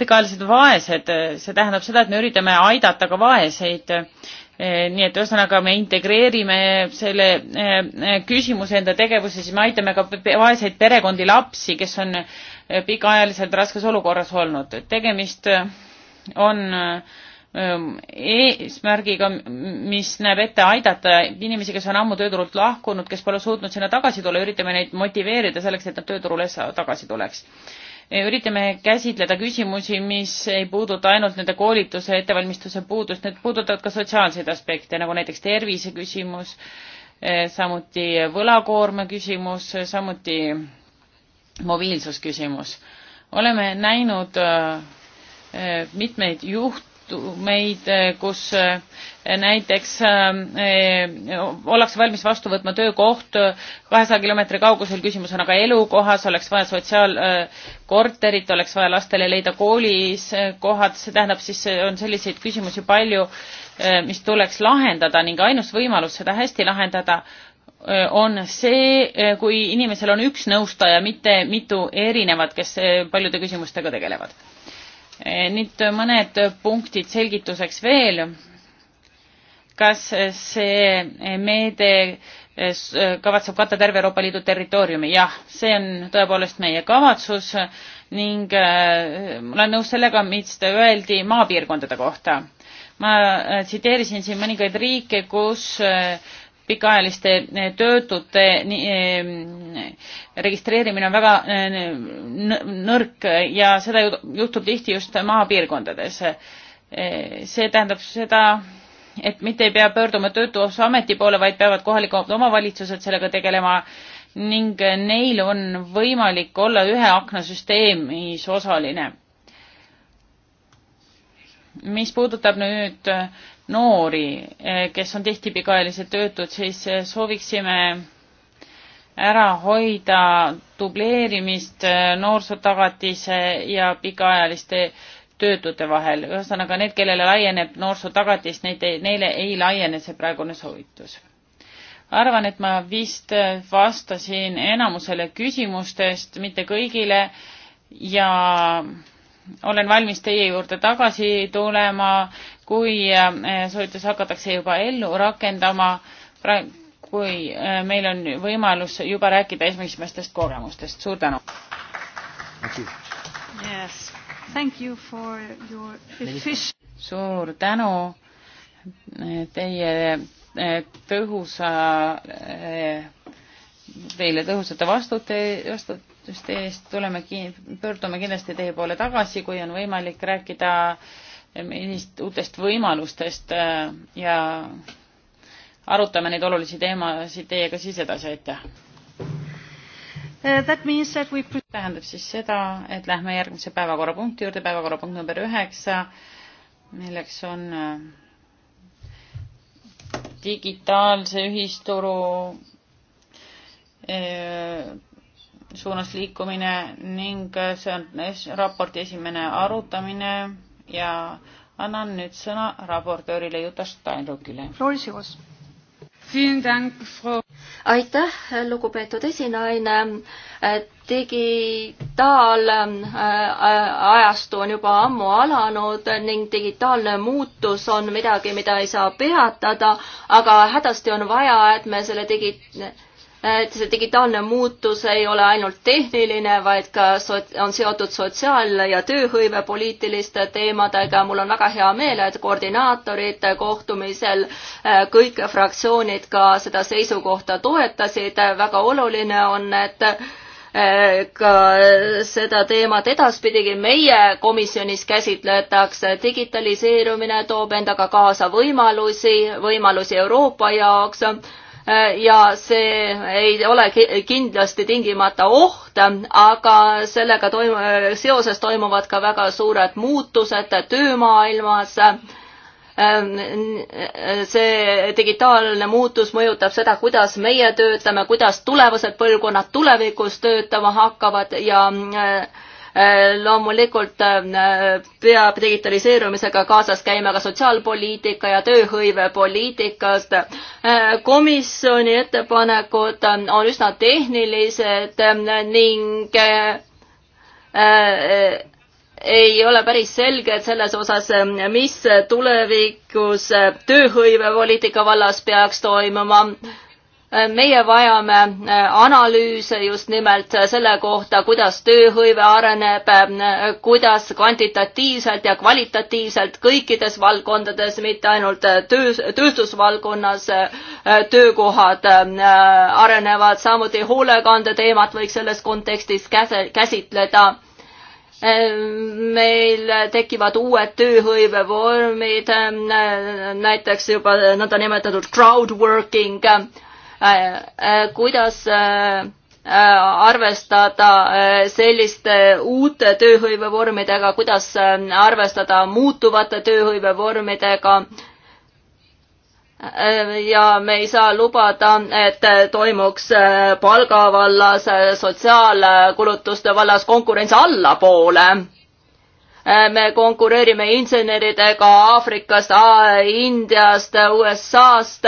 pikaajalised vaesed, see tähendab seda, et me üritame aidata ka vaeseid Eh, nii et ühesõnaga me integreerime selle eh, eh, küsimuse enda tegevusse, siis me aitame ka vaeseid perekondi, lapsi, kes on pikaajaliselt raskes olukorras olnud. tegemist on eesmärgiga, mis näeb ette aidata inimesi, kes on ammu tööturult lahkunud, kes pole suutnud sinna tagasi tulla, üritame neid motiveerida selleks, et nad tööturule tagasi tuleks üritame käsitleda küsimusi, mis ei puuduta ainult nende koolituse ja ettevalmistuse puudust, need puudutavad ka sotsiaalseid aspekte, nagu näiteks tervise küsimus, samuti võlakoorma küsimus, samuti mobiilsusküsimus. oleme näinud mitmeid juht-, juhtumeid, eh, kus eh, näiteks eh, ollakse valmis vastu võtma töökoht kahesaja kilomeetri kaugusel, küsimus on aga elukohas, oleks vaja sotsiaalkorterit, oleks vaja lastele leida koolis kohad, see tähendab siis on selliseid küsimusi palju, mis tuleks lahendada ning ainus võimalus seda hästi lahendada on see, kui inimesel on üks nõustaja, mitte mitu erinevat, kes paljude küsimustega tegelevad Eh, nüüd mõned punktid selgituseks veel. kas see meede eh, eh, kavatseb katta terve Euroopa Liidu territooriumi? jah, see on tõepoolest meie kavatsus ning ma olen nõus sellega, mis öeldi maapiirkondade kohta. ma tsiteerisin siin mõningaid riike, kus pikaajaliste eh, töötute eh, registreerimine on väga eh, nõrk ja seda juhtub tihti just maapiirkondades. see tähendab seda, et mitte ei pea pöörduma Töötukassa ameti poole, vaid peavad kohalikud omavalitsused sellega tegelema ning neil on võimalik olla ühe akna süsteemis osaline. mis puudutab nüüd noori, eh, kes on tihti pikaajaliselt töötud, siis eh, sooviksime ära hoida dubleerimist eh, noorsootagatise ja pikaajaliste töötute vahel. ühesõnaga, need, kellele laieneb noorsootagatis, neid, neile ei laiene see praegune soovitus. arvan, et ma vist vastasin enamusele küsimustest, mitte kõigile ja olen valmis teie juurde tagasi tulema kui äh, soovitus hakatakse juba ellu rakendama, kui äh, meil on võimalus juba rääkida esimestest kogemustest. suur tänu! Yes. You suur tänu äh, teie tõhusa, teile tõhusate vastute, vastutuste eest. tuleme, pöördume kindlasti teie poole tagasi, kui on võimalik rääkida äh, millist uutest võimalustest äh, ja arutame neid olulisi teemasid teiega siis edasi, aitäh! Äh, tähendab siis seda, et lähme järgmise päevakorrapunkti juurde, päevakorrapunkt number üheksa, milleks on äh, digitaalse ühisturu suunas liikumine ning see on raporti esimene arutamine ja annan nüüd sõna raportöörile Juta Steinrukile.
aitäh, lugupeetud esinaine. digitaalajastu äh, on juba ammu alanud ning digitaalne muutus on midagi, mida ei saa peatada, aga hädasti on vaja, et me selle digi-, Äh, et see digitaalne muutus ei ole ainult tehniline, vaid ka on seotud sotsiaal- ja tööhõivepoliitiliste teemadega. mul on väga hea meel, et koordinaatorite kohtumisel äh, kõik fraktsioonid ka seda seisukohta toetasid. väga oluline on, et äh, ka seda teemat edaspidigi meie komisjonis käsitletakse. digitaliseerumine toob endaga kaasa võimalusi, võimalusi Euroopa jaoks Äh, ja see ei ole kindlasti tingimata oht, aga sellega toim-, äh, seoses toimuvad ka väga suured muutused töömaailmas ähm, see digitaalne muutus mõjutab seda, kuidas meie töötame, kuidas tulevased põlvkonnad tulevikus töötama hakkavad ja äh, Äh, loomulikult äh, peab digitaliseerumisega kaasas käima ka sotsiaalpoliitika ja tööhõivepoliitikast. Äh, komisjoni ettepanekud on üsna tehnilised ning ei ole päris selged selles osas, mis tulevikus tööhõivepoliitika vallas peaks toimuma meie vajame äh, analüüse just nimelt äh, selle kohta, kuidas tööhõive areneb, äh, kuidas kvantitatiivselt ja kvalitatiivselt kõikides valdkondades, mitte ainult töö, tööstusvaldkonnas töökohad arenevad, samuti hoolekande teemat võiks selles kontekstis käse, käsitleda meil tekivad uued tööhõivevormid, näiteks juba nõndanimetatud crowd working Äh, äh, kuidas äh, arvestada selliste uute tööhõivevormidega, kuidas arvestada muutuvate tööhõivevormidega ja me ei saa lubada, et toimuks palga vallas, sotsiaalkulutuste vallas konkurents allapoole. Äh, me konkureerime inseneridega Aafrikast, Indiast, USA-st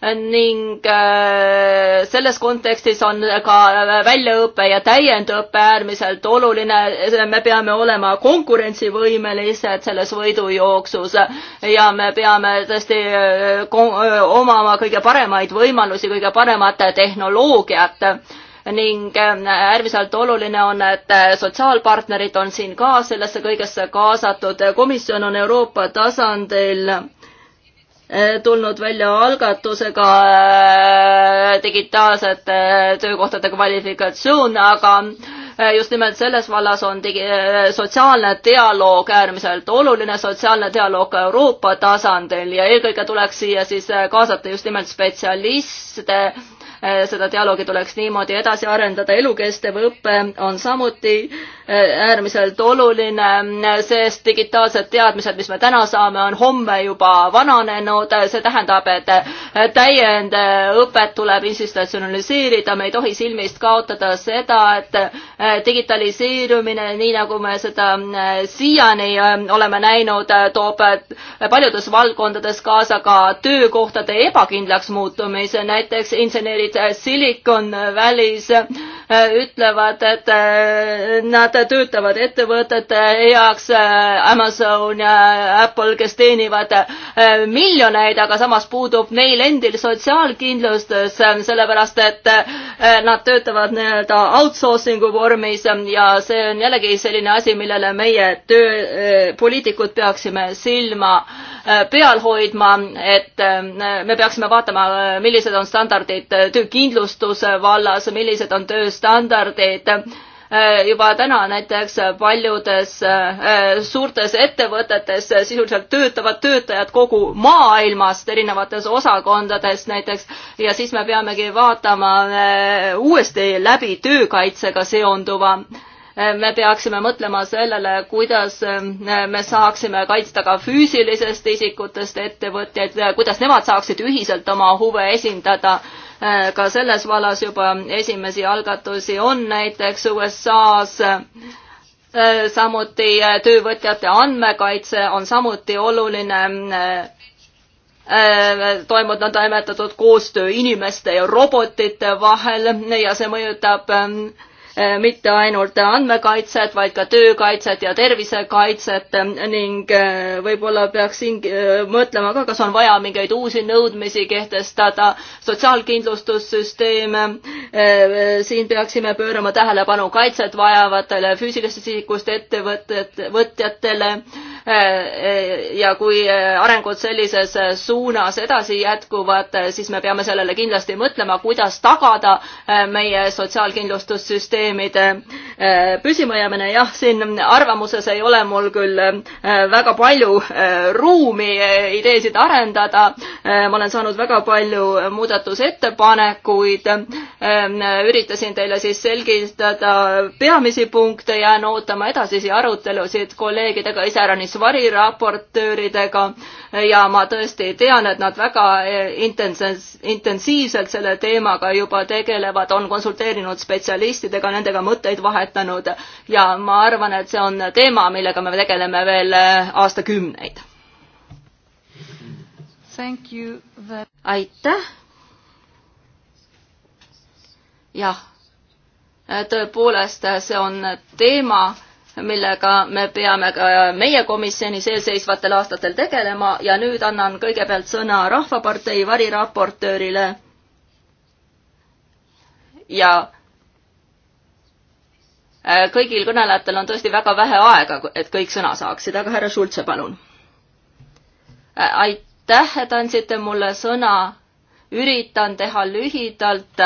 äh, ning äh, selles kontekstis on ka väljaõpe ja täiendõpe äärmiselt oluline. me peame olema konkurentsivõimelised selles võidujooksus ja me peame tõesti omama kõige paremaid võimalusi, kõige paremat tehnoloogiat ning ähm, äärmiselt oluline on, et äh, sotsiaalpartnerid on siin ka sellesse kõigesse kaasatud. komisjon on Euroopa tasandil äh, tulnud välja algatusega äh, digitaalsete töökohtade kvalifikatsioon, aga just nimelt selles vallas on digi-, sotsiaalne dialoog äärmiselt oluline, sotsiaalne dialoog Euroopa tasandil ja eelkõige tuleks siia siis kaasata just nimelt spetsialiste Äh, seda dialoogi tuleks niimoodi edasi arendada, elukestev õpe on samuti äärmiselt oluline, sest digitaalsed teadmised, mis me täna saame, on homme juba vananenud, see tähendab, et täiendõpet tuleb institutsionaliseerida, me ei tohi silmist kaotada seda, et digitaliseerumine, nii nagu me seda siiani oleme näinud, toob paljudes valdkondades kaasa ka töökohtade ebakindlaks muutumise, näiteks insenerid Silicon Valley's ütlevad, et nad töötavad ettevõtete heaks äh, Amazon ja Apple, kes teenivad äh, miljoneid, aga samas puudub neil endil sotsiaalkindlustus, äh, sellepärast et nad töötavad nii-öelda outsourcing'u vormis ja see on jällegi selline asi, millele meie töö, poliitikud peaksime silma peal hoidma, et me peaksime vaatama, millised on standardid töökindlustuse vallas, millised on tööstandardid Äh, juba täna näiteks paljudes äh, suurtes ettevõtetes sisuliselt töötavad töötajad kogu maailmast erinevates osakondades näiteks ja siis me peamegi vaatama äh, uuesti läbi töökaitsega seonduva me peaksime mõtlema sellele, kuidas me saaksime kaitsta ka füüsilisest isikutest ettevõtjaid, kuidas nemad saaksid ühiselt oma huve esindada Äh, ka selles vallas juba esimesi algatusi on, näiteks USA-s äh, samuti äh, töövõtjate andmekaitse on samuti oluline toimub nõndanimetatud koostöö inimeste ja robotite vahel ja see mõjutab äh, Äh, mitte ainult andmekaitset, vaid ka töökaitset ja tervisekaitset ning äh, võib-olla peaks siin äh, mõtlema ka, kas on vaja mingeid uusi nõudmisi kehtestada, sotsiaalkindlustussüsteeme. siin peaksime pöörama tähelepanu kaitset vajavatele füüsilisest isikust ettevõtjatele ja kui arengud sellises suunas edasi jätkuvad, siis me peame sellele kindlasti mõtlema, kuidas tagada äh, meie sotsiaalkindlustussüsteemide äh, püsimajäämine. jah, siin arvamuses ei ole mul küll äh, väga palju ruumi ideesid arendada. ma olen saanud väga palju muudatusettepanekuid. Ähm, üritasin teile siis selgitada peamisi punkte, jään ootama edasisi arutelusid kolleegidega iseäranis variraportööridega ja ma tõesti tean, et nad väga eh, intensiivselt selle teemaga juba tegelevad, on konsulteerinud spetsialistidega, nendega mõtteid vahetanud ja ma arvan, et see on teema, millega me tegeleme veel eh, aastakümneid. aitäh. jah eh, tõepoolest see on teema, millega me peame ka meie komisjonis eelseisvatel aastatel tegelema ja nüüd annan kõigepealt sõna Rahvapartei variraportöörile. ja äh, kõigil kõnelejatel on tõesti väga vähe aega, et kõik sõna saaksid, aga härra Schultze, palun. Äh, aitäh, et andsite mulle sõna. üritan teha lühidalt,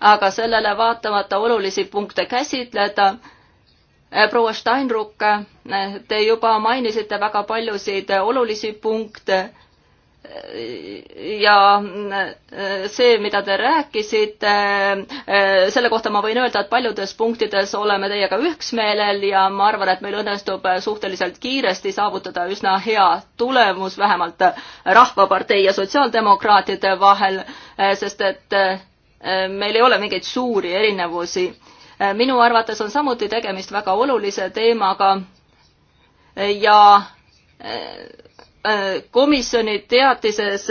aga sellele vaatamata olulisi punkte käsitleda Äh, proua Steinruck, äh, te juba mainisite väga paljusid olulisi punkte äh, ja see, mida te rääkisite, selle kohta ma võin öelda, et paljudes punktides oleme teiega üksmeelel ja ma arvan, et meil õnnestub suhteliselt kiiresti saavutada üsna hea tulemus, vähemalt Rahvapartei ja sotsiaaldemokraatide vahel, sest et meil ei ole mingeid suuri erinevusi Äh, minu arvates on samuti tegemist väga olulise teemaga ja äh, äh, komisjoni teatises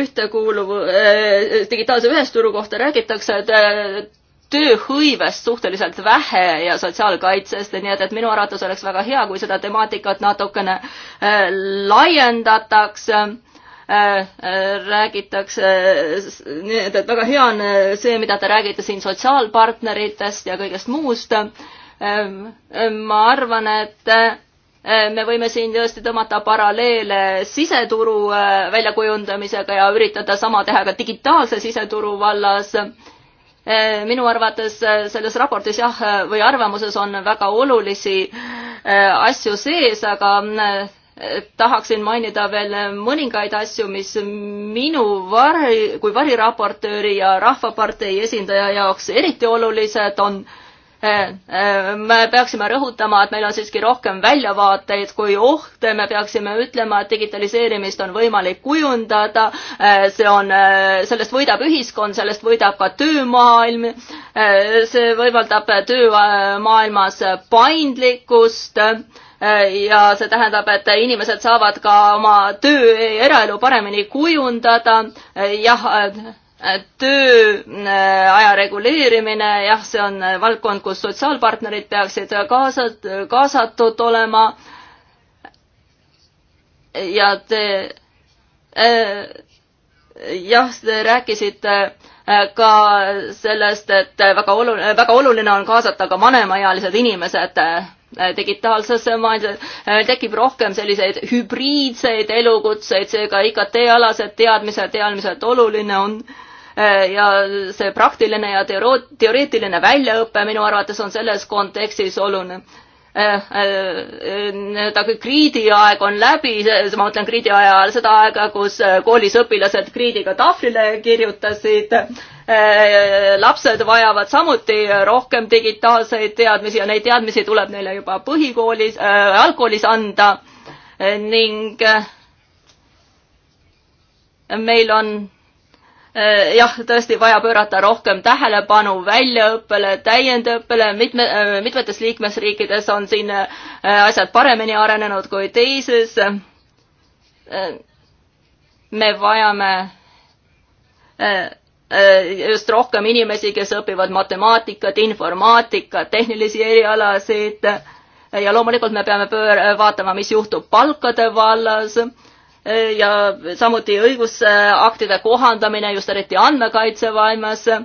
ühtekuuluv digitaalse ühesturu kohta räägitakse, et tööhõivest suhteliselt vähe ja sotsiaalkaitsest, nii et, et minu arvates oleks väga hea, kui seda temaatikat natukene laiendatakse Äh, äh, räägitakse, nii et, et väga hea on äh, see, mida te räägite siin sotsiaalpartneritest ja kõigest muust. ma arvan, et me võime siin tõesti tõmmata paralleele siseturu väljakujundamisega ja üritada sama teha ka digitaalse siseturu vallas minu arvates selles raportis jah, või arvamuses on väga olulisi asju sees, aga tahaksin mainida veel mõningaid asju, mis minu vari, kui variraportööri ja Rahvapartei esindaja jaoks eriti olulised on me peaksime rõhutama, et meil on siiski rohkem väljavaateid kui ohte, me peaksime ütlema, et digitaliseerimist on võimalik kujundada, see on, sellest võidab ühiskond, sellest võidab ka töömaailm, see võimaldab töömaailmas paindlikkust ja see tähendab, et inimesed saavad ka oma töö ja eraelu paremini kujundada, jah tööaja äh, reguleerimine, jah, see on äh, valdkond, kus sotsiaalpartnerid peaksid äh, kaasat-, kaasatud olema. ja te jah, te rääkisite ka sellest, et väga oluline, väga oluline on kaasata ka vanemaealised inimesed digitaalsesse maailma, tekib rohkem selliseid hübriidseid elukutseid, seega IKT-alased teadmised, teadmised oluline on äh, Äh, ja see praktiline ja teoreetiline väljaõpe minu arvates on selles kontekstis oluline nii-öelda äh, äh, kui kriidiaeg on läbi, ma mõtlen kriidiaja ajal seda aega, kus koolis õpilased kriidiga tahvlile kirjutasid, lapsed vajavad samuti rohkem digitaalseid teadmisi ja neid teadmisi tuleb neile juba põhikoolis äh,, algkoolis anda ning meil on Äh, jah, tõesti vaja pöörata rohkem tähelepanu väljaõppele, täiendõppele, mitme, äh, mitmetes liikmesriikides on siin äh, asjad paremini arenenud kui teises. me vajame just rohkem inimesi, kes õpivad matemaatikat, informaatikat, tehnilisi erialasid ja loomulikult me peame pöör-, vaatama, mis juhtub palkade vallas ja samuti õigusaktide kohandamine just eriti andmekaitse vaimas eh,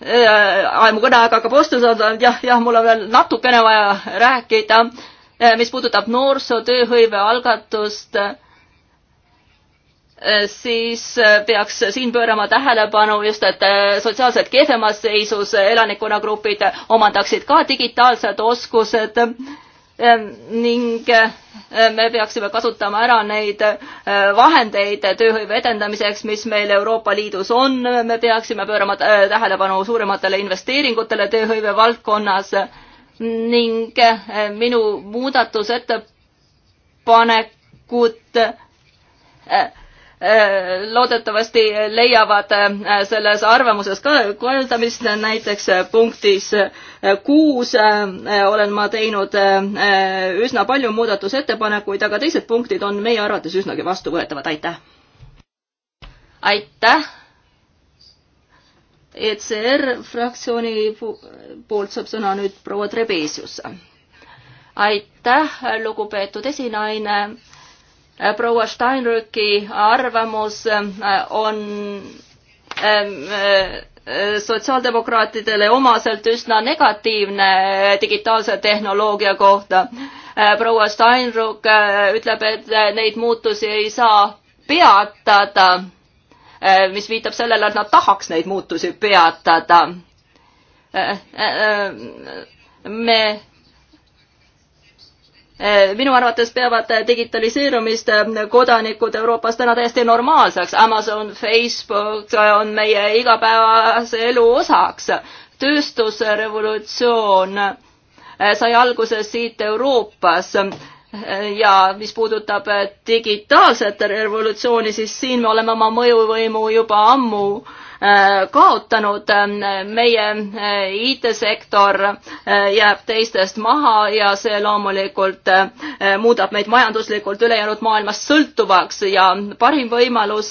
eh, mu kõneaeg hakkab vastu saada, jah, jah, mul on veel natukene vaja rääkida, eh, mis puudutab noorsootööhõive algatust, siis peaks siin pöörama tähelepanu just, et sotsiaalselt kehvemas seisus elanikkonnagrupid omandaksid ka digitaalsed oskused Ähm, ning äh, me peaksime kasutama ära neid äh, vahendeid tööhõive edendamiseks, mis meil Euroopa Liidus on, me peaksime pöörama äh, tähelepanu suurematele investeeringutele tööhõive valdkonnas ning minu muudatusettepanekud Äh, loodetavasti leiavad äh, selles arvamuses ka kohendamist, näiteks äh, punktis kuus olen ma teinud üsna palju muudatusettepanekuid, aga teised punktid on meie arvates üsnagi vastuvõetavad, aitäh. aitäh. ECR fraktsiooni poolt saab sõna nüüd proua Trebesius. aitäh, lugupeetud esinaine Äh, proua Steinrücki arvamus äh, on ähm, äh, sotsiaaldemokraatidele omaselt üsna negatiivne digitaalse tehnoloogia kohta. proua Steinruck ütleb, et neid muutusi ei saa peatada, mis viitab sellele, et nad tahaks neid muutusi peatada. me Eh, minu arvates peavad digitaliseerumist eh, kodanikud Euroopas täna täiesti normaalseks. Amazon, Facebook eh, on meie igapäevase elu osaks. tööstusrevolutsioon sai alguse siit Euroopas ja mis puudutab digitaalset revolutsiooni, siis siin me oleme oma mõjuvõimu juba ammu äh, Äh, kaotanud. meie äh, IT-sektor äh, jääb teistest maha ja see loomulikult muudab meid majanduslikult ülejäänud maailmast sõltuvaks ja parim võimalus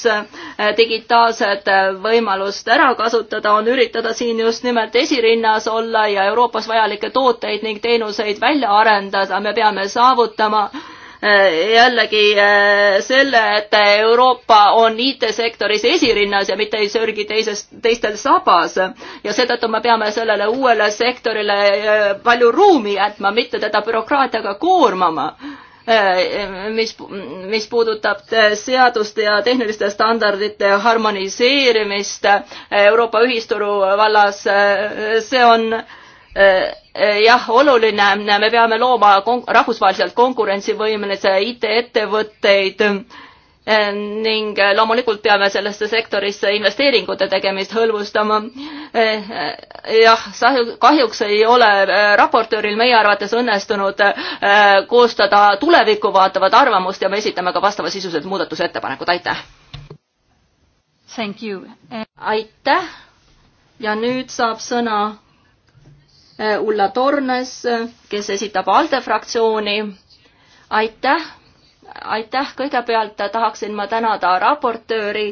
digitaalset võimalust ära kasutada on üritada siin just nimelt esirinnas olla ja Euroopas vajalikke tooteid ning teenuseid välja arendada. me peame saavutama äh, Eh, jällegi eh, selle, et Euroopa on IT-sektoris esirinnas ja mitte ei sörgi teises, teistel sabas. ja seetõttu me peame sellele uuele sektorile eh, palju ruumi jätma, mitte teda bürokraatiaga koormama mis, mis puudutab seaduste ja tehniliste standardite harmoniseerimist Euroopa ühisturu vallas, see on äh, Äh, äh, jah, oluline, äh, me peame looma kon rahvusvaheliselt konkurentsivõimelise IT-ettevõtteid ning loomulikult peame sellesse sektorisse investeeringute tegemist hõlbustama. jah, kahjuks ei ole raportööril meie arvates õnnestunud koostada tulevikku vaatavat arvamust ja me esitame ka vastavasisulised muudatusettepanekud, aitäh! aitäh ja nüüd saab sõna Äh, Ulla Tornes, kes esitab ALDE fraktsiooni. aitäh, aitäh, kõigepealt tahaksin ma tänada raportööri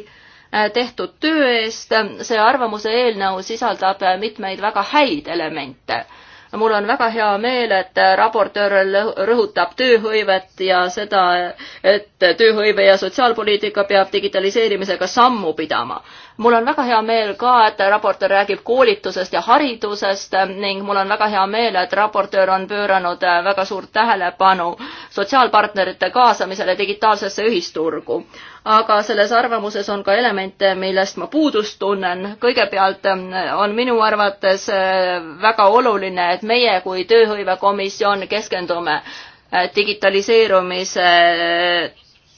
äh, tehtud töö eest. see arvamuse eelnõu sisaldab äh, mitmeid väga häid elemente. mul on väga hea meel, et raportöör rõhutab tööhõivet ja seda, et tööhõive ja sotsiaalpoliitika peab digitaliseerimisega sammu pidama mul on väga hea meel ka, et raportöör räägib koolitusest ja haridusest ning mul on väga hea meel, et raportöör on pööranud väga suurt tähelepanu sotsiaalpartnerite kaasamisele digitaalsesse ühisturgu. aga selles arvamuses on ka elemente, millest ma puudust tunnen. kõigepealt on minu arvates väga oluline, et meie kui tööhõivekomisjon keskendume digitaliseerumise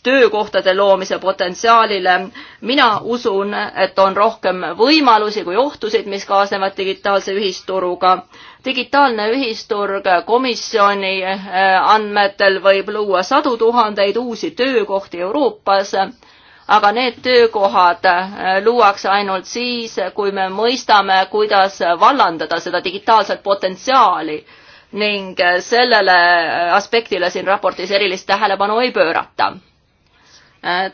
töökohtade loomise potentsiaalile. mina usun, et on rohkem võimalusi kui ohtusid, mis kaasnevad digitaalse ühisturuga. digitaalne ühisturg komisjoni eh, andmetel võib luua sadu tuhandeid uusi töökohti Euroopas, aga need töökohad eh, luuakse ainult siis, kui me mõistame, kuidas vallandada seda digitaalset potentsiaali ning eh, sellele aspektile siin raportis erilist tähelepanu ei pöörata Äh,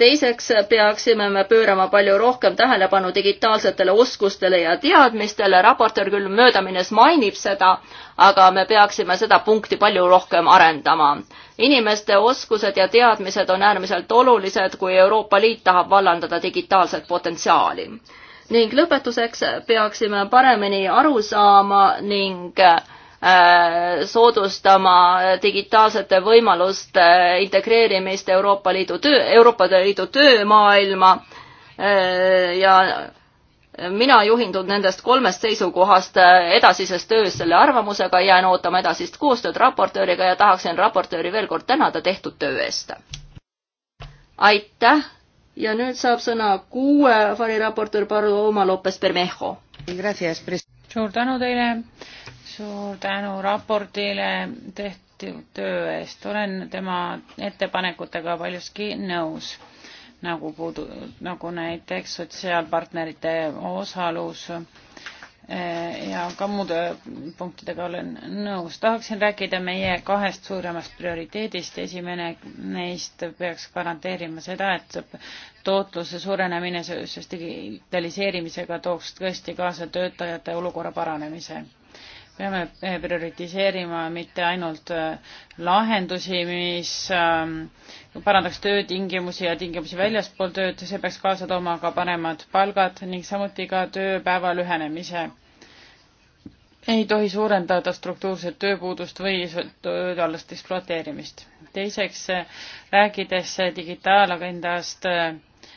teiseks peaksime me pöörama palju rohkem tähelepanu digitaalsetele oskustele ja teadmistele, raportöör küll möödaminnes mainib seda, aga me peaksime seda punkti palju rohkem arendama. inimeste oskused ja teadmised on äärmiselt olulised, kui Euroopa Liit tahab vallandada digitaalset potentsiaali. ning lõpetuseks peaksime paremini aru saama ning äh, Äh, soodustama digitaalsete võimaluste integreerimist Euroopa Liidu töö, Euroopa Liidu töömaailma äh, ja mina juhindun nendest kolmest seisukohast äh, edasises töös selle arvamusega, jään ootama edasist koostööd raportööriga ja tahaksin raportööri veel kord tänada tehtud töö eest. aitäh ja nüüd saab sõna kuue variraportöör Paru Oma Lopez Bermejo. suur
tänu teile suur tänu raportile tehtud töö eest, olen tema ettepanekutega paljuski nõus, nagu puudu, nagu näiteks sotsiaalpartnerite osalus eh, ja ka muude punktidega olen nõus. tahaksin rääkida meie kahest suuremast prioriteedist. esimene neist peaks garanteerima seda, et tootluse suurenemine seoses digitaliseerimisega tooks tõesti kaasa töötajate olukorra paranemise peame eh, prioritiseerima mitte ainult eh, lahendusi, mis ähm, parandaks töötingimusi ja tingimusi väljaspool tööd, see peaks kaasa tooma ka paremad palgad ning samuti ka tööpäeva lühenemise. ei tohi suurendada struktuurset tööpuudust või tööalast ekspluateerimist. teiseks, eh, rääkides digitaalagendast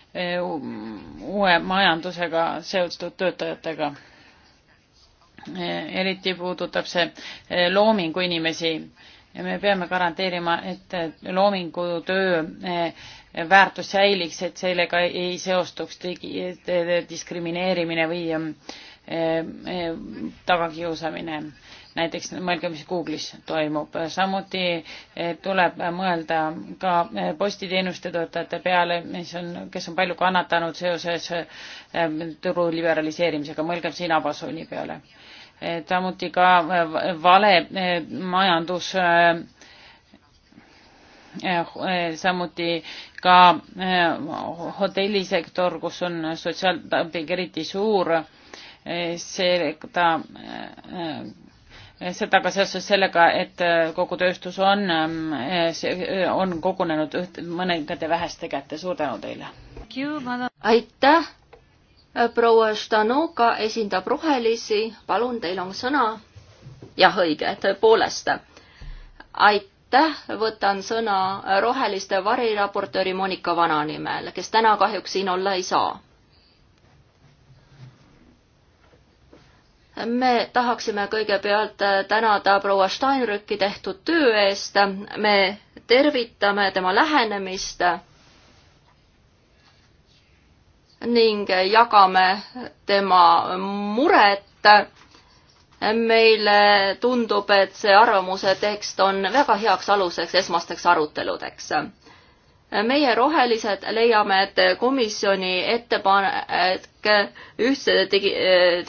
uue majandusega seotud töötajatega Eh, eriti puudutab see eh, loomingu inimesi ja me peame garanteerima, et eh, loomingu töö väärtus säiliks, et sellega ei seostuks digi, diskrimineerimine või tagakiusamine. näiteks mõelge, mis Google'is toimub. samuti tuleb mõelda ka postiteenuste töötajate peale, mis on, kes on palju kannatanud seoses turu liberaliseerimisega. mõelgem siin Amazoni peale samuti ka äh, vale äh, majandus, äh, samuti ka hotellisektor, kus on sotsiaaltamping eriti suur, see ta seda ka seoses sellega, et kogu tööstus on, on kogunenud mõningate väheste kätte. suur tänu teile!
aitäh! proua Štanoka esindab Rohelisi, palun, teil on sõna. jah, õige, tõepoolest. aitäh, võtan sõna Roheliste variraportööri Monika Vana nimel, kes täna kahjuks siin olla ei saa. me tahaksime kõigepealt tänada proua Steinrücki tehtud töö eest, me tervitame tema lähenemist ning jagame tema muret. meile tundub, et see arvamuse tekst on väga heaks aluseks esmasteks aruteludeks. meie rohelised leiame, et komisjoni ettepanek ühtse digi,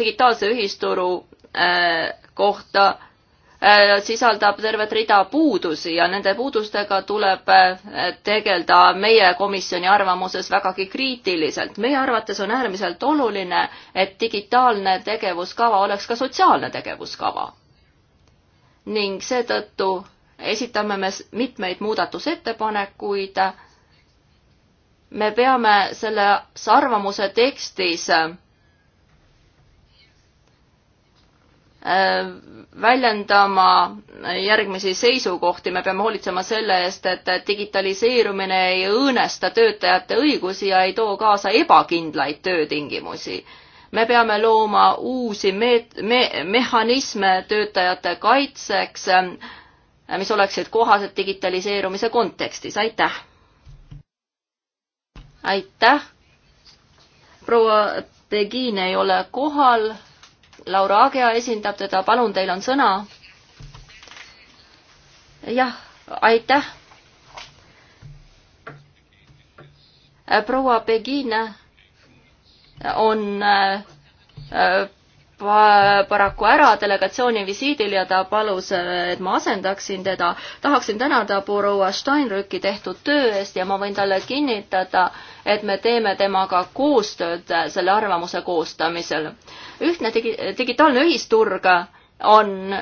digitaalse ühisturu äh, kohta Äh, sisaldab tervet rida puudusi ja nende puudustega tuleb äh, tegeleda meie komisjoni arvamuses vägagi kriitiliselt. meie arvates on äärmiselt oluline, et digitaalne tegevuskava oleks ka sotsiaalne tegevuskava. ning seetõttu esitame me mitmeid muudatusettepanekuid. me peame selles arvamuse tekstis äh, Äh, väljendama järgmisi seisukohti, me peame hoolitsema selle eest, et digitaliseerumine ei õõnesta töötajate õigusi ja ei too kaasa ebakindlaid töötingimusi. me peame looma uusi meet-, me-, mehhanisme töötajate kaitseks, äh, mis oleksid kohased digitaliseerumise kontekstis, aitäh! aitäh! proua Tegin ei ole kohal Laura Agea esindab teda, palun, teil on sõna. jah, aitäh. proua Begin on äh, paraku ära delegatsiooni visiidil ja ta palus, et ma asendaksin teda. tahaksin tänada proua Steinrücki tehtud töö eest ja ma võin talle kinnitada, et me teeme temaga koostööd selle arvamuse koostamisel. ühtne digi-, digitaalne ühisturg on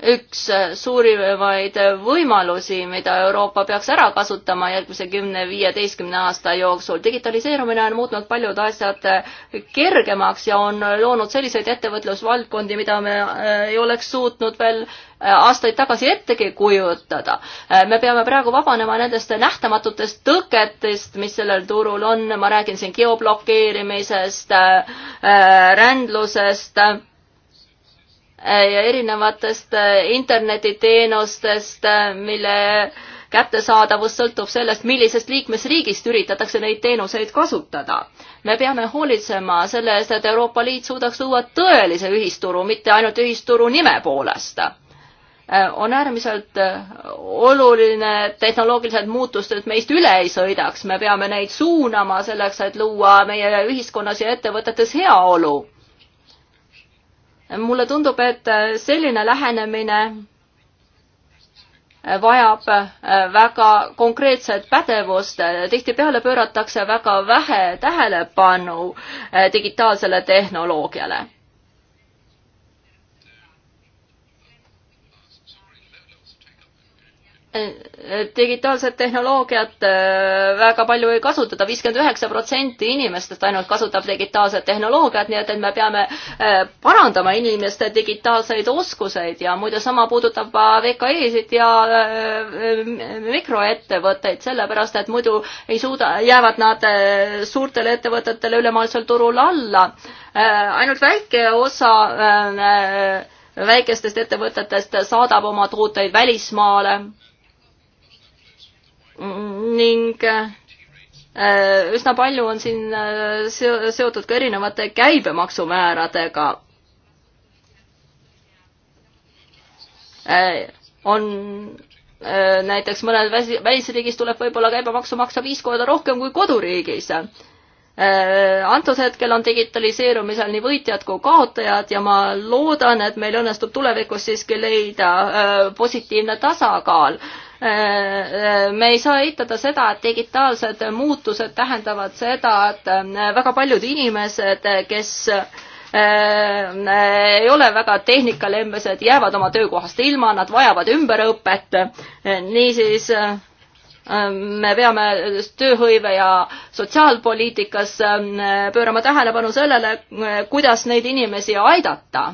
üks suurimaid võimalusi, mida Euroopa peaks ära kasutama järgmise kümne-viieteistkümne aasta jooksul. digitaliseerumine on muutnud paljud asjad kergemaks ja on loonud selliseid ettevõtlusvaldkondi, mida me äh, ei oleks suutnud veel äh, aastaid tagasi ettegi kujutada. Äh, me peame praegu vabanema nendest nähtamatutest tõketest, mis sellel turul on, ma räägin siin geoblokeerimisest, rändlusest Äh, ja erinevatest äh, internetiteenustest, äh, mille kättesaadavus sõltub sellest, millisest liikmesriigist üritatakse neid teenuseid kasutada. me peame hoolitsema selle eest, et Euroopa Liit suudaks luua tõelise ühisturu, mitte ainult ühisturu nime poolest on äärmiselt oluline tehnoloogilised muutust, et meist üle ei sõidaks, me peame neid suunama selleks, et luua meie ühiskonnas ja ettevõtetes heaolu mulle tundub, et selline lähenemine vajab äh, väga konkreetset pädevust, tihtipeale pööratakse väga vähe tähelepanu äh, digitaalsele tehnoloogiale digitaalset tehnoloogiat äh, väga palju ei kasutata, viiskümmend üheksa protsenti inimestest ainult kasutab digitaalset tehnoloogiat, nii et, et me peame äh, parandama inimeste digitaalseid oskuseid ja muide, sama puudutab VKE-sid ja äh, mikroettevõtteid, sellepärast et muidu ei suuda, jäävad nad suurtele ettevõtetele ülemaailmsel turul alla. ainult väike osa väikestest ettevõtetest saadab oma tooteid välismaale ning äh, üsna palju on siin äh, seotud ka erinevate käibemaksumääradega. Äh, on näiteks mõnel välisriigis tuleb võib-olla käibemaksu maksta viis korda rohkem kui koduriigis. antud hetkel on digitaliseerumisel nii võitjad kui kaotajad ja ma loodan, et meil õnnestub tulevikus siiski leida positiivne tasakaal Äh, äh, me ei saa eitada seda, et digitaalsed muutused tähendavad seda, et äh, väga paljud inimesed, kes ei ole väga tehnikalembesed, jäävad oma töökohast ilma, nad vajavad ümberõpet. niisiis me peame tööhõive ja sotsiaalpoliitikas pöörama tähelepanu sellele, kuidas neid inimesi aidata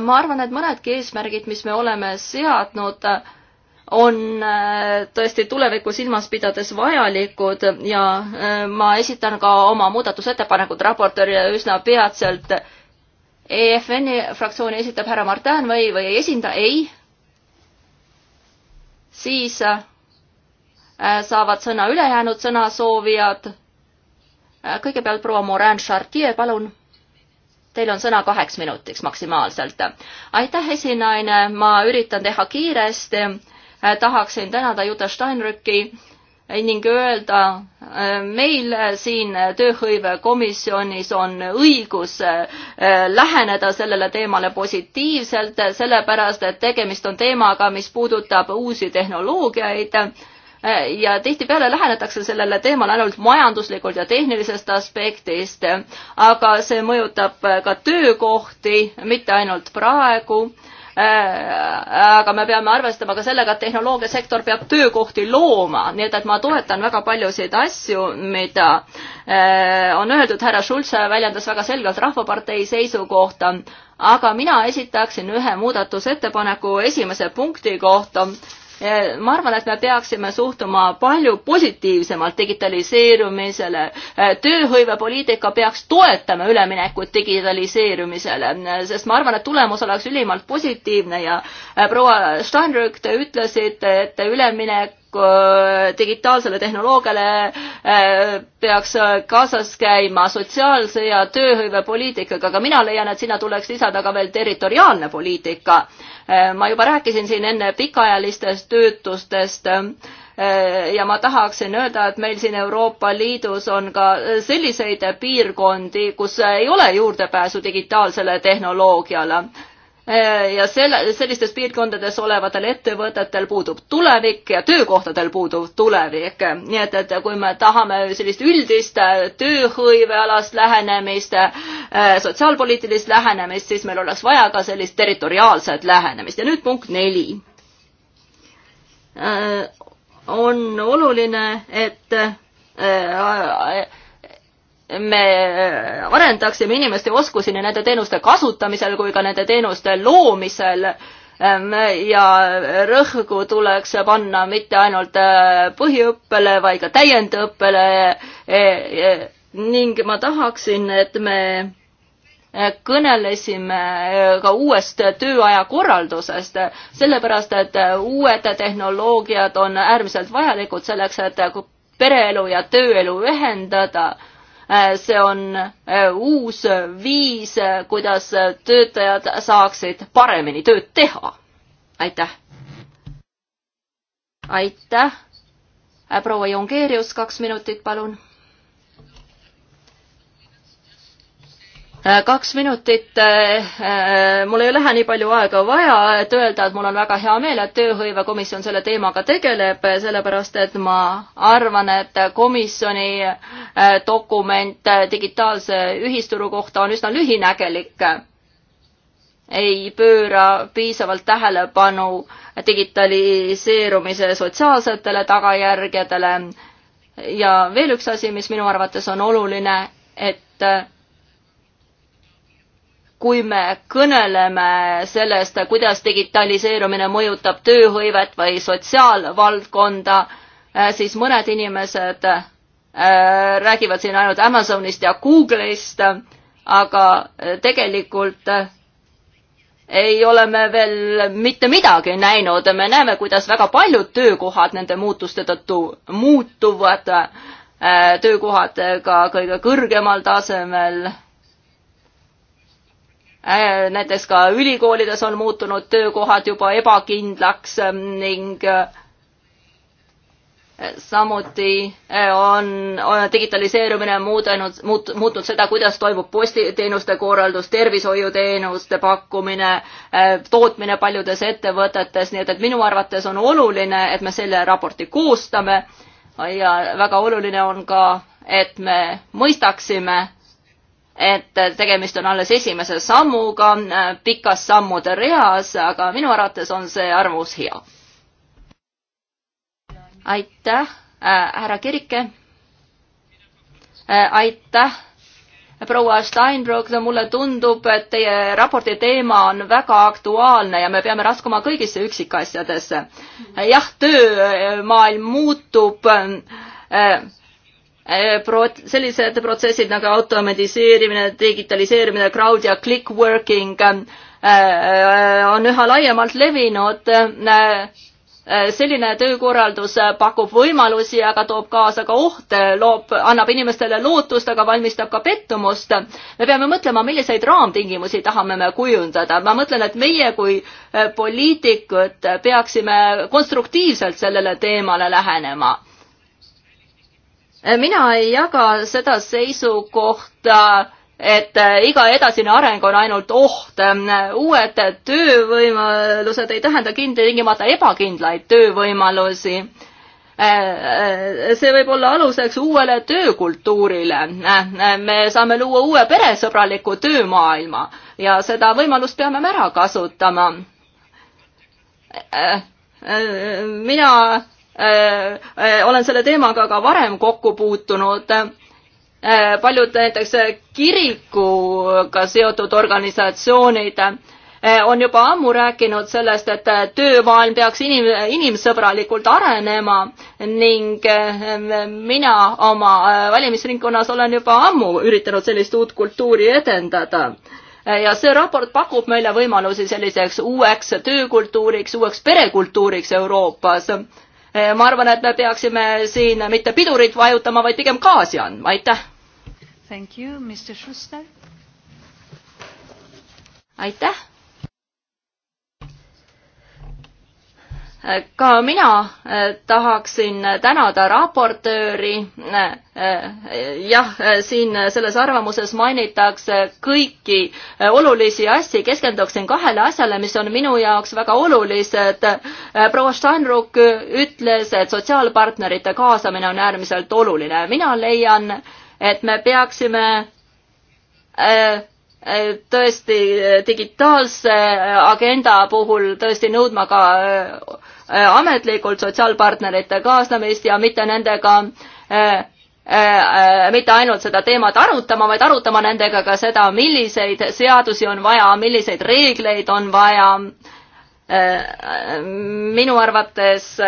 ma arvan, et mõnedki eesmärgid, mis me oleme seadnud, on äh, tõesti tulevikku silmas pidades vajalikud ja äh, ma esitan ka oma muudatusettepanekud raportöörile üsna peatselt. EFN-i fraktsiooni esitab härra Martin või, või ei esinda? ei. siis äh, saavad sõna ülejäänud sõnasoovijad. kõigepealt proua Morin Chartier, palun Teil on sõna kaheks minutiks maksimaalselt. aitäh, esinaine, ma üritan teha kiiresti. tahaksin tänada Juta Steinrücki ning öelda, äh, meil siin tööhõivekomisjonis on õigus äh, läheneda sellele teemale positiivselt, sellepärast et tegemist on teemaga, mis puudutab uusi tehnoloogiaid ja tihtipeale lähenetakse sellele teemale ainult majanduslikult ja tehnilisest aspektist, aga see mõjutab ka töökohti, mitte ainult praegu aga me peame arvestama ka sellega, et tehnoloogiasektor peab töökohti looma, nii et, et ma toetan väga paljusid asju, mida eh, on öeldud, härra Schulze väljendas väga selgelt Rahvapartei seisukohta, aga mina esitaksin ühe muudatusettepaneku esimese punkti kohta, ma arvan, et me peaksime suhtuma palju positiivsemalt digitaliseerumisele. Äh, tööhõivepoliitika peaks toetama üleminekut digitaliseerumisele, äh, sest ma arvan, et tulemus oleks ülimalt positiivne ja äh, proua Steinrück, te ütlesite, et üleminek Äh, digitaalsele tehnoloogiale äh, peaks äh, kaasas käima sotsiaalse ja tööhõivepoliitikaga, aga mina leian, et sinna tuleks lisada ka veel territoriaalne poliitika. ma juba rääkisin siin enne pikaajalistest töötustest ja ma tahaksin öelda, et meil siin Euroopa Liidus on ka selliseid piirkondi, kus ei ole juurdepääsu digitaalsele tehnoloogiale Äh, ja selle, sellistes piirkondades olevatel ettevõtetel puudub tulevik ja töökohtadel puudub tulevik. nii et, et kui me tahame sellist üldist äh, tööhõivealast lähenemist, äh, sotsiaalpoliitilist lähenemist, siis meil oleks vaja ka sellist territoriaalset lähenemist ja nüüd punkt neli. on oluline, et me äh, arendaksime inimeste oskusi nii nende teenuste kasutamisel kui ka nende teenuste loomisel ja rõhku tuleks panna mitte ainult äh, põhiõppele, vaid ka täiendõppele. E, e, ning ma tahaksin, et me äh, kõnelesime ka uuest tööaja korraldusest, sellepärast et uued tehnoloogiad on äärmiselt vajalikud selleks, et pereelu ja tööelu ühendada Äh, see on äh, uus viis, äh, kuidas töötajad saaksid paremini tööd teha. aitäh. aitäh. proua Jongeerius, kaks minutit, palun Äh, kaks minutit, äh, äh, mul ei lähe nii palju aega vaja, et öelda, et mul on väga hea meel, et tööhõivekomisjon selle teemaga tegeleb, sellepärast et ma arvan, et komisjoni dokument digitaalse ühisturu kohta on üsna lühinägelik. ei pööra piisavalt tähelepanu digitaliseerumise sotsiaalsetele tagajärgedele ja veel üks asi, mis minu arvates on oluline, et kui me kõneleme sellest, kuidas digitaliseerumine mõjutab tööhõivet või sotsiaalvaldkonda, eh, siis mõned inimesed eh, räägivad siin ainult Amazonist ja Google'ist, aga eh, tegelikult ei ole me veel mitte midagi näinud, me näeme, kuidas väga paljud töökohad nende muutuste tõttu muutuvad, töökohad ka kõige kõrgemal tasemel Äh, näiteks ka ülikoolides on muutunud töökohad juba ebakindlaks ähm, ning äh, samuti äh, on, on digitaliseerumine muudanud, muut-, muutnud seda, kuidas toimub postiteenuste korraldus, tervishoiuteenuste pakkumine, tootmine paljudes ettevõtetes, nii et, et minu arvates on oluline, et me selle raporti koostame ja väga oluline on ka, et me mõistaksime et tegemist on alles esimese sammuga pikas sammude reas, aga minu arvates on see arvamus hea. aitäh äh,, härra Kirike äh,. aitäh, proua Steinbrück, mulle tundub, et teie raporti teema on väga aktuaalne ja me peame raskuma kõigisse üksikasjadesse. jah, töömaailm muutub äh, Äh, pro-, sellised protsessid nagu automatiseerimine, digitaliseerimine, crowd ja click working äh, äh, on üha laiemalt levinud. selline töökorraldus pakub võimalusi, aga toob kaasa ka ohte, loob, annab inimestele lootust, aga valmistab ka pettumust. me peame mõtlema, milliseid raamtingimusi tahame me kujundada. ma mõtlen, et meie kui poliitikud peaksime konstruktiivselt sellele teemale lähenema mina ei jaga seda seisukohta, et äh, iga edasine areng on ainult oht. uued töövõimalused ei tähenda tingimata ebakindlaid töövõimalusi. Äh, äh, see võib olla aluseks uuele töökultuurile. me saame luua uue peresõbraliku töömaailma ja seda võimalust peame me ära kasutama. mina Äh, äh, olen selle teemaga ka varem kokku puutunud. Äh, paljud näiteks kirikuga seotud organisatsioonid on juba ammu rääkinud sellest, et töömaailm peaks inim, inimsõbralikult arenema ning mina oma valimisringkonnas olen juba ammu üritanud sellist uut kultuuri edendada ja see raport pakub meile võimalusi selliseks uueks töökultuuriks, uueks perekultuuriks Euroopas Eh, ma arvan, et me peaksime siin mitte pidurit vajutama, vaid pigem gaasi andma, aitäh. Thank you, Mr Schuster. aitäh ka mina äh, tahaksin tänada raportööri. Äh, äh, jah, siin selles arvamuses mainitakse kõiki olulisi asju, keskenduksin kahele asjale, mis on minu jaoks väga olulised. proua Steinruck ütles, et sotsiaalpartnerite kaasamine on äärmiselt oluline. mina leian, et me peaksime tõesti digitaalse agenda puhul tõesti nõudma ka Äh, ametlikult sotsiaalpartnerite kaasamist ja mitte nendega äh, äh, mitte ainult seda teemat arutama, vaid arutama nendega ka seda, milliseid seadusi on vaja, milliseid reegleid on vaja. minu arvates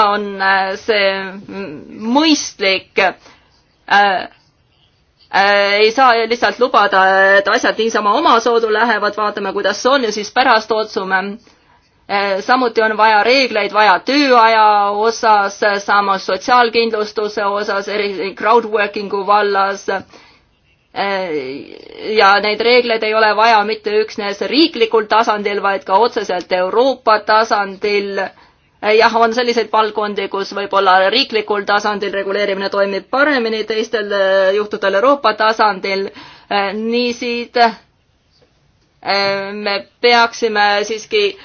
on see mõistlik. ei saa lihtsalt lubada, et asjad niisama omasoodu lähevad, vaatame, kuidas on ja siis pärast otsume Eh, samuti on vaja reegleid vaja tööaja osas, eh, samas sotsiaalkindlustuse osas, eriti crowdworking'u vallas. Eh, ja neid reegleid ei ole vaja mitte üksnes riiklikul tasandil, vaid ka otseselt Euroopa tasandil. jah, on selliseid valdkondi, kus võib-olla riiklikul tasandil reguleerimine toimib paremini, teistel juhtudel Euroopa tasandil. niisiis me peaksime siiski äh,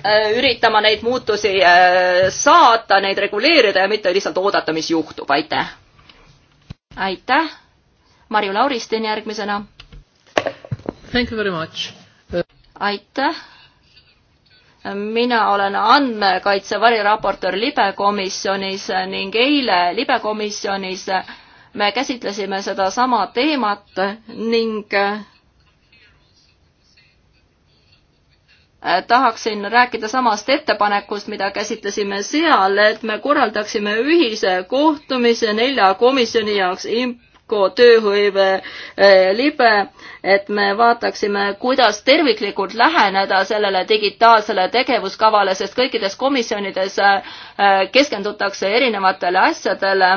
Äh, üritama neid muutusi äh, saata, neid reguleerida ja mitte lihtsalt oodata, mis juhtub, aitäh. aitäh. Marju Lauristin järgmisena. Thank you very much. Uh, aitäh. mina olen andmekaitse variraportöör libekomisjonis ning eile libekomisjonis me käsitlesime sedasama teemat ning Äh, tahaksin rääkida samast ettepanekust, mida käsitlesime seal, et me korraldaksime ühise kohtumise nelja komisjoni jaoks IMCO tööhõive äh, libe, et me vaataksime, kuidas terviklikult läheneda sellele digitaalsele tegevuskavale, sest kõikides komisjonides äh, keskendutakse erinevatele asjadele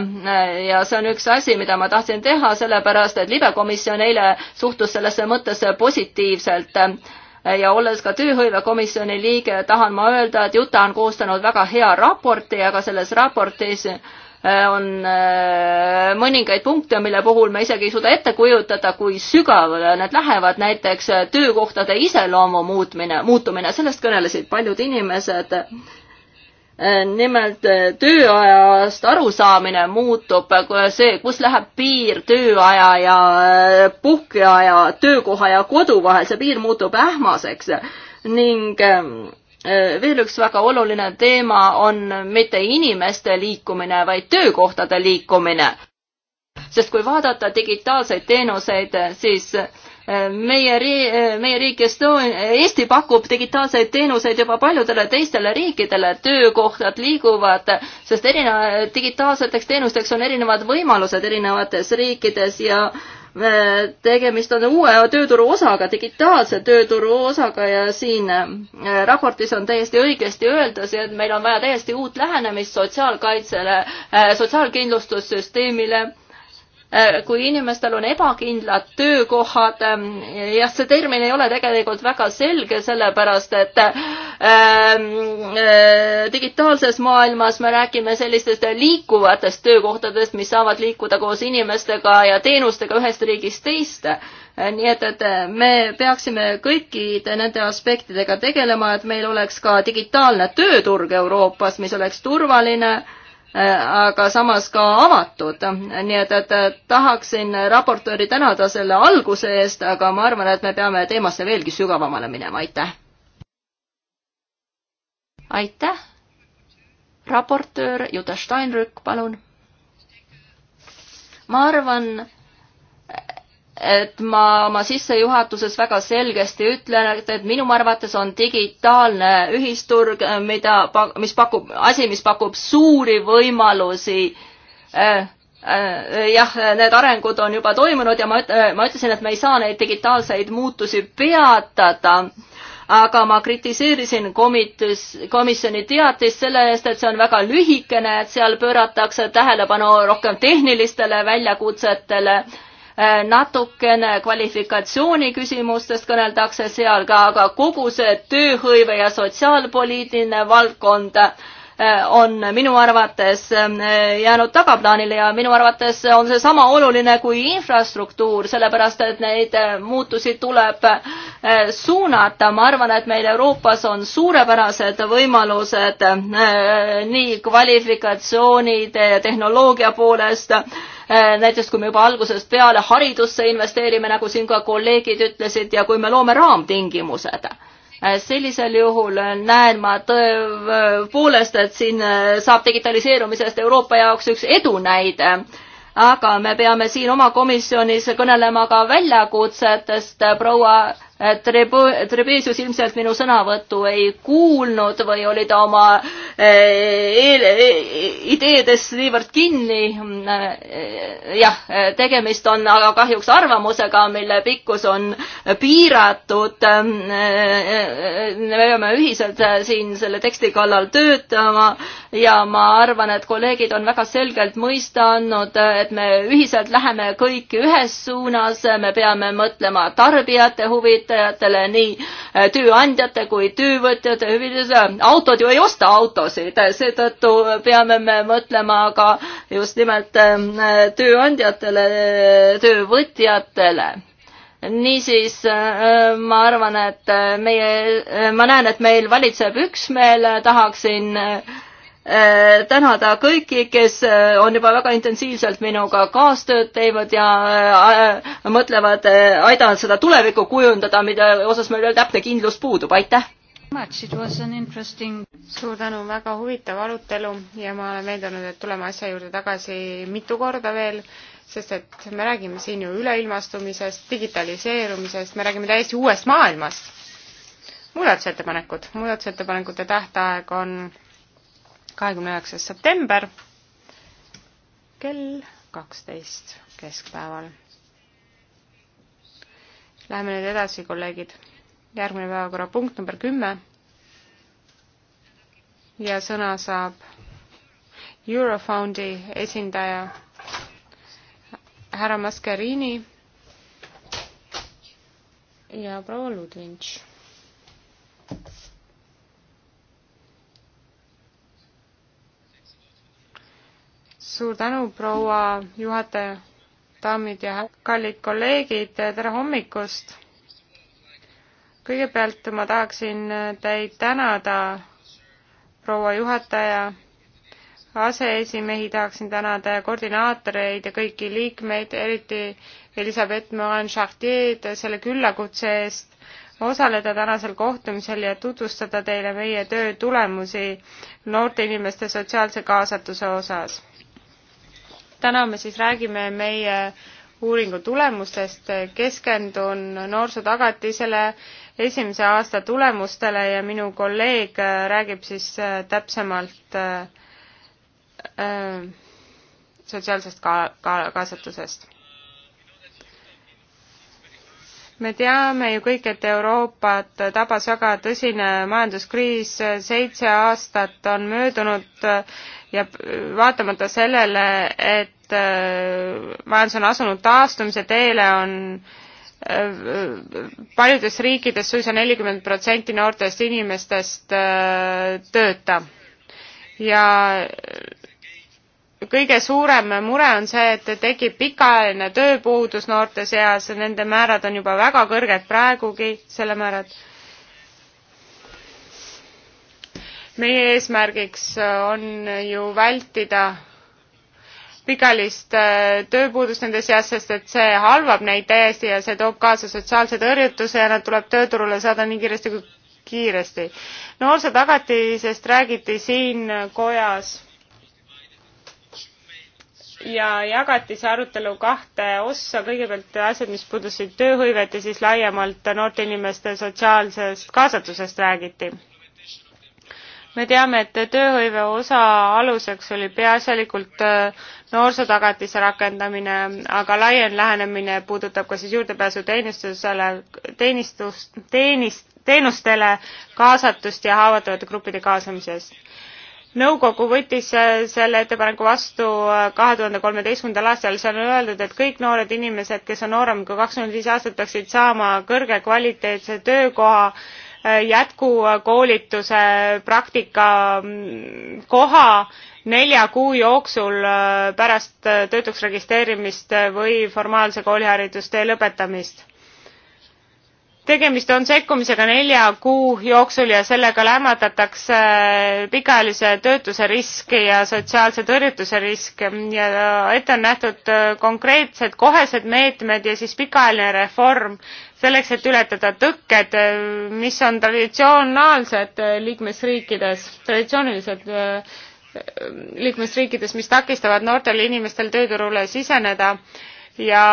ja see on üks asi, mida ma tahtsin teha, sellepärast et libe komisjon eile suhtus sellesse mõttesse positiivselt ja olles ka tööhõivekomisjoni liige, tahan ma öelda, et Juta on koostanud väga hea raporti, aga selles raportis äh, on äh, mõningaid punkte, mille puhul me isegi ei suuda ette kujutada, kui sügavale need lähevad, näiteks töökohtade iseloomu muutmine, muutumine, sellest kõnelesid paljud inimesed Äh, nimelt äh, tööajast arusaamine muutub, see, kus läheb piir tööaja ja äh, puhkeaja, töökoha ja kodu vahel, see piir muutub ähmaseks ning ähm, veel üks väga oluline teema on mitte inimeste liikumine, vaid töökohtade liikumine. sest kui vaadata digitaalseid teenuseid, siis meie ri-, meie riik Estonia, Eesti pakub digitaalseid teenuseid juba paljudele teistele riikidele, töökohtad liiguvad, sest erine-, digitaalseteks teenusteks on erinevad võimalused erinevates riikides ja äh, tegemist on uue tööturu osaga, digitaalse tööturu osaga ja siin äh, raportis on täiesti õigesti öeldud, et meil on vaja täiesti uut lähenemist sotsiaalkaitsele, äh, sotsiaalkindlustussüsteemile Äh, kui inimestel on ebakindlad töökohad, ähm, jah, see termin ei ole tegelikult väga selge, sellepärast et ähm, äh, digitaalses maailmas me räägime sellistest liikuvatest töökohtadest, mis saavad liikuda koos inimestega ja teenustega ühest riigist teiste äh, nii et, et me peaksime kõikide nende aspektidega tegelema, et meil oleks ka digitaalne tööturg Euroopas, mis oleks turvaline äh, Äh, aga samas ka avatud. nii et, et tahaksin raportööri tänada selle alguse eest, aga ma arvan, et me peame teemasse veelgi sügavamale minema, aitäh. aitäh. raportöör Jutta Steinrück, palun. ma arvan, et ma oma sissejuhatuses väga selgesti ütlen, et, et minu arvates on digitaalne ühisturg, äh, mida, mis pakub, asi, mis pakub suuri võimalusi äh, äh, jah, need arengud on juba toimunud ja ma, äh, ma ütlesin, et me ei saa neid digitaalseid muutusi peatada, aga ma kritiseerisin komitus, komisjoni teatist selle eest, et see on väga lühikene, et seal pööratakse tähelepanu rohkem tehnilistele väljakutsetele äh, Äh, natukene kvalifikatsiooni küsimustest kõneldakse seal ka, aga kogu see tööhõive ja sotsiaalpoliitiline valdkond äh, Äh, on minu arvates äh, jäänud tagaplaanile ja minu arvates on see sama oluline kui infrastruktuur, sellepärast et neid äh, muutusi tuleb suunata. ma arvan, et meil Euroopas on suurepärased võimalused nii kvalifikatsioonide ja tehnoloogia poolest, näiteks kui me juba algusest peale haridusse investeerime, nagu siin ka kolleegid ütlesid, ja kui me loome raamtingimused Äh, sellisel juhul äh, näen ma tõepoolest, äh, et siin saab digitaliseerumisest Euroopa jaoks üks edunäide aga me peame siin oma komisjonis kõnelema ka väljakutsetest, proua Trebe-, Trebesius ilmselt minu sõnavõttu ei kuulnud või oli ta oma eh, eel, e-, ideedes niivõrd kinni. Eh, jah, tegemist on aga kahjuks arvamusega, mille pikkus on piiratud. Eh, me peame ühiselt siin selle teksti kallal töötama ja ma arvan, et kolleegid on väga selgelt mõista andnud, et me ühiselt läheme kõik ühes suunas, me peame mõtlema tarbijate huvidele, ehitajatele, nii äh, tööandjate kui töövõtjate hüvides. autod ju ei osta autosid, seetõttu peame me mõtlema ka just nimelt äh, tööandjatele, töövõtjatele niisiis äh, ma arvan, et meie, ma näen, et meil valitseb üksmeel, tahaksin äh, Äh, tänada kõiki, kes äh, on juba väga intensiivselt minuga kaastööd teinud ja äh, mõtlevad, aidanud seda tulevikku kujundada, mille osas meil veel täpne kindlus puudub, aitäh!
Interesting... suur tänu, väga huvitav arutelu ja ma olen veendunud, et tuleme asja juurde tagasi mitu korda veel, sest et me räägime siin ju üleilmastumisest, digitaliseerumisest, me räägime täiesti uuest maailmast. muudatusettepanekud, muudatusettepanekute tähtaeg on kahekümne üheksas september kell kaksteist keskpäeval. Läheme nüüd edasi, kolleegid. järgmine päevakorrapunkt number kümme. ja sõna saab Eurofondi esindaja härra Mascherini ja proua Ludvintš. suur tänu, proua juhataja, daamid ja kallid kolleegid, tere hommikust! kõigepealt ma tahaksin teid tänada, proua juhataja, aseesimehi tahaksin tänada ja koordinaatoreid ja kõiki liikmeid, eriti Elizabeth Morin-Chartier'd selle küllakutse eest osaleda tänasel kohtumisel ja tutvustada teile meie töö tulemusi noorte inimeste sotsiaalse kaasatuse osas täna me siis räägime meie uuringu tulemustest, keskendun noorsootagatisele, esimese aasta tulemustele ja minu kolleeg räägib siis äh, täpsemalt äh, äh, sotsiaalsest ka-, ka-, kaasatusest. me teame ju kõik, et Euroopat tabas väga tõsine majanduskriis, seitse aastat on möödunud ja vaatamata sellele, et äh, majandus on asunud taastumise teele, on äh, paljudes riikides suisa nelikümmend protsenti noortest inimestest äh, tööta. ja kõige suurem mure on see, et tekib pikaajaline tööpuudus noorte seas, nende määrad on juba väga kõrged praegugi, selle määrad meie eesmärgiks äh, on ju vältida pikalist äh, tööpuudust nende seas, sest et see halvab neid täiesti ja see toob kaasa sotsiaalse tõrjutuse ja nad tuleb tööturule saada nii kiiresti kui kiiresti. noorsootagatisest räägiti siin kojas ja jagati see arutelu kahte ossa, kõigepealt asjad, mis puudusid tööhõivet ja siis laiemalt noorte inimeste sotsiaalsest kaasatusest räägiti me teame, et tööhõive osa aluseks oli peaasjalikult äh, noorsootagatise rakendamine, aga laiem lähenemine puudutab ka siis juurdepääsu teenistusele, teenistus, teenist, teenustele kaasatust ja haavatavate gruppide kaasamisest. nõukogu võttis äh, selle ettepaneku vastu äh, kahe tuhande kolmeteistkümnendal aastal, seal on öeldud, et kõik noored inimesed, kes on noorem kui kakskümmend viis aastat, peaksid saama kõrge kvaliteetse töökoha jätkukoolituse praktika mm, koha nelja kuu jooksul äh, pärast äh, töötuks registreerimist või formaalse kooliharidustee lõpetamist. tegemist on sekkumisega nelja kuu jooksul ja sellega lämmatatakse äh, pikaajalise töötuse riski ja sotsiaalse tõrjutuse risk ja ette on nähtud konkreetsed kohesed meetmed ja siis pikaajaline reform selleks, et ületada tõkked, mis on traditsionaalsed äh, liikmesriikides, traditsioonilised äh, liikmesriikides, mis takistavad noortel inimestel tööturule siseneda ja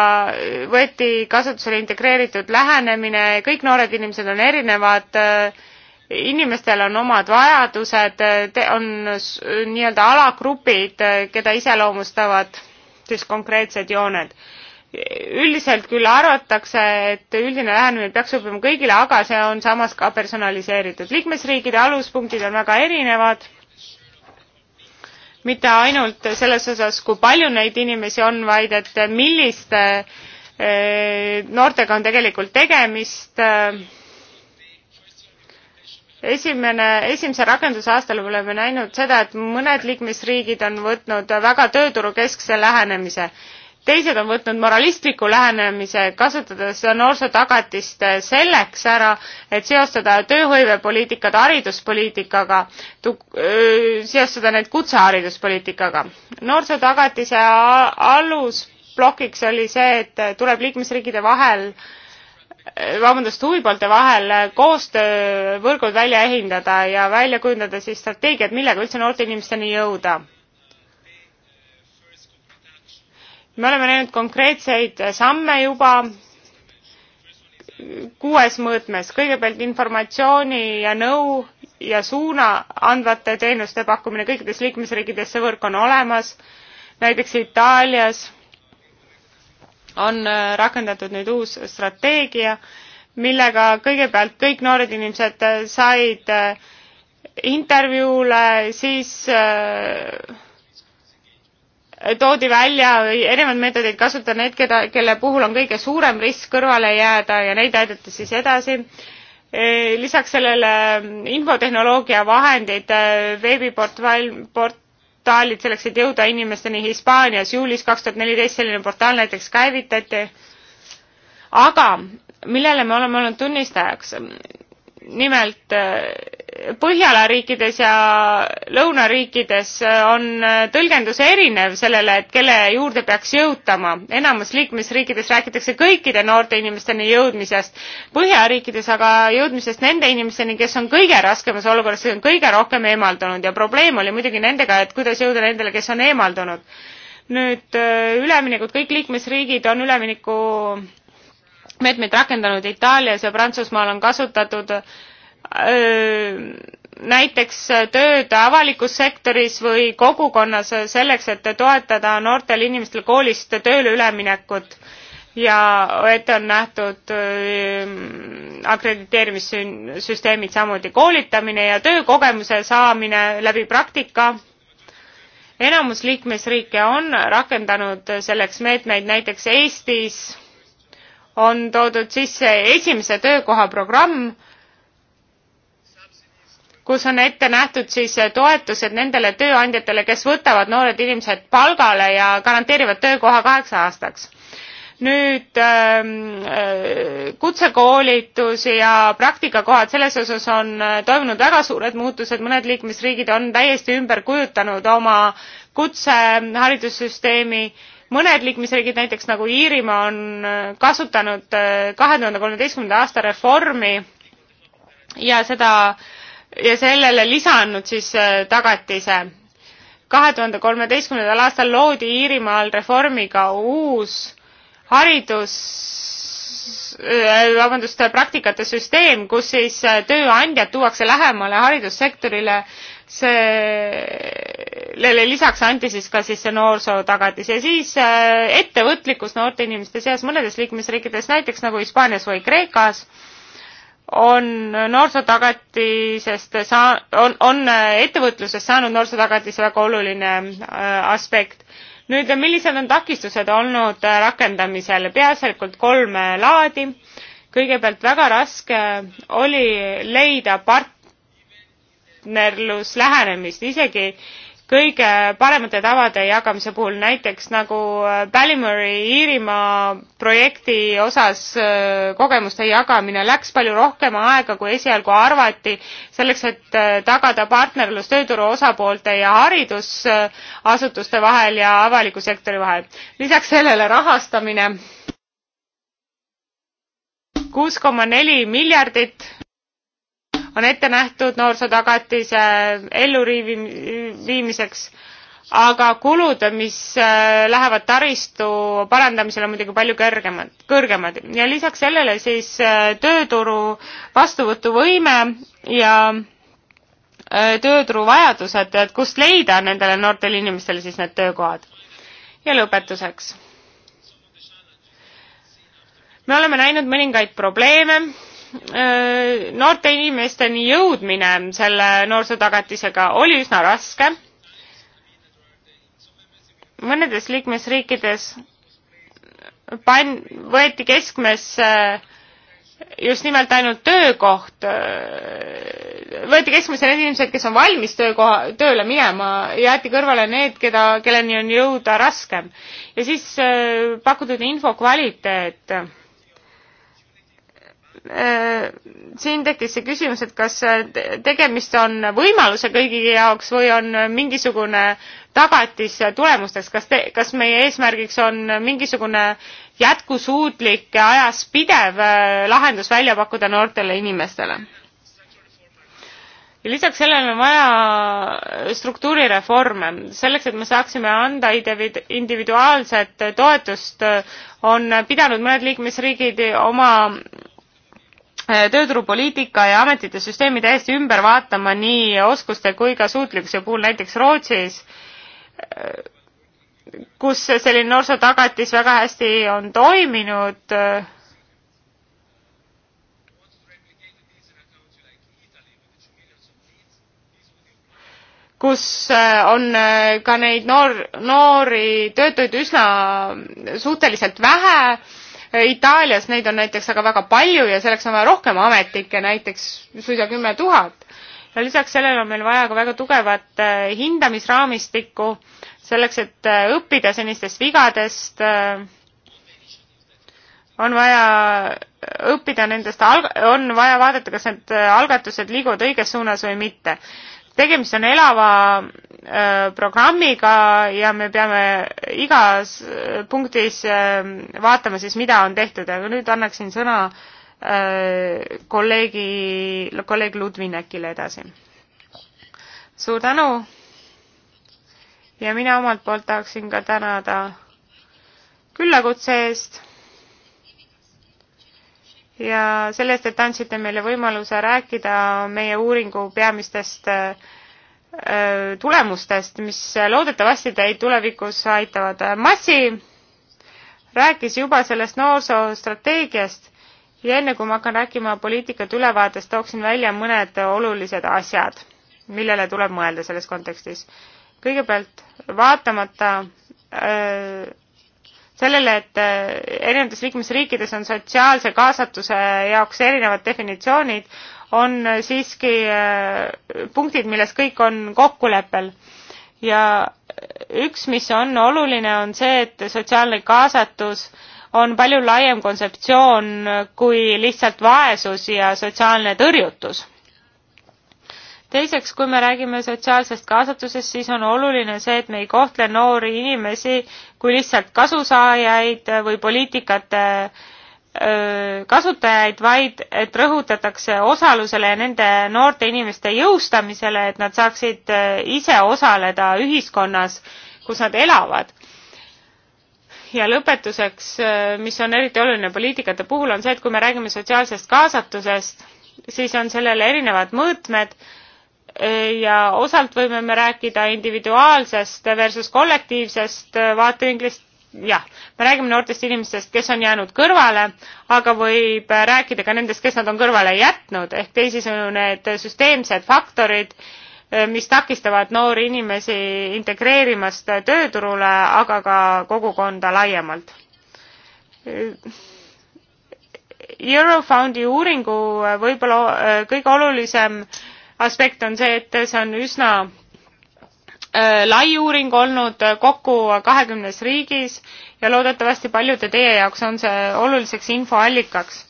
võeti kasutusele integreeritud lähenemine, kõik noored inimesed on erinevad, äh, inimestel on omad vajadused, on nii-öelda alagrupid, keda iseloomustavad siis konkreetsed jooned üldiselt küll arvatakse, et üldine lähenemine peaks sobima kõigile, aga see on samas ka personaliseeritud. liikmesriikide aluspunktid on väga erinevad, mitte ainult selles osas, kui palju neid inimesi on, vaid et milliste eh, noortega on tegelikult tegemist. esimene, esimesel rakendusaastal me oleme näinud seda, et mõned liikmesriigid on võtnud väga tööturukeskse lähenemise teised on võtnud moralistliku lähenemise, kasutades noorsootagatist selleks ära, et seostada tööhõivepoliitikat hariduspoliitikaga, seostada need kutsehariduspoliitikaga. noorsootagatise alusplokiks oli see, et tuleb liikmesriikide vahel vabandust, huvipoolte vahel koostöövõrgud välja ehitada ja välja kujundada siis strateegiad, millega üldse noorte inimesteni jõuda me oleme näinud konkreetseid samme juba kuues mõõtmes kõigepealt informatsiooni ja nõu ja suuna andvate teenuste pakkumine kõikides liikmesriikides see võrk on olemas näiteks itaalias on äh, rakendatud nüüd uus strateegia millega kõigepealt kõik noored inimesed äh, said äh, intervjuule siis äh, toodi välja erinevaid meetodeid kasutada need, keda, kelle puhul on kõige suurem risk kõrvale jääda ja neid aidata siis edasi. Eh, lisaks sellele mm, infotehnoloogia vahendid, eh, veebiportaal, portaalid selleks, et jõuda inimesteni Hispaanias juulis kaks tuhat neliteist selline portaal näiteks käivitati. aga millele me oleme olnud tunnistajaks? nimelt eh, Põhjala riikides ja lõunariikides eh, on eh, tõlgendus erinev sellele, et kelle juurde peaks jõutama. enamus liikmesriikides räägitakse kõikide noorte inimesteni jõudmisest, Põhjariikides aga jõudmisest nende inimesteni, kes on kõige raskemas olukorras, kes on kõige rohkem eemaldunud ja probleem oli muidugi nendega, et kuidas jõuda nendele, kes on eemaldunud. nüüd üleminekud, kõik liikmesriigid on ülemineku meetmeid rakendanud Itaalias ja Prantsusmaal on kasutatud öö, näiteks tööd avalikus sektoris või kogukonnas selleks, et toetada noortel inimestel koolist tööle üleminekut ja ette on nähtud akrediteerimissüsteemid, samuti koolitamine ja töökogemuse saamine läbi praktika. enamus liikmesriike on rakendanud selleks meetmeid, näiteks Eestis on toodud sisse esimese töökoha programm, kus on ette nähtud siis toetused nendele tööandjatele, kes võtavad noored inimesed palgale ja garanteerivad töökoha kaheks aastaks nüüd ähm, äh, kutsekoolitus ja praktikakohad, selles osas on äh, toimunud väga suured muutused, mõned liikmesriigid on täiesti ümber kujutanud oma kutseharidussüsteemi mõned liikmesriigid, näiteks nagu Iirimaa, on äh, kasutanud äh, kahe tuhande kolmeteistkümnenda aasta reformi ja seda ja sellele lisanud siis äh, tagatise. kahe tuhande kolmeteistkümnendal aastal loodi Iirimaal reformiga uus haridus, vabandust, praktikate süsteem, kus siis tööandjad tuuakse lähemale haridussektorile sellele lisaks anti siis ka siis see noorsootagatis ja siis äh, ettevõtlikkus noorte inimeste seas mõnedes liikmesriikides, näiteks nagu Hispaanias või Kreekas, on noorsootagatisest saa-, on, on äh, ettevõtlusest saanud noorsootagatise väga oluline äh, aspekt. nüüd, millised on takistused olnud rakendamisel? peaasjalikult kolme laadi. kõigepealt väga raske oli leida part-, partnerluslähenemist, isegi kõige paremate tavade jagamise puhul, näiteks nagu äh, Ballymore'i Iirimaa projekti osas äh, kogemuste jagamine läks palju rohkem aega, kui esialgu arvati, selleks et äh, tagada partnerlus tööturu osapoolte ja haridusasutuste vahel ja avaliku sektori vahel. lisaks sellele rahastamine kuus koma neli miljardit on ette nähtud noorsootagatise elluviimiseks, aga kulud, mis äh, lähevad taristu parandamisele, on muidugi palju kõrgemad, kõrgemad ja lisaks sellele siis äh, tööturu vastuvõtuvõime ja äh, tööturu vajadused, et kust leida nendele noortele inimestele siis need töökohad. ja lõpetuseks. me oleme näinud mõningaid probleeme Äh, noorte inimesteni jõudmine selle noorsootagatisega oli üsna raske. mõnedes liikmesriikides pan-, võeti keskmesse just nimelt ainult töökoht, äh, võeti keskmisena need inimesed, kes on valmis töökoha, tööle minema, jäeti kõrvale need, keda, kelleni on jõuda raskem. ja siis äh, pakutud info kvaliteet Äh, siin tekkis see küsimus, et kas äh, tegemist on võimaluse kõigi jaoks või on mingisugune tagatis tulemusteks, kas te, kas meie eesmärgiks on mingisugune jätkusuutlik ja ajas pidev äh, lahendus välja pakkuda noortele inimestele? ja lisaks sellele on vaja struktuurireforme. selleks, et me saaksime anda individuaalset toetust, on pidanud mõned liikmesriigid oma Eh, tööturupoliitika ja ametite süsteemi täiesti ümber vaatama nii oskuste kui ka suutlikkuse puhul, näiteks Rootsis, eh, kus selline noorsootagatis väga hästi on toiminud kus eh, on ka neid noor, noori töötuid üsna suhteliselt vähe Itaalias neid on näiteks aga väga palju ja selleks on vaja rohkem ametnikke, näiteks suisa kümme tuhat. ja lisaks sellele on meil vaja ka väga tugevat äh, hindamisraamistikku selleks, et äh, õppida senistest vigadest. Äh, on vaja õppida nendest, on vaja vaadata, kas need algatused liiguvad õiges suunas või mitte tegemist on elava äh, programmiga ja me peame igas äh, punktis äh, vaatama siis, mida on tehtud, aga nüüd annaksin sõna kolleegi, kolleeg Ludvinekile edasi. suur tänu ja mina omalt poolt tahaksin ka tänada küllakutse eest ja selle eest, et andsite meile võimaluse rääkida meie uuringu peamistest äh, tulemustest, mis loodetavasti teid tulevikus aitavad. Massi rääkis juba sellest noorsoostrateegiast ja enne kui ma hakkan rääkima poliitikate ülevaatest, tooksin välja mõned olulised asjad, millele tuleb mõelda selles kontekstis. kõigepealt, vaatamata öö, äh, sellele, et äh, erinevates liikmesriikides on sotsiaalse kaasatuse jaoks erinevad definitsioonid, on äh, siiski äh, punktid, milles kõik on kokkuleppel. ja üks, mis on oluline, on see, et sotsiaalne kaasatus on palju laiem kontseptsioon kui lihtsalt vaesus ja sotsiaalne tõrjutus teiseks, kui me räägime sotsiaalsest kaasatusest, siis on oluline see, et me ei kohtle noori inimesi kui lihtsalt kasusaajaid või poliitikate kasutajaid, vaid et rõhutatakse osalusele ja nende noorte inimeste jõustamisele, et nad saaksid ise osaleda ühiskonnas, kus nad elavad. ja lõpetuseks, mis on eriti oluline poliitikate puhul, on see, et kui me räägime sotsiaalsest kaasatusest, siis on sellel erinevad mõõtmed ja osalt võime me rääkida individuaalsest versus kollektiivsest vaatevinklist, jah, me räägime noortest inimestest, kes on jäänud kõrvale, aga võib rääkida ka nendest, kes nad on kõrvale jätnud, ehk teisisõnu need süsteemsed faktorid, mis takistavad noori inimesi integreerimast tööturule, aga ka kogukonda laiemalt. Eurofondi uuringu võib-olla kõige olulisem äh, aspekt on see, et see on üsna äh, lai uuring olnud äh, kokku kahekümnes riigis ja loodetavasti paljude teie jaoks on see oluliseks infoallikaks.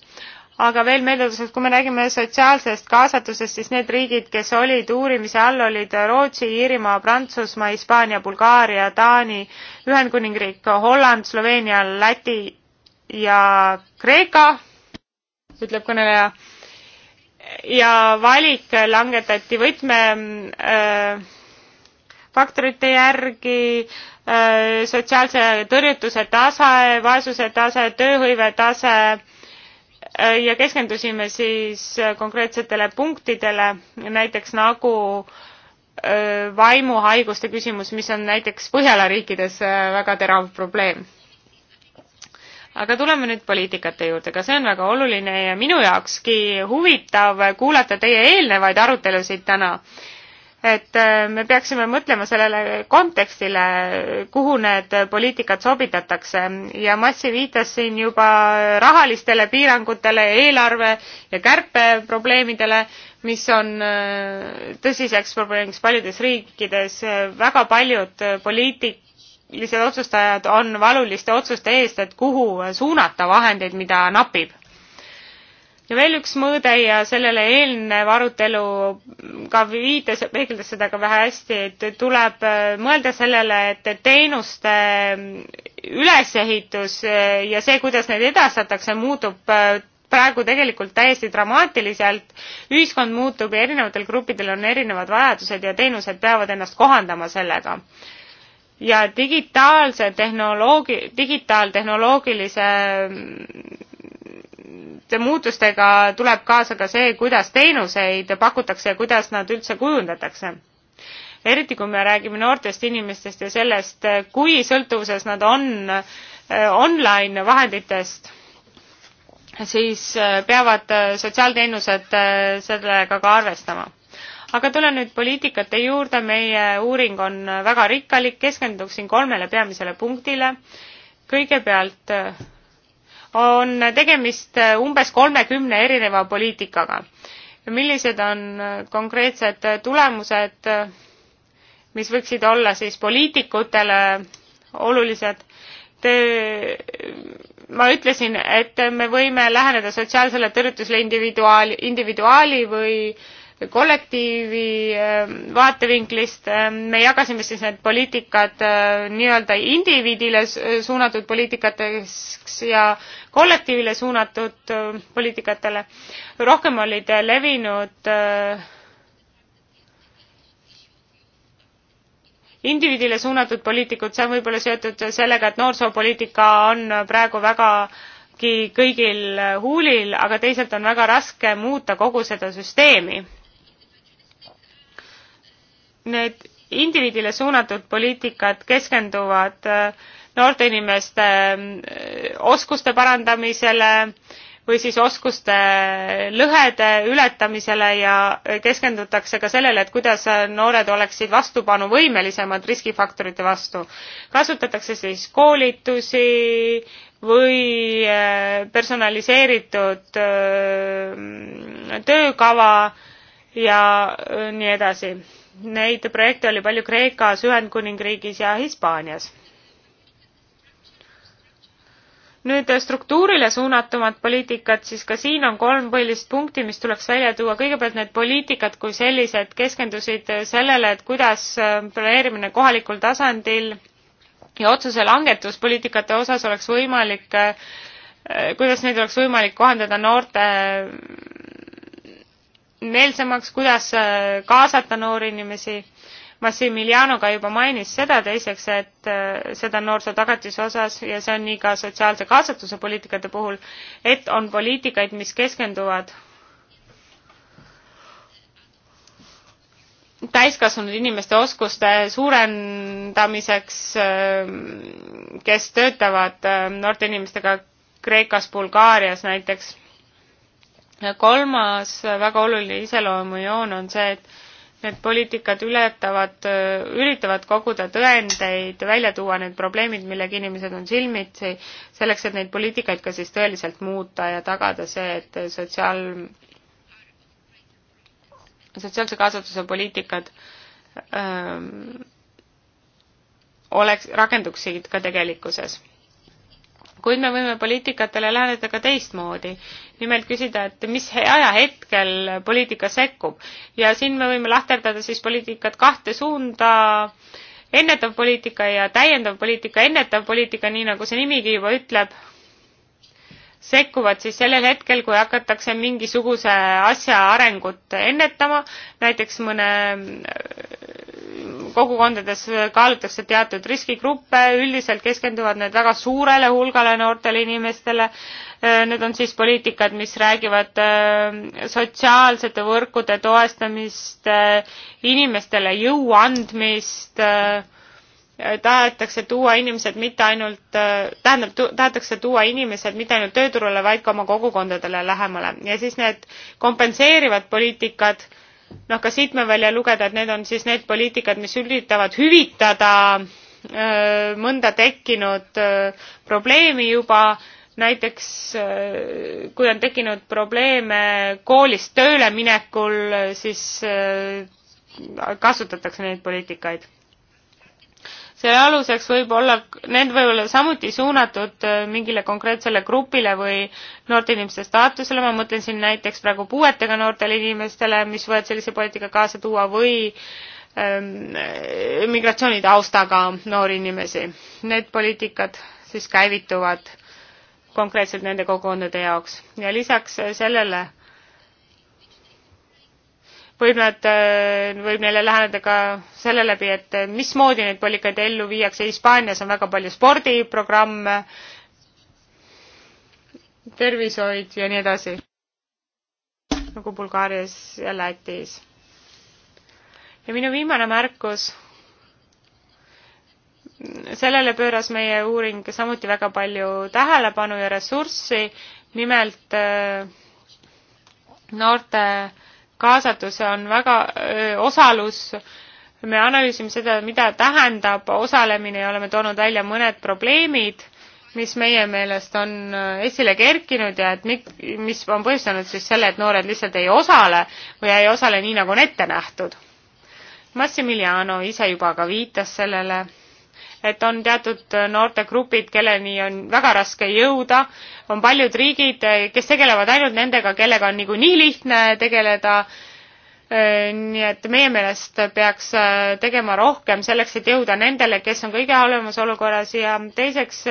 aga veel meeldetuseks, kui me räägime sotsiaalsest kaasatusest, siis need riigid, kes olid uurimise all, olid Rootsi, Iirimaa, Prantsusmaa, Hispaania, Bulgaaria, Taani, Ühendkuningriik, Holland, Sloveenia, Läti ja Kreeka, ütleb kõneleja ja valik langetati võtme äh, faktorite järgi äh,, sotsiaalse tõrjutuse tase, vaesuse tase, tööhõive tase äh, ja keskendusime siis konkreetsetele punktidele, näiteks nagu äh, vaimuhaiguste küsimus, mis on näiteks Põhjala riikides äh, väga terav probleem aga tuleme nüüd poliitikate juurde, ka see on väga oluline ja minu jaokski huvitav kuulata teie eelnevaid arutelusid täna. et äh, me peaksime mõtlema sellele kontekstile, kuhu need poliitikad sobitatakse ja Massi viitas siin juba rahalistele piirangutele, eelarve ja kärpeprobleemidele, mis on äh, tõsiseks probleemiks paljudes riikides, väga paljud poliitik-, poliitilised otsustajad on valuliste otsuste eest, et kuhu suunata vahendeid, mida napib. ja veel üks mõõde ja sellele eelnev arutelu ka viitas ja peegeldas seda ka vähe hästi, et tuleb mõelda sellele, et teenuste ülesehitus ja see, kuidas neid edastatakse, muutub praegu tegelikult täiesti dramaatiliselt, ühiskond muutub ja erinevatel gruppidel on erinevad vajadused ja teenused peavad ennast kohandama sellega ja digitaalse tehnoloogi-, digitaaltehnoloogilise mm, muutustega tuleb kaasa ka see, kuidas teenuseid pakutakse ja kuidas nad üldse kujundatakse. eriti, kui me räägime noortest inimestest ja sellest, kui sõltuvuses nad on eh, online vahenditest, siis eh, peavad eh, sotsiaalteenused sellega ka arvestama aga tulen nüüd poliitikate juurde, meie uuring on väga rikkalik, keskenduksin kolmele peamisele punktile. kõigepealt äh, on tegemist äh, umbes kolmekümne erineva poliitikaga. millised on äh, konkreetsed tulemused, mis võiksid olla siis poliitikutele olulised? Te, ma ütlesin, et me võime läheneda sotsiaalsele tõrjutusele individuaali, individuaali või äh, kollektiivi ähm, vaatevinklist, ähm, me jagasime siis need poliitikad äh, nii-öelda indiviidile suunatud poliitikateks ja kollektiivile suunatud äh, poliitikatele. rohkem olid levinud äh, indiviidile suunatud poliitikud, see on võib-olla seotud sellega, et noorsoopoliitika on praegu vägagi kõigil huulil, aga teisalt on väga raske muuta kogu seda süsteemi need indiviidile suunatud poliitikad keskenduvad äh, noorte inimeste äh, oskuste parandamisele või siis oskuste lõhede ületamisele ja keskendutakse ka sellele, et kuidas noored oleksid vastupanuvõimelisemad riskifaktorite vastu. kasutatakse siis koolitusi või äh, personaliseeritud töökava ja nii edasi Neid projekte oli palju Kreekas, Ühendkuningriigis ja Hispaanias. nüüd struktuurile suunatumad poliitikad, siis ka siin on kolm põhilist punkti, mis tuleks välja tuua. kõigepealt need poliitikad kui sellised keskendusid sellele, et kuidas äh, planeerimine kohalikul tasandil ja otsuse langetuspoliitikate osas oleks võimalik äh, äh, kuidas neid oleks võimalik kohandada noorte meelsemaks, kuidas äh, kaasata noori inimesi. Massimiliano ka juba mainis seda teiseks, et äh, seda noorsootagatise osas ja see on nii ka sotsiaalse kaasatuse poliitikate puhul, et on poliitikaid, mis keskenduvad täiskasvanud inimeste oskuste suurendamiseks, äh, kes töötavad noorte inimestega Kreekas, Bulgaarias näiteks kolmas väga oluline iseloomujoon on see, et need poliitikad ületavad, üritavad koguda tõendeid, välja tuua need probleemid, millega inimesed on silmitsi, selleks, et neid poliitikaid ka siis tõeliselt muuta ja tagada see, et sotsiaal, sotsiaalse kaasatuse poliitikad öö, ähm, oleks, rakenduksid ka tegelikkuses kuid me võime poliitikatele läheneda ka teistmoodi nimelt küsida, et mis ajahetkel poliitika sekkub. ja siin me võime lahterdada siis poliitikat kahte suunda, ennetav poliitika ja täiendav poliitika. ennetav poliitika, nii nagu see nimigi juba ütleb, sekkuvad siis sellel hetkel, kui hakatakse mingisuguse asja arengut ennetama, näiteks mõne kogukondades kaalutakse teatud riskigruppe, üldiselt keskenduvad need väga suurele hulgale noortele inimestele. Äh, need on siis poliitikad, mis räägivad äh, sotsiaalsete võrkude toestamist, äh, inimestele jõu andmist, tahetakse tuua inimesed mitte ainult, tähendab, tahetakse tuua inimesed mitte ainult tööturule, vaid ka oma kogukondadele lähemale ja siis need kompenseerivad poliitikad noh, ka siit me välja lugeda, et need on siis need poliitikad, mis üritavad hüvitada öö, mõnda tekkinud öö, probleemi juba, näiteks öö, kui on tekkinud probleeme koolist tööle minekul, siis kasutatakse neid poliitikaid selle aluseks võib olla, need võivad olla samuti suunatud äh, mingile konkreetsele grupile või noorte inimeste staatusele, ma mõtlen siin näiteks praegu puuetega noortele inimestele, mis võivad sellise poliitika kaasa tuua või ähm, äh, migratsioonitaustaga noori inimesi. Need poliitikad siis käivituvad konkreetselt nende kogukondade jaoks ja lisaks äh, sellele võib nad, äh, võib neile läheneda ka selle läbi, et äh, mismoodi neid poliitikaid ellu viiakse, Hispaanias on väga palju spordiprogramme, tervishoid ja nii edasi. nagu Bulgaarias ja Lätis. ja minu viimane märkus, sellele pööras meie uuring samuti väga palju tähelepanu ja ressurssi, nimelt äh, noorte äh, kaasatus on väga, osalus, me analüüsime seda, mida tähendab osalemine ja oleme toonud välja mõned probleemid, mis meie meelest on esile kerkinud ja et mik-, mis on põhjustanud siis selle, et noored lihtsalt ei osale või ei osale nii, nagu on ette nähtud. Massimiliano ise juba ka viitas sellele et on teatud äh, noortegrupid, kelleni on väga raske jõuda, on paljud riigid, äh, kes tegelevad ainult nendega, kellega on niikuinii lihtne tegeleda, äh, nii et meie meelest peaks tegema rohkem selleks, et jõuda nendele, kes on kõige halvemas olukorras ja teiseks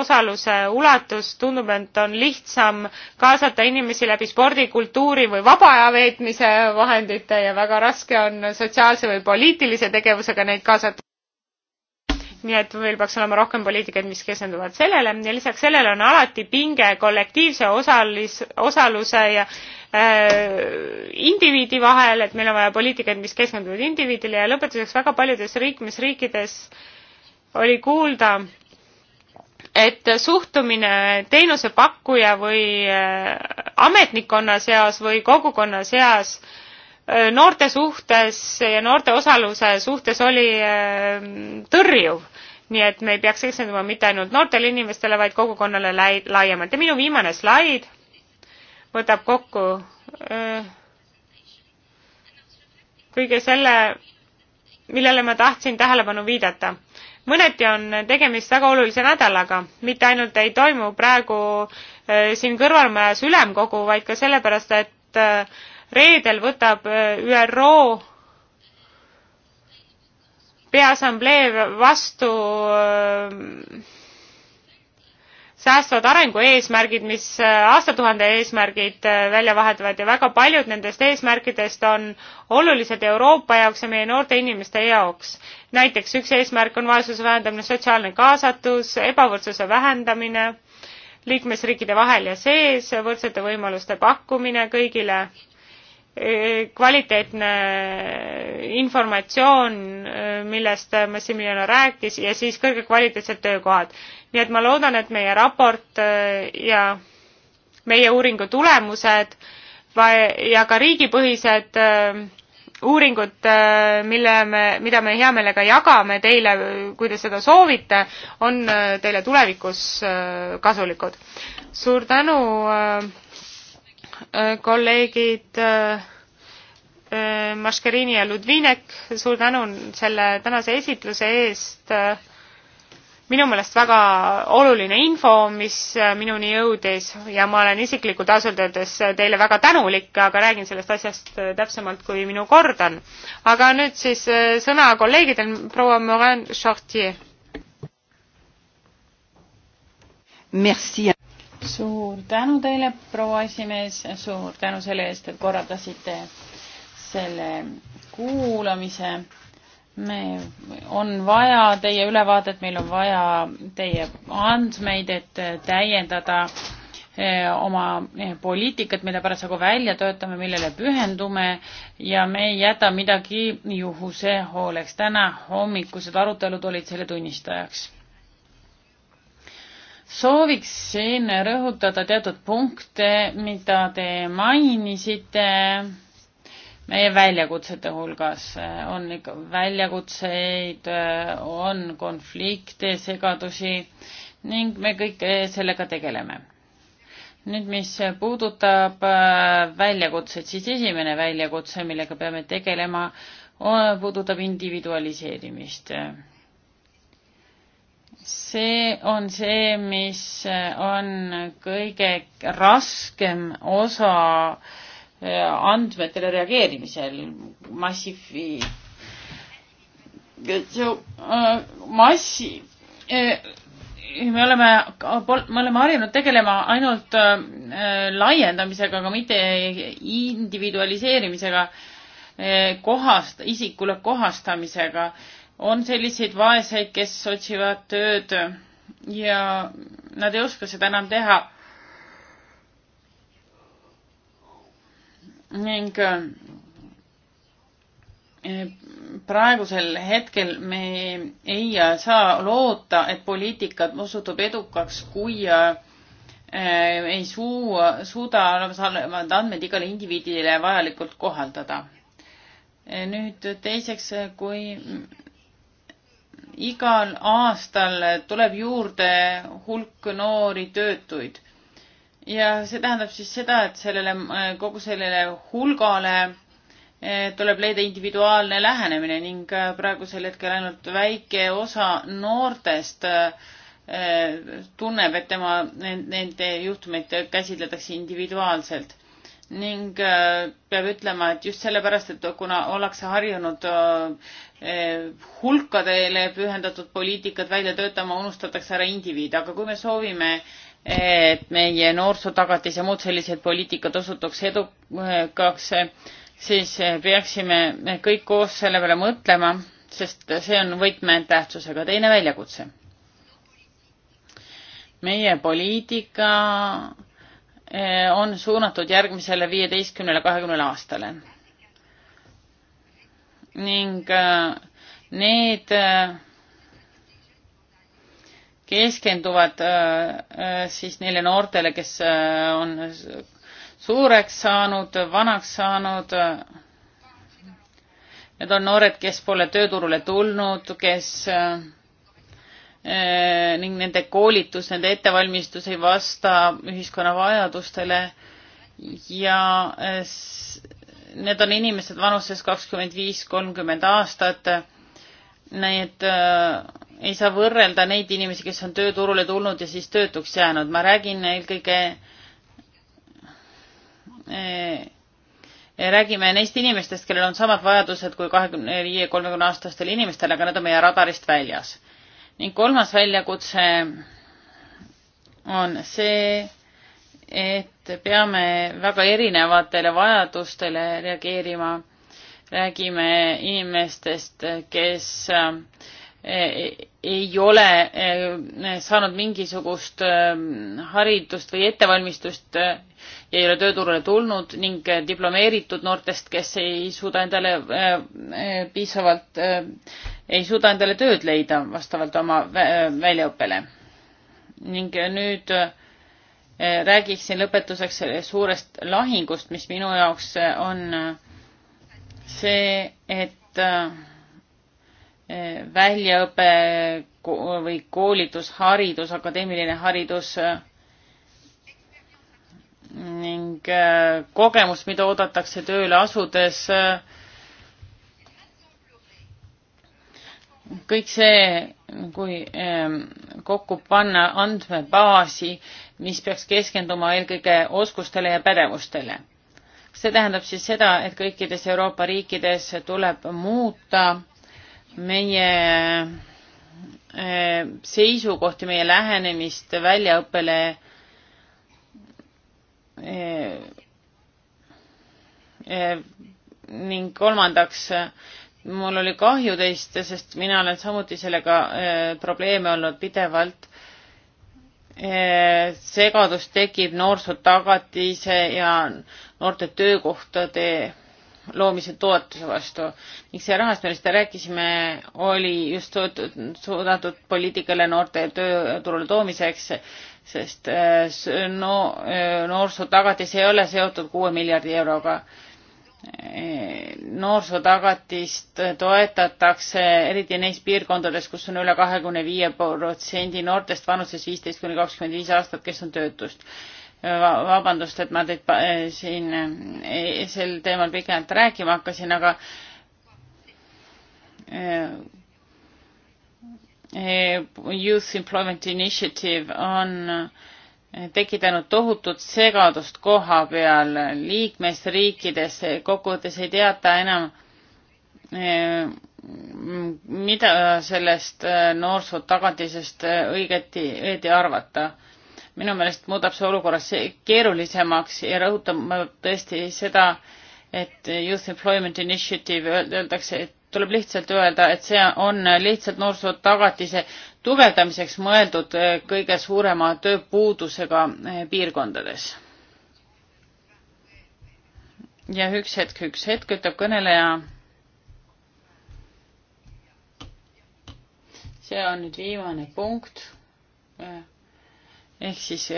osaluse ulatus, tundub, et on lihtsam kaasata inimesi läbi spordi, kultuuri või vaba aja veetmise vahendite ja väga raske on sotsiaalse või poliitilise tegevusega neid kaasata nii et meil peaks olema rohkem poliitikaid, mis keskenduvad sellele ja lisaks sellele on alati pinge kollektiivse osalis, osaluse ja äh, indiviidi vahel, et meil on vaja poliitikaid, mis keskenduvad indiviidile ja lõpetuseks väga paljudes liikmesriikides oli kuulda, et suhtumine teenusepakkuja või äh, ametnikkonna seas või kogukonna seas äh, noorte suhtes ja noorte osaluse suhtes oli äh, tõrjuv nii et me ei peaks keskenduma mitte ainult noortele inimestele, vaid kogukonnale lai-, laiemalt ja minu viimane slaid võtab kokku öö, äh, kõige selle, millele ma tahtsin tähelepanu viidata. mõneti on tegemist väga olulise nädalaga, mitte ainult ei toimu praegu öö, äh, siin kõrvalmajas ülemkogu, vaid ka sellepärast, et öö, äh, reedel võtab ÜRO peaassamblee vastu äh, säästvad arengu eesmärgid, mis äh, aastatuhande eesmärgid äh, välja vahetavad ja väga paljud nendest eesmärkidest on olulised Euroopa jaoks ja meie noorte inimeste jaoks. näiteks üks eesmärk on vaesuse vähendamine, sotsiaalne kaasatus, ebavõrdsuse vähendamine liikmesriikide vahel ja sees, võrdsete võimaluste pakkumine kõigile Eh, kvaliteetne eh, informatsioon, eh, millest Massimiliano rääkis ja siis kõrgekvaliteetsed töökohad. nii et ma loodan, et meie raport ja meie uuringu tulemused ja ka riigipõhised uuringut, mille me, mida me hea meelega jagame teile, kui te seda soovite, on teile tulevikus kasulikud. suur tänu Äh, kolleegid äh, äh, Maškerini ja Ludvinek, suur tänu selle tänase esitluse eest. minu meelest väga oluline info, mis minuni jõudis ja ma olen isiklikult ausalt öeldes teile väga tänulik, aga räägin sellest asjast täpsemalt, kui minu kord on. aga nüüd siis sõna kolleegidel, proua Morin Chartier.
Merci suur tänu teile, proua esimees, suur tänu selle eest, et korraldasite selle kuulamise. me, on vaja teie ülevaadet, meil on vaja teie andmeid, et täiendada eh, oma eh, poliitikat, mida parasjagu välja töötame, millele pühendume ja me ei jäta midagi juhuse hooleks. täna hommikused arutelud olid selle tunnistajaks sooviksin rõhutada teatud punkte, mida te mainisite meie väljakutsete hulgas. Äh, on ikka väljakutseid, äh, on konflikte, segadusi ning me kõik äh, sellega tegeleme. nüüd, mis puudutab väljakutseid, siis esimene väljakutse, millega peame tegelema, puudutab individualiseerimist see on see, mis on kõige raskem osa äh, andmetele reageerimisel massifi äh, massi äh, me oleme, me oleme harjunud tegelema ainult laiendamisega, aga mitte individualiseerimisega, kohast, isikule kohastamisega on selliseid vaeseid, kes otsivad tööd ja nad ei oska seda enam teha. ning eh, praegusel hetkel me ei saa loota, et poliitika osutub edukaks, kui eh, ei suu, suuda olemasolevad andmed igale indiviidile vajalikult kohaldada. Eh, nüüd teiseks, kui igal aastal tuleb juurde hulk noori töötuid. ja see tähendab siis seda, et sellele, äh, kogu sellele hulgale äh, tuleb leida individuaalne lähenemine ning äh, praegusel hetkel ainult väike osa noortest tunneb, et tema, nende juhtumeid käsitletakse individuaalselt ning äh, peab ütlema, et just sellepärast, et kuna ollakse harjunud äh, hulkadele pühendatud poliitikat välja töötama, unustatakse ära indiviid, aga kui me soovime, et meie noorsootagatis ja muud sellised poliitikad osutuks edukaks, siis peaksime me kõik koos selle peale mõtlema, sest see on võtmetähtsusega teine väljakutse. meie poliitika Eh, on suunatud järgmisele viieteistkümnele, kahekümnele aastale. ning eh, need eh, keskenduvad siis neile noortele, kes on suureks saanud, vanaks saanud. Need on noored, kes pole tööturule tulnud, kes Äh, ning nende koolitus, nende ettevalmistus ei vasta ühiskonna vajadustele ja äh, need on inimesed vanuses kakskümmend viis, kolmkümmend aastat. Need äh, ei saa võrrelda neid inimesi, kes on tööturule tulnud ja siis töötuks jäänud. ma räägin eelkõige räägime neist inimestest, kellel on samad vajadused kui kahekümne viie, kolmekümne aastastel inimestel, aga nad on meie radarist väljas ning kolmas väljakutse on see, et peame väga erinevatele vajadustele reageerima. räägime inimestest, kes eh, ei ole eh, saanud mingisugust eh, haridust või ettevalmistust ja ei ole tööturule tulnud ning diplomeeritud noortest, kes ei suuda endale piisavalt ei suuda endale tööd leida vastavalt oma väljaõppele. ning nüüd eh, räägiksin lõpetuseks suurest lahingust, mis minu jaoks eh, on eh, see, et väljaõpe või koolitus, haridus, akadeemiline haridus ning kogemus, mida oodatakse tööle asudes äh, kõik see, kui ehm, kokku panna andmebaasi, mis peaks keskenduma eelkõige oskustele ja pädevustele. see tähendab siis seda, et kõikides Euroopa riikides tuleb muuta meie ehm, seisukohti, meie lähenemist väljaõppele ehm, ning kolmandaks mul oli kahju teist, sest mina olen samuti sellega äh, probleeme olnud pidevalt äh,. segadus tekib noorsootagatise ja noorte töökohtade loomise toetuse vastu ning see rahast, millest me rääkisime, oli just suunatud poliitikale noorte tööturule toomiseks, sest äh, no, äh, noorsootagatise ei ole seotud kuue miljardi euroga noorsootagatist toetatakse eriti neis piirkondades, kus on üle kahekümne viie protsendi noortest vanuses viisteist kuni kakskümmend viis aastat, kes on töötust. vabandust, et ma teid siin eh, sel teemal pikemalt rääkima hakkasin, aga eh, eh, Youth Employment Initiative on tekitanud tohutut segadust koha peal liikmesriikides, kokkuvõttes ei teata enam, eh, mida sellest eh, noorsoo tagatisest eh, õigeti, õieti arvata. minu meelest muudab see olukorra keerulisemaks ja rõhutab tõesti seda, et Youth Employment Initiative öeldakse, et tuleb lihtsalt öelda, et see on lihtsalt noorsoo tagatise tugevdamiseks mõeldud eh, kõige suurema tööpuudusega eh, piirkondades. ja üks hetk, üks hetk, ütleb kõneleja. see on nüüd viimane punkt. Eh, ehk siis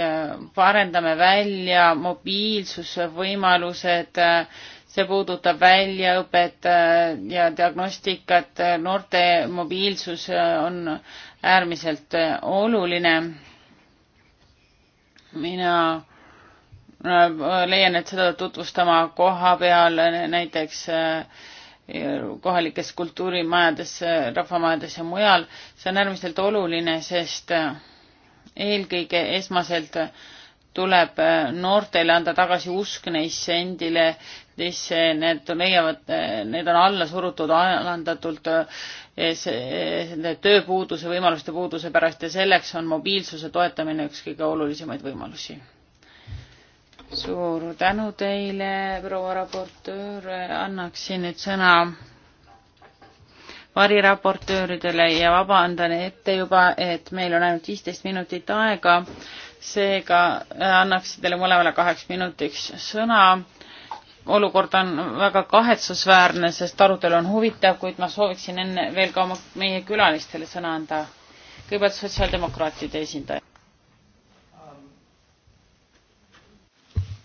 arendame välja mobiilsusvõimalused see puudutab väljaõpet äh, ja diagnostikat, äh, noorte mobiilsus äh, on äärmiselt oluline. mina leian, et seda tutvustama koha peal näiteks kohalikes kultuurimajades, rahvamajades ja mujal, see on äärmiselt oluline, sest eelkõige esmaselt tuleb noortele anda tagasi usk neisse endile, tähtis, need leiavad, need on alla surutud alandatult eh, eh, tööpuuduse, võimaluste puuduse pärast ja selleks on mobiilsuse toetamine üks kõige olulisemaid võimalusi. suur tänu teile, proua raportöör, annaksin nüüd sõna variraportööridele ja vabandan ette juba, et meil on ainult viisteist minutit aega seega eh, annaksin teile mõlemale kaheks minutiks sõna olukord on väga kahetsusväärne, sest arutelu on huvitav, kuid ma sooviksin enne veel ka oma, meie külalistele sõna anda. kõigepealt sotsiaaldemokraatide esindaja.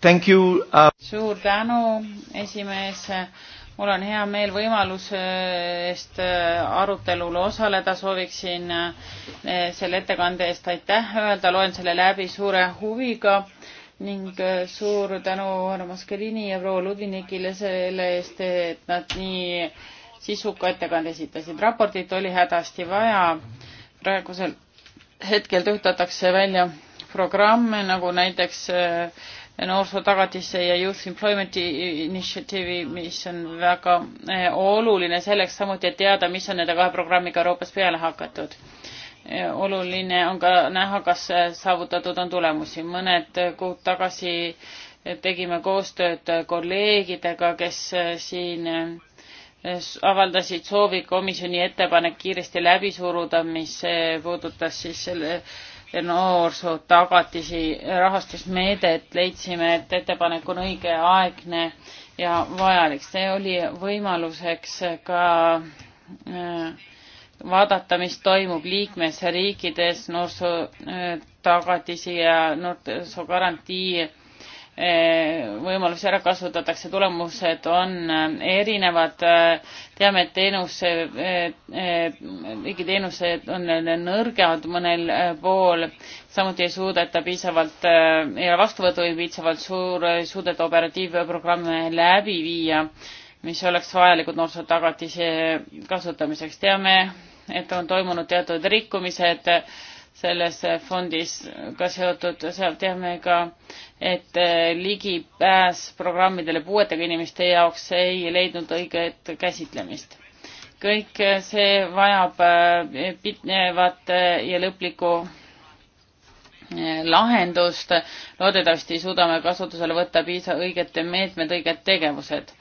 Thank you uh.... suur
tänu, esimees. mul on hea meel võimaluse eest äh, arutelul osaleda. sooviksin äh, selle ettekande eest aitäh öelda, loen selle läbi suure huviga ning äh, suur tänu härra Moscherini ja proua Ludvinikile selle eest, et nad nii sisuka ettekande esitasid. raportit oli hädasti vaja. praegusel hetkel töötatakse välja programme nagu näiteks äh, noorsootagatise ja Youth Employment Initiative'i, mis on väga äh, oluline selleks samuti, et teada, mis on nende kahe programmiga Euroopas peale hakatud oluline on ka näha, kas saavutatud on tulemusi. mõned kuud tagasi tegime koostööd kolleegidega, kes siin avaldasid soovi komisjoni ettepanek kiiresti läbi suruda, mis puudutas siis selle noorsootagatisi rahastusmeedet, leidsime, et ettepanek on õigeaegne ja vajalik. see oli võimaluseks ka äh, vaadata, mis toimub liikmesriikides noorsootagatisi äh, ja noorsoogarantii äh, võimalusi ära kasutatakse, tulemused on äh, erinevad. teame, et teenuse, riigiteenused on nõrgemad mõnel pool, samuti ei suudeta piisavalt, ei ole vastuvõtu piisavalt suur, ei suudeta operatiivprogramme läbi viia, mis oleks vajalikud noorsootagatise kasutamiseks. teame, et on toimunud teatud rikkumised selles fondis ka seotud, seal teame ka, et eh, ligipääs programmidele puuetega inimeste jaoks ei leidnud õiget käsitlemist. kõik see vajab eh, pidevat eh, ja lõplikku lahendust. loodetavasti suudame kasutusele võtta piisa-, õigete meetmed, õiged tegevused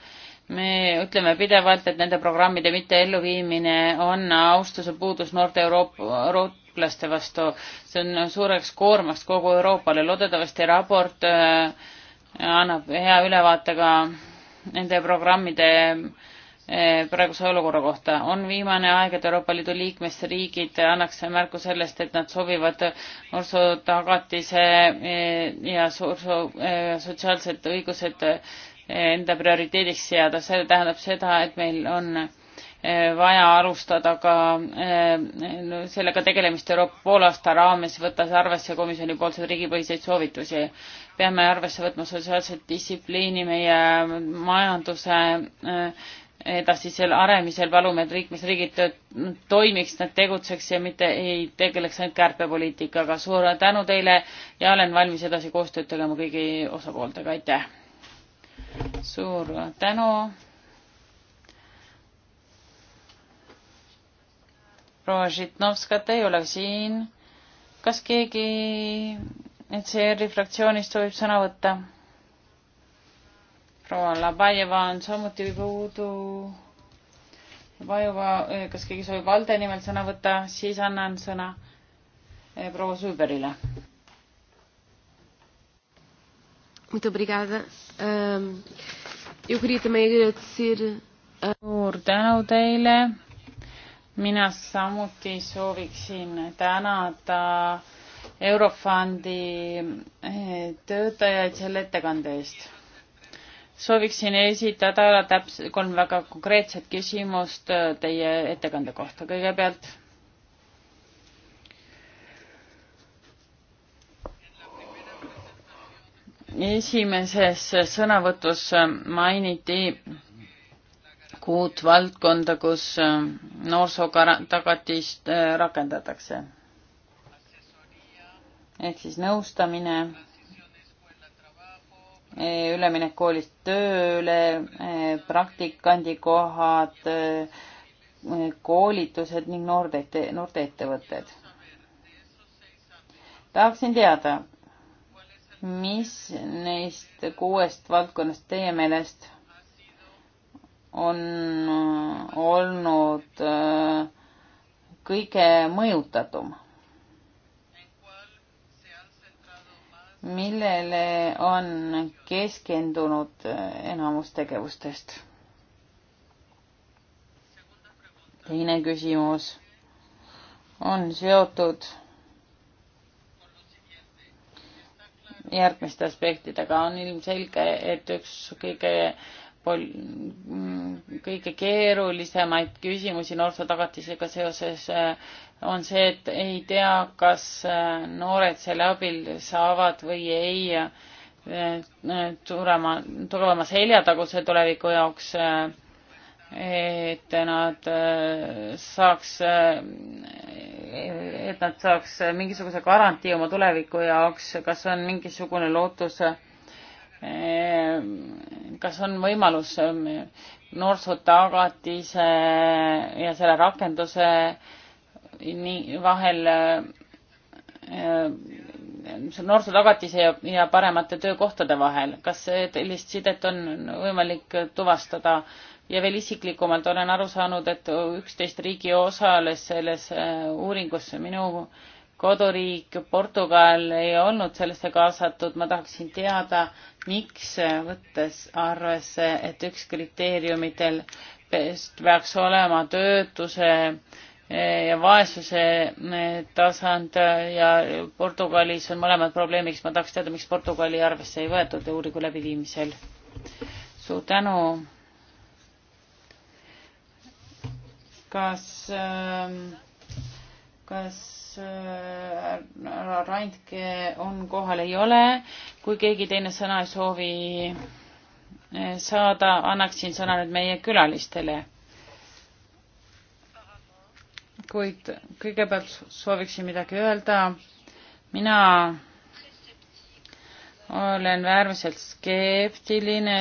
me ütleme pidevalt, et nende programmide mitteelluviimine on austuse puudus noorte Euroop-, eurooplaste vastu. see on suureks koormaks kogu Euroopale. loodetavasti raport äh, annab hea ülevaate ka nende programmide äh, praeguse olukorra kohta. on viimane aeg, et Euroopa Liidu liikmesriigid annaks märku sellest, et nad soovivad noorsootagatise äh, ja soorsoo- äh,, sotsiaalsed õigused äh, enda prioriteediks seada, see tähendab seda, et meil on eh, vaja alustada ka eh, sellega tegelemist Euroopa poolaasta raames, võttes arvesse komisjoni poolseid riigipõhiseid soovitusi. peame arvesse võtma sotsiaalset distsipliini meie majanduse eh, edasisel aremisel, palume, et liikmesriigid toimiks, nad tegutseks ja mitte ei tegeleks ainult kärpepoliitikaga. suur tänu teile ja olen valmis edasi koostööd tegema kõigi osapooltega, aitäh! suur tänu. proua Žitnovskat ei ole siin. kas keegi ECR-i fraktsioonist soovib sõna võtta? proua Labajeva on samuti puudu. Vajuva, eh, kas keegi soovib Alde nimel sõna võtta, siis annan sõna eh, proua Suberile. Muito obrigada. Um, eu queria também agradecer. A... suur tänu teile. mina samuti sooviksin tänada Eurofondi eh, töötajaid selle ettekande eest. sooviksin esitada täpselt kolm väga konkreetset küsimust eh, teie ettekande kohta. kõigepealt esimeses sõnavõtus mainiti kuut valdkonda, kus noorsootagatist rakendatakse. ehk siis nõustamine, üleminek koolist tööle, praktikandi kohad, koolitused ning noorte, noorte ettevõtted. tahaksin teada, mis neist kuuest valdkonnast teie meelest on äh, olnud äh, kõige mõjutatum? millele on keskendunud äh, enamus tegevustest? teine küsimus on seotud järgmiste aspektidega. on ilmselge, et üks kõige pol-, mm, kõige keerulisemaid küsimusi noorsootagatisega seoses äh, on see, et ei tea, kas äh, noored selle abil saavad või ei suurema, äh, tugevama seljataguse tuleviku jaoks, et nad saaks et nad saaks mingisuguse garantii oma tuleviku jaoks, kas on mingisugune lootus, kas on võimalus noorsootagatise ja selle rakenduse nii vahel noorsootagatise ja, ja paremate töökohtade vahel, kas sellist sidet on võimalik tuvastada ja veel isiklikumalt olen aru saanud, et üksteist riigi osales selles äh, uuringus. minu koduriik Portugal ei olnud sellesse kaasatud. ma tahaksin teada, miks, äh, võttes arvesse, et üks kriteeriumitel peaks olema töötuse äh, ja vaesuse tasand ja Portugalis on mõlemad probleemiks. ma tahaks teada, miks Portugali arvesse ei võetud uuringu läbiviimisel. suur tänu kas, ähm, kas härra äh, Randke on kohal, ei ole. kui keegi teine sõna ei soovi äh, saada, annaksin sõna nüüd meie külalistele. kuid kõigepealt sooviksin midagi öelda. mina olen äärmiselt skeptiline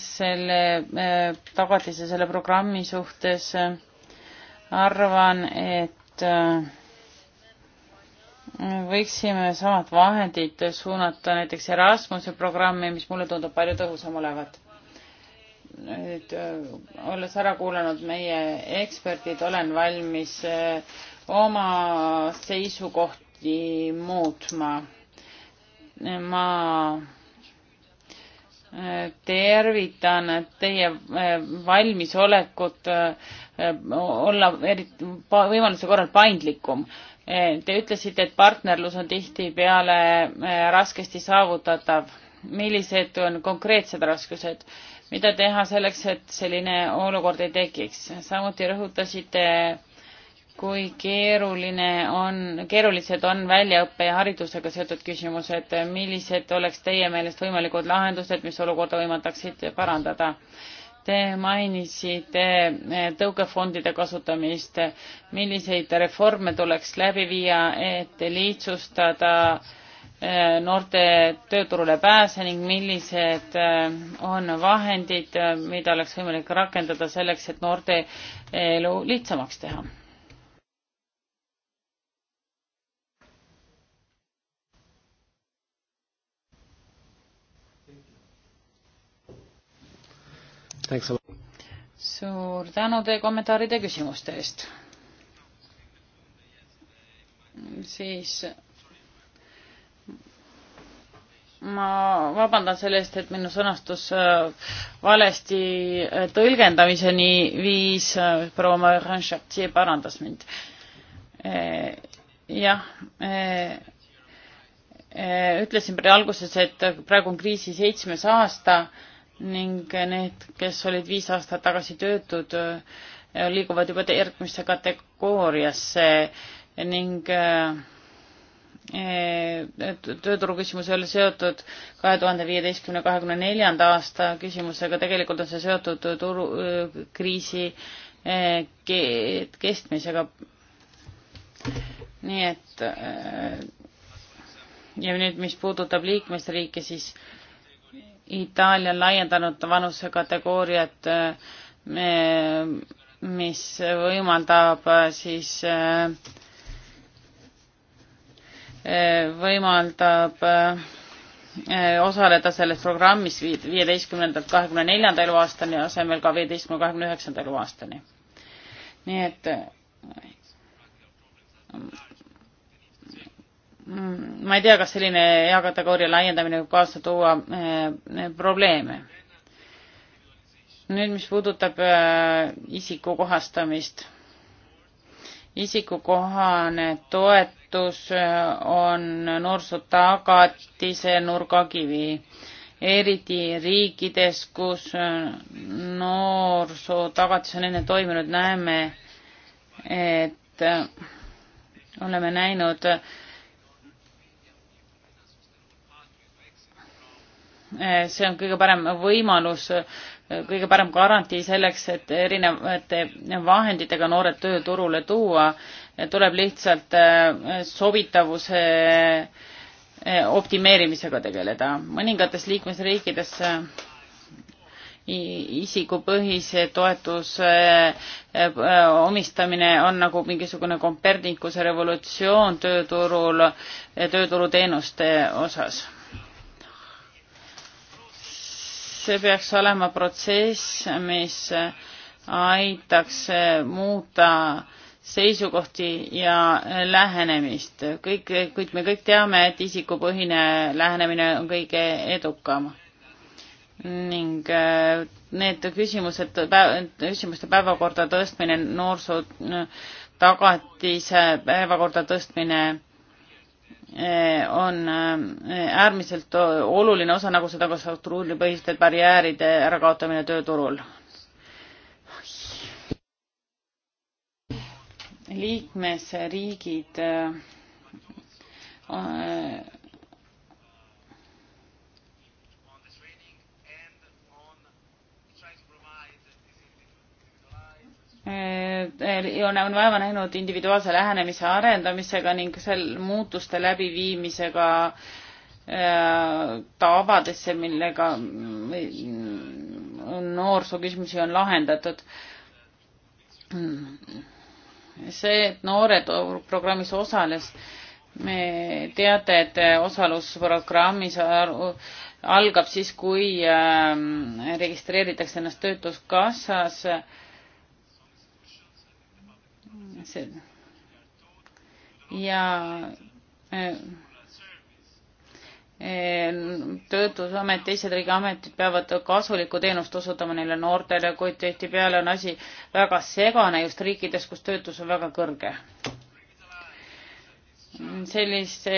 selle äh, tagatise, selle programmi suhtes äh, arvan, et äh, võiksime samad vahendid suunata näiteks Erasmuse programmi, mis mulle tundub palju tõhusam olevat. nüüd äh, olles ära kuulanud meie eksperdid, olen valmis äh, oma seisukohti muutma. ma tervitan teie valmisolekut äh, Eh, olla eriti võimaluse korral paindlikum. Eh, te ütlesite, et partnerlus on tihtipeale eh, raskesti saavutatav. millised on konkreetsed raskused, mida teha selleks, et selline olukord ei tekiks? samuti rõhutasite, kui keeruline on, keerulised on väljaõppe ja haridusega seotud küsimused, millised oleks teie meelest võimalikud lahendused, mis olukorda võimaldaksid parandada? Te mainisite eh, tõukefondide kasutamist. milliseid reforme tuleks läbi viia, et lihtsustada eh, noorte tööturule pääse ning millised eh, on vahendid, mida oleks võimalik rakendada selleks, et noorte elu lihtsamaks teha? suur tänu teie kommentaaride ja küsimuste eest. siis ma vabandan selle eest, et minu sõnastus äh, valesti äh, tõlgendamiseni viis, äh, proua Maranšatsi parandas mind. jah, ütlesin alguses, et praegu on kriisi seitsmes aasta ning need, kes olid viis aastat tagasi töötud, äh, liiguvad juba järgmisse kategooriasse ning äh, äh, tööturu küsimus ei ole seotud kahe tuhande viieteistkümne, kahekümne neljanda aasta küsimusega, tegelikult on see seotud turu, kriisi kestmisega. nii et ja nüüd, mis puudutab liikmesriike, siis äh, Itaalia on laiendanud vanusekategooriat, äh, mis võimaldab äh, siis, äh, võimaldab osaleda selles programmis viieteistkümnendalt kahekümne neljanda eluaastani asemel ka viieteistkümne kahekümne üheksanda eluaastani. nii et Mm, ma ei tea, kas selline eakategooria laiendamine võib kaasa tuua eh, probleeme. nüüd, mis puudutab eh, isiku kohastamist. isikukohane toetus eh, on noorsootagatise nurgakivi, eriti riikides, kus noorsootagatis on enne toiminud, näeme, et oleme näinud äh, Eh, see on kõige parem võimalus, eh, kõige parem garantii selleks, et erinevate vahenditega noored tööturule tuua, tuleb lihtsalt eh, sobitavuse optimeerimisega tegeleda. mõningates liikmesriikides isikupõhise toetuse omistamine on nagu mingisugune kompernikuse revolutsioon tööturul, tööturuteenuste osas see peaks olema protsess, mis aitaks muuta seisukohti ja lähenemist. kõik, kuid me kõik teame, et isikupõhine lähenemine on kõige edukam. ning äh, need küsimused, küsimuste päevakorda tõstmine, noorsoo tagatise päevakorda tõstmine Eh, on eh, äärmiselt oluline osa, nagu seda ka struktuuripõhiste barjääride ärakaotamine tööturul. liikmesriigid eh, Äh, on, on vaeva näinud individuaalse lähenemise arendamisega ning sel muutuste läbiviimisega äh, tavadesse, millega mm, noorsooküsimusi on lahendatud. see, et noored programmis osales, me teate, et osalus programmis algab siis, kui ähm, registreeritakse ennast Töötukassas see ja äh, äh, töötusamet, teised riigiametid peavad kasulikku teenust osutama neile noortele, kuid tihtipeale on asi väga segane just riikides, kus töötus on väga kõrge. sellise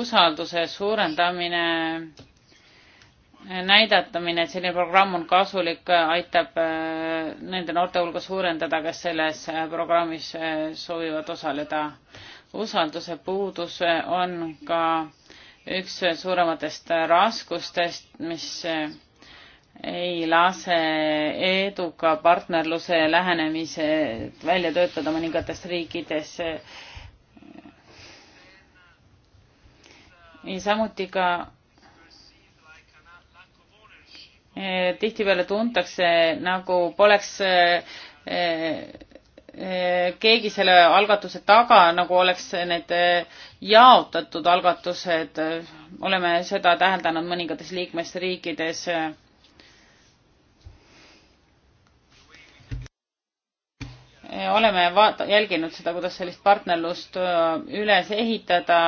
usalduse suurendamine näidatamine, et selline programm on kasulik, aitab äh, nende noorte hulga suurendada, kes selles äh, programmis äh, soovivad osaleda. usalduse puudus on ka üks suurematest raskustest, mis ei lase eduka partnerluse lähenemise välja töötada mõningates riikides. samuti ka Eh, tihtipeale tuntakse, nagu poleks eh, eh, keegi selle algatuse taga, nagu oleks need jaotatud algatused, oleme seda täheldanud mõningates liikmesriikides. oleme vaata-, jälginud seda, kuidas sellist partnerlust üles ehitada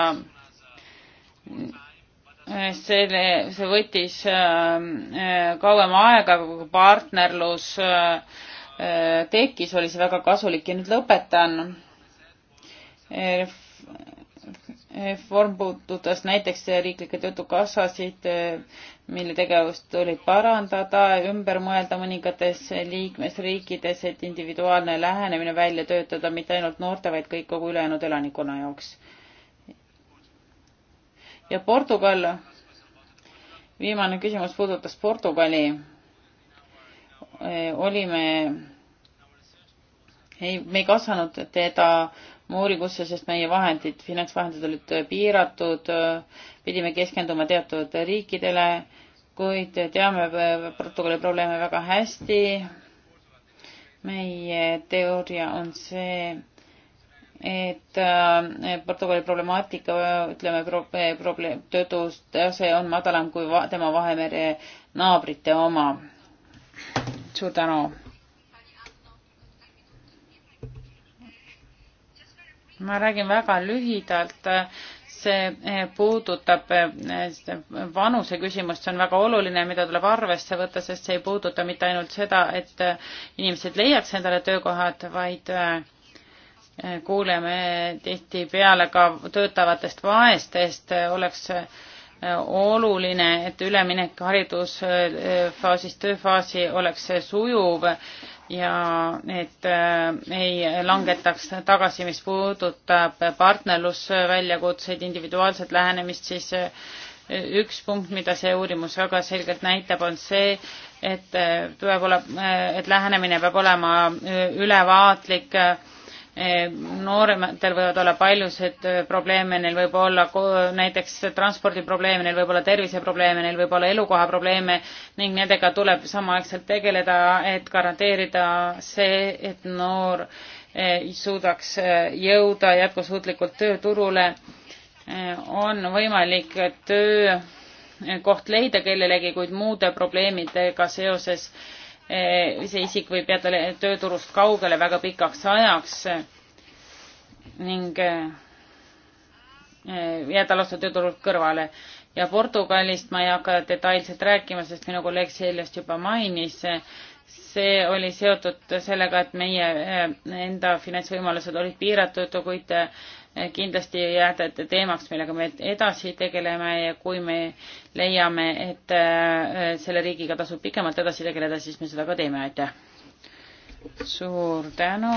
selle, see võttis äh, äh, kauem aega, kui partnerlus äh, tekkis, oli see väga kasulik ja nüüd lõpetan. Reform puudutas näiteks riiklikke töötukassasid, mille tegevust tuli parandada, ümber mõelda mõningates liikmesriikides, et individuaalne lähenemine välja töötada mitte ainult noorte, vaid kõik kogu ülejäänud elanikkonna jaoks ja Portugal. viimane küsimus puudutas Portugali. Eh, olime, ei, me ei kasvanud teda oma uuringusse, sest meie vahendid, finantsvahendid olid piiratud, pidime keskenduma teatud riikidele, kuid teame Portugali probleeme väga hästi. meie teooria on see Äh, et Portugali problemaatika, ütleme, eh, probleem, töötuse on madalam kui va, tema Vahemere naabrite oma. suur tänu. ma räägin väga lühidalt, see eh, puudutab eh, vanuse küsimust, see on väga oluline, mida tuleb arvesse võtta, sest see ei puuduta mitte ainult seda, et inimesed leiaks endale töökohad, vaid äh, kuuleme tihtipeale ka töötavatest vaestest, oleks äh, oluline, et üleminek haridusfaasist tööfaasi oleks sujuv ja et äh, ei langetaks tagasi, mis puudutab partnerlusväljakutseid, individuaalset lähenemist, siis äh, üks punkt, mida see uurimus väga selgelt näitab, on see, et tuleb olema, et lähenemine peab olema ülevaatlik Eh, noorematel võivad olla paljusid eh, probleeme, neil võib olla näiteks transpordiprobleeme, neil võib olla terviseprobleeme, neil võib olla elukohaprobleeme ning nendega tuleb samaaegselt tegeleda, et garanteerida see, et noor eh, suudaks jõuda jätkusuutlikult tööturule. on võimalik töökoht leida kellelegi, kuid muude probleemidega seoses äh, Eh, see isik võib jääda tööturust kaugele väga pikaks ajaks eh, ning eh, jääda lausa tööturult kõrvale. ja Portugalist ma ei hakka detailselt rääkima, sest minu kolleeg sellest juba mainis. see oli seotud sellega, et meie enda finantsvõimalused olid piiratud, kuid kindlasti jääda teemaks, millega me edasi tegeleme ja kui me leiame, et äh, selle riigiga tasub pikemalt edasi tegeleda, siis me seda ka teeme, aitäh. suur tänu.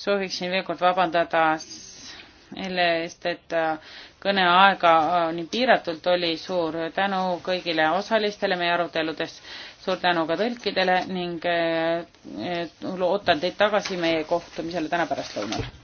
sooviksin veel kord vabandada selle eest, et äh, kõneaega äh, nii piiratult oli, suur tänu kõigile osalistele meie aruteludes, suur tänu ka tõlkidele ning ootan teid tagasi meie kohtumisele täna pärastlõunal.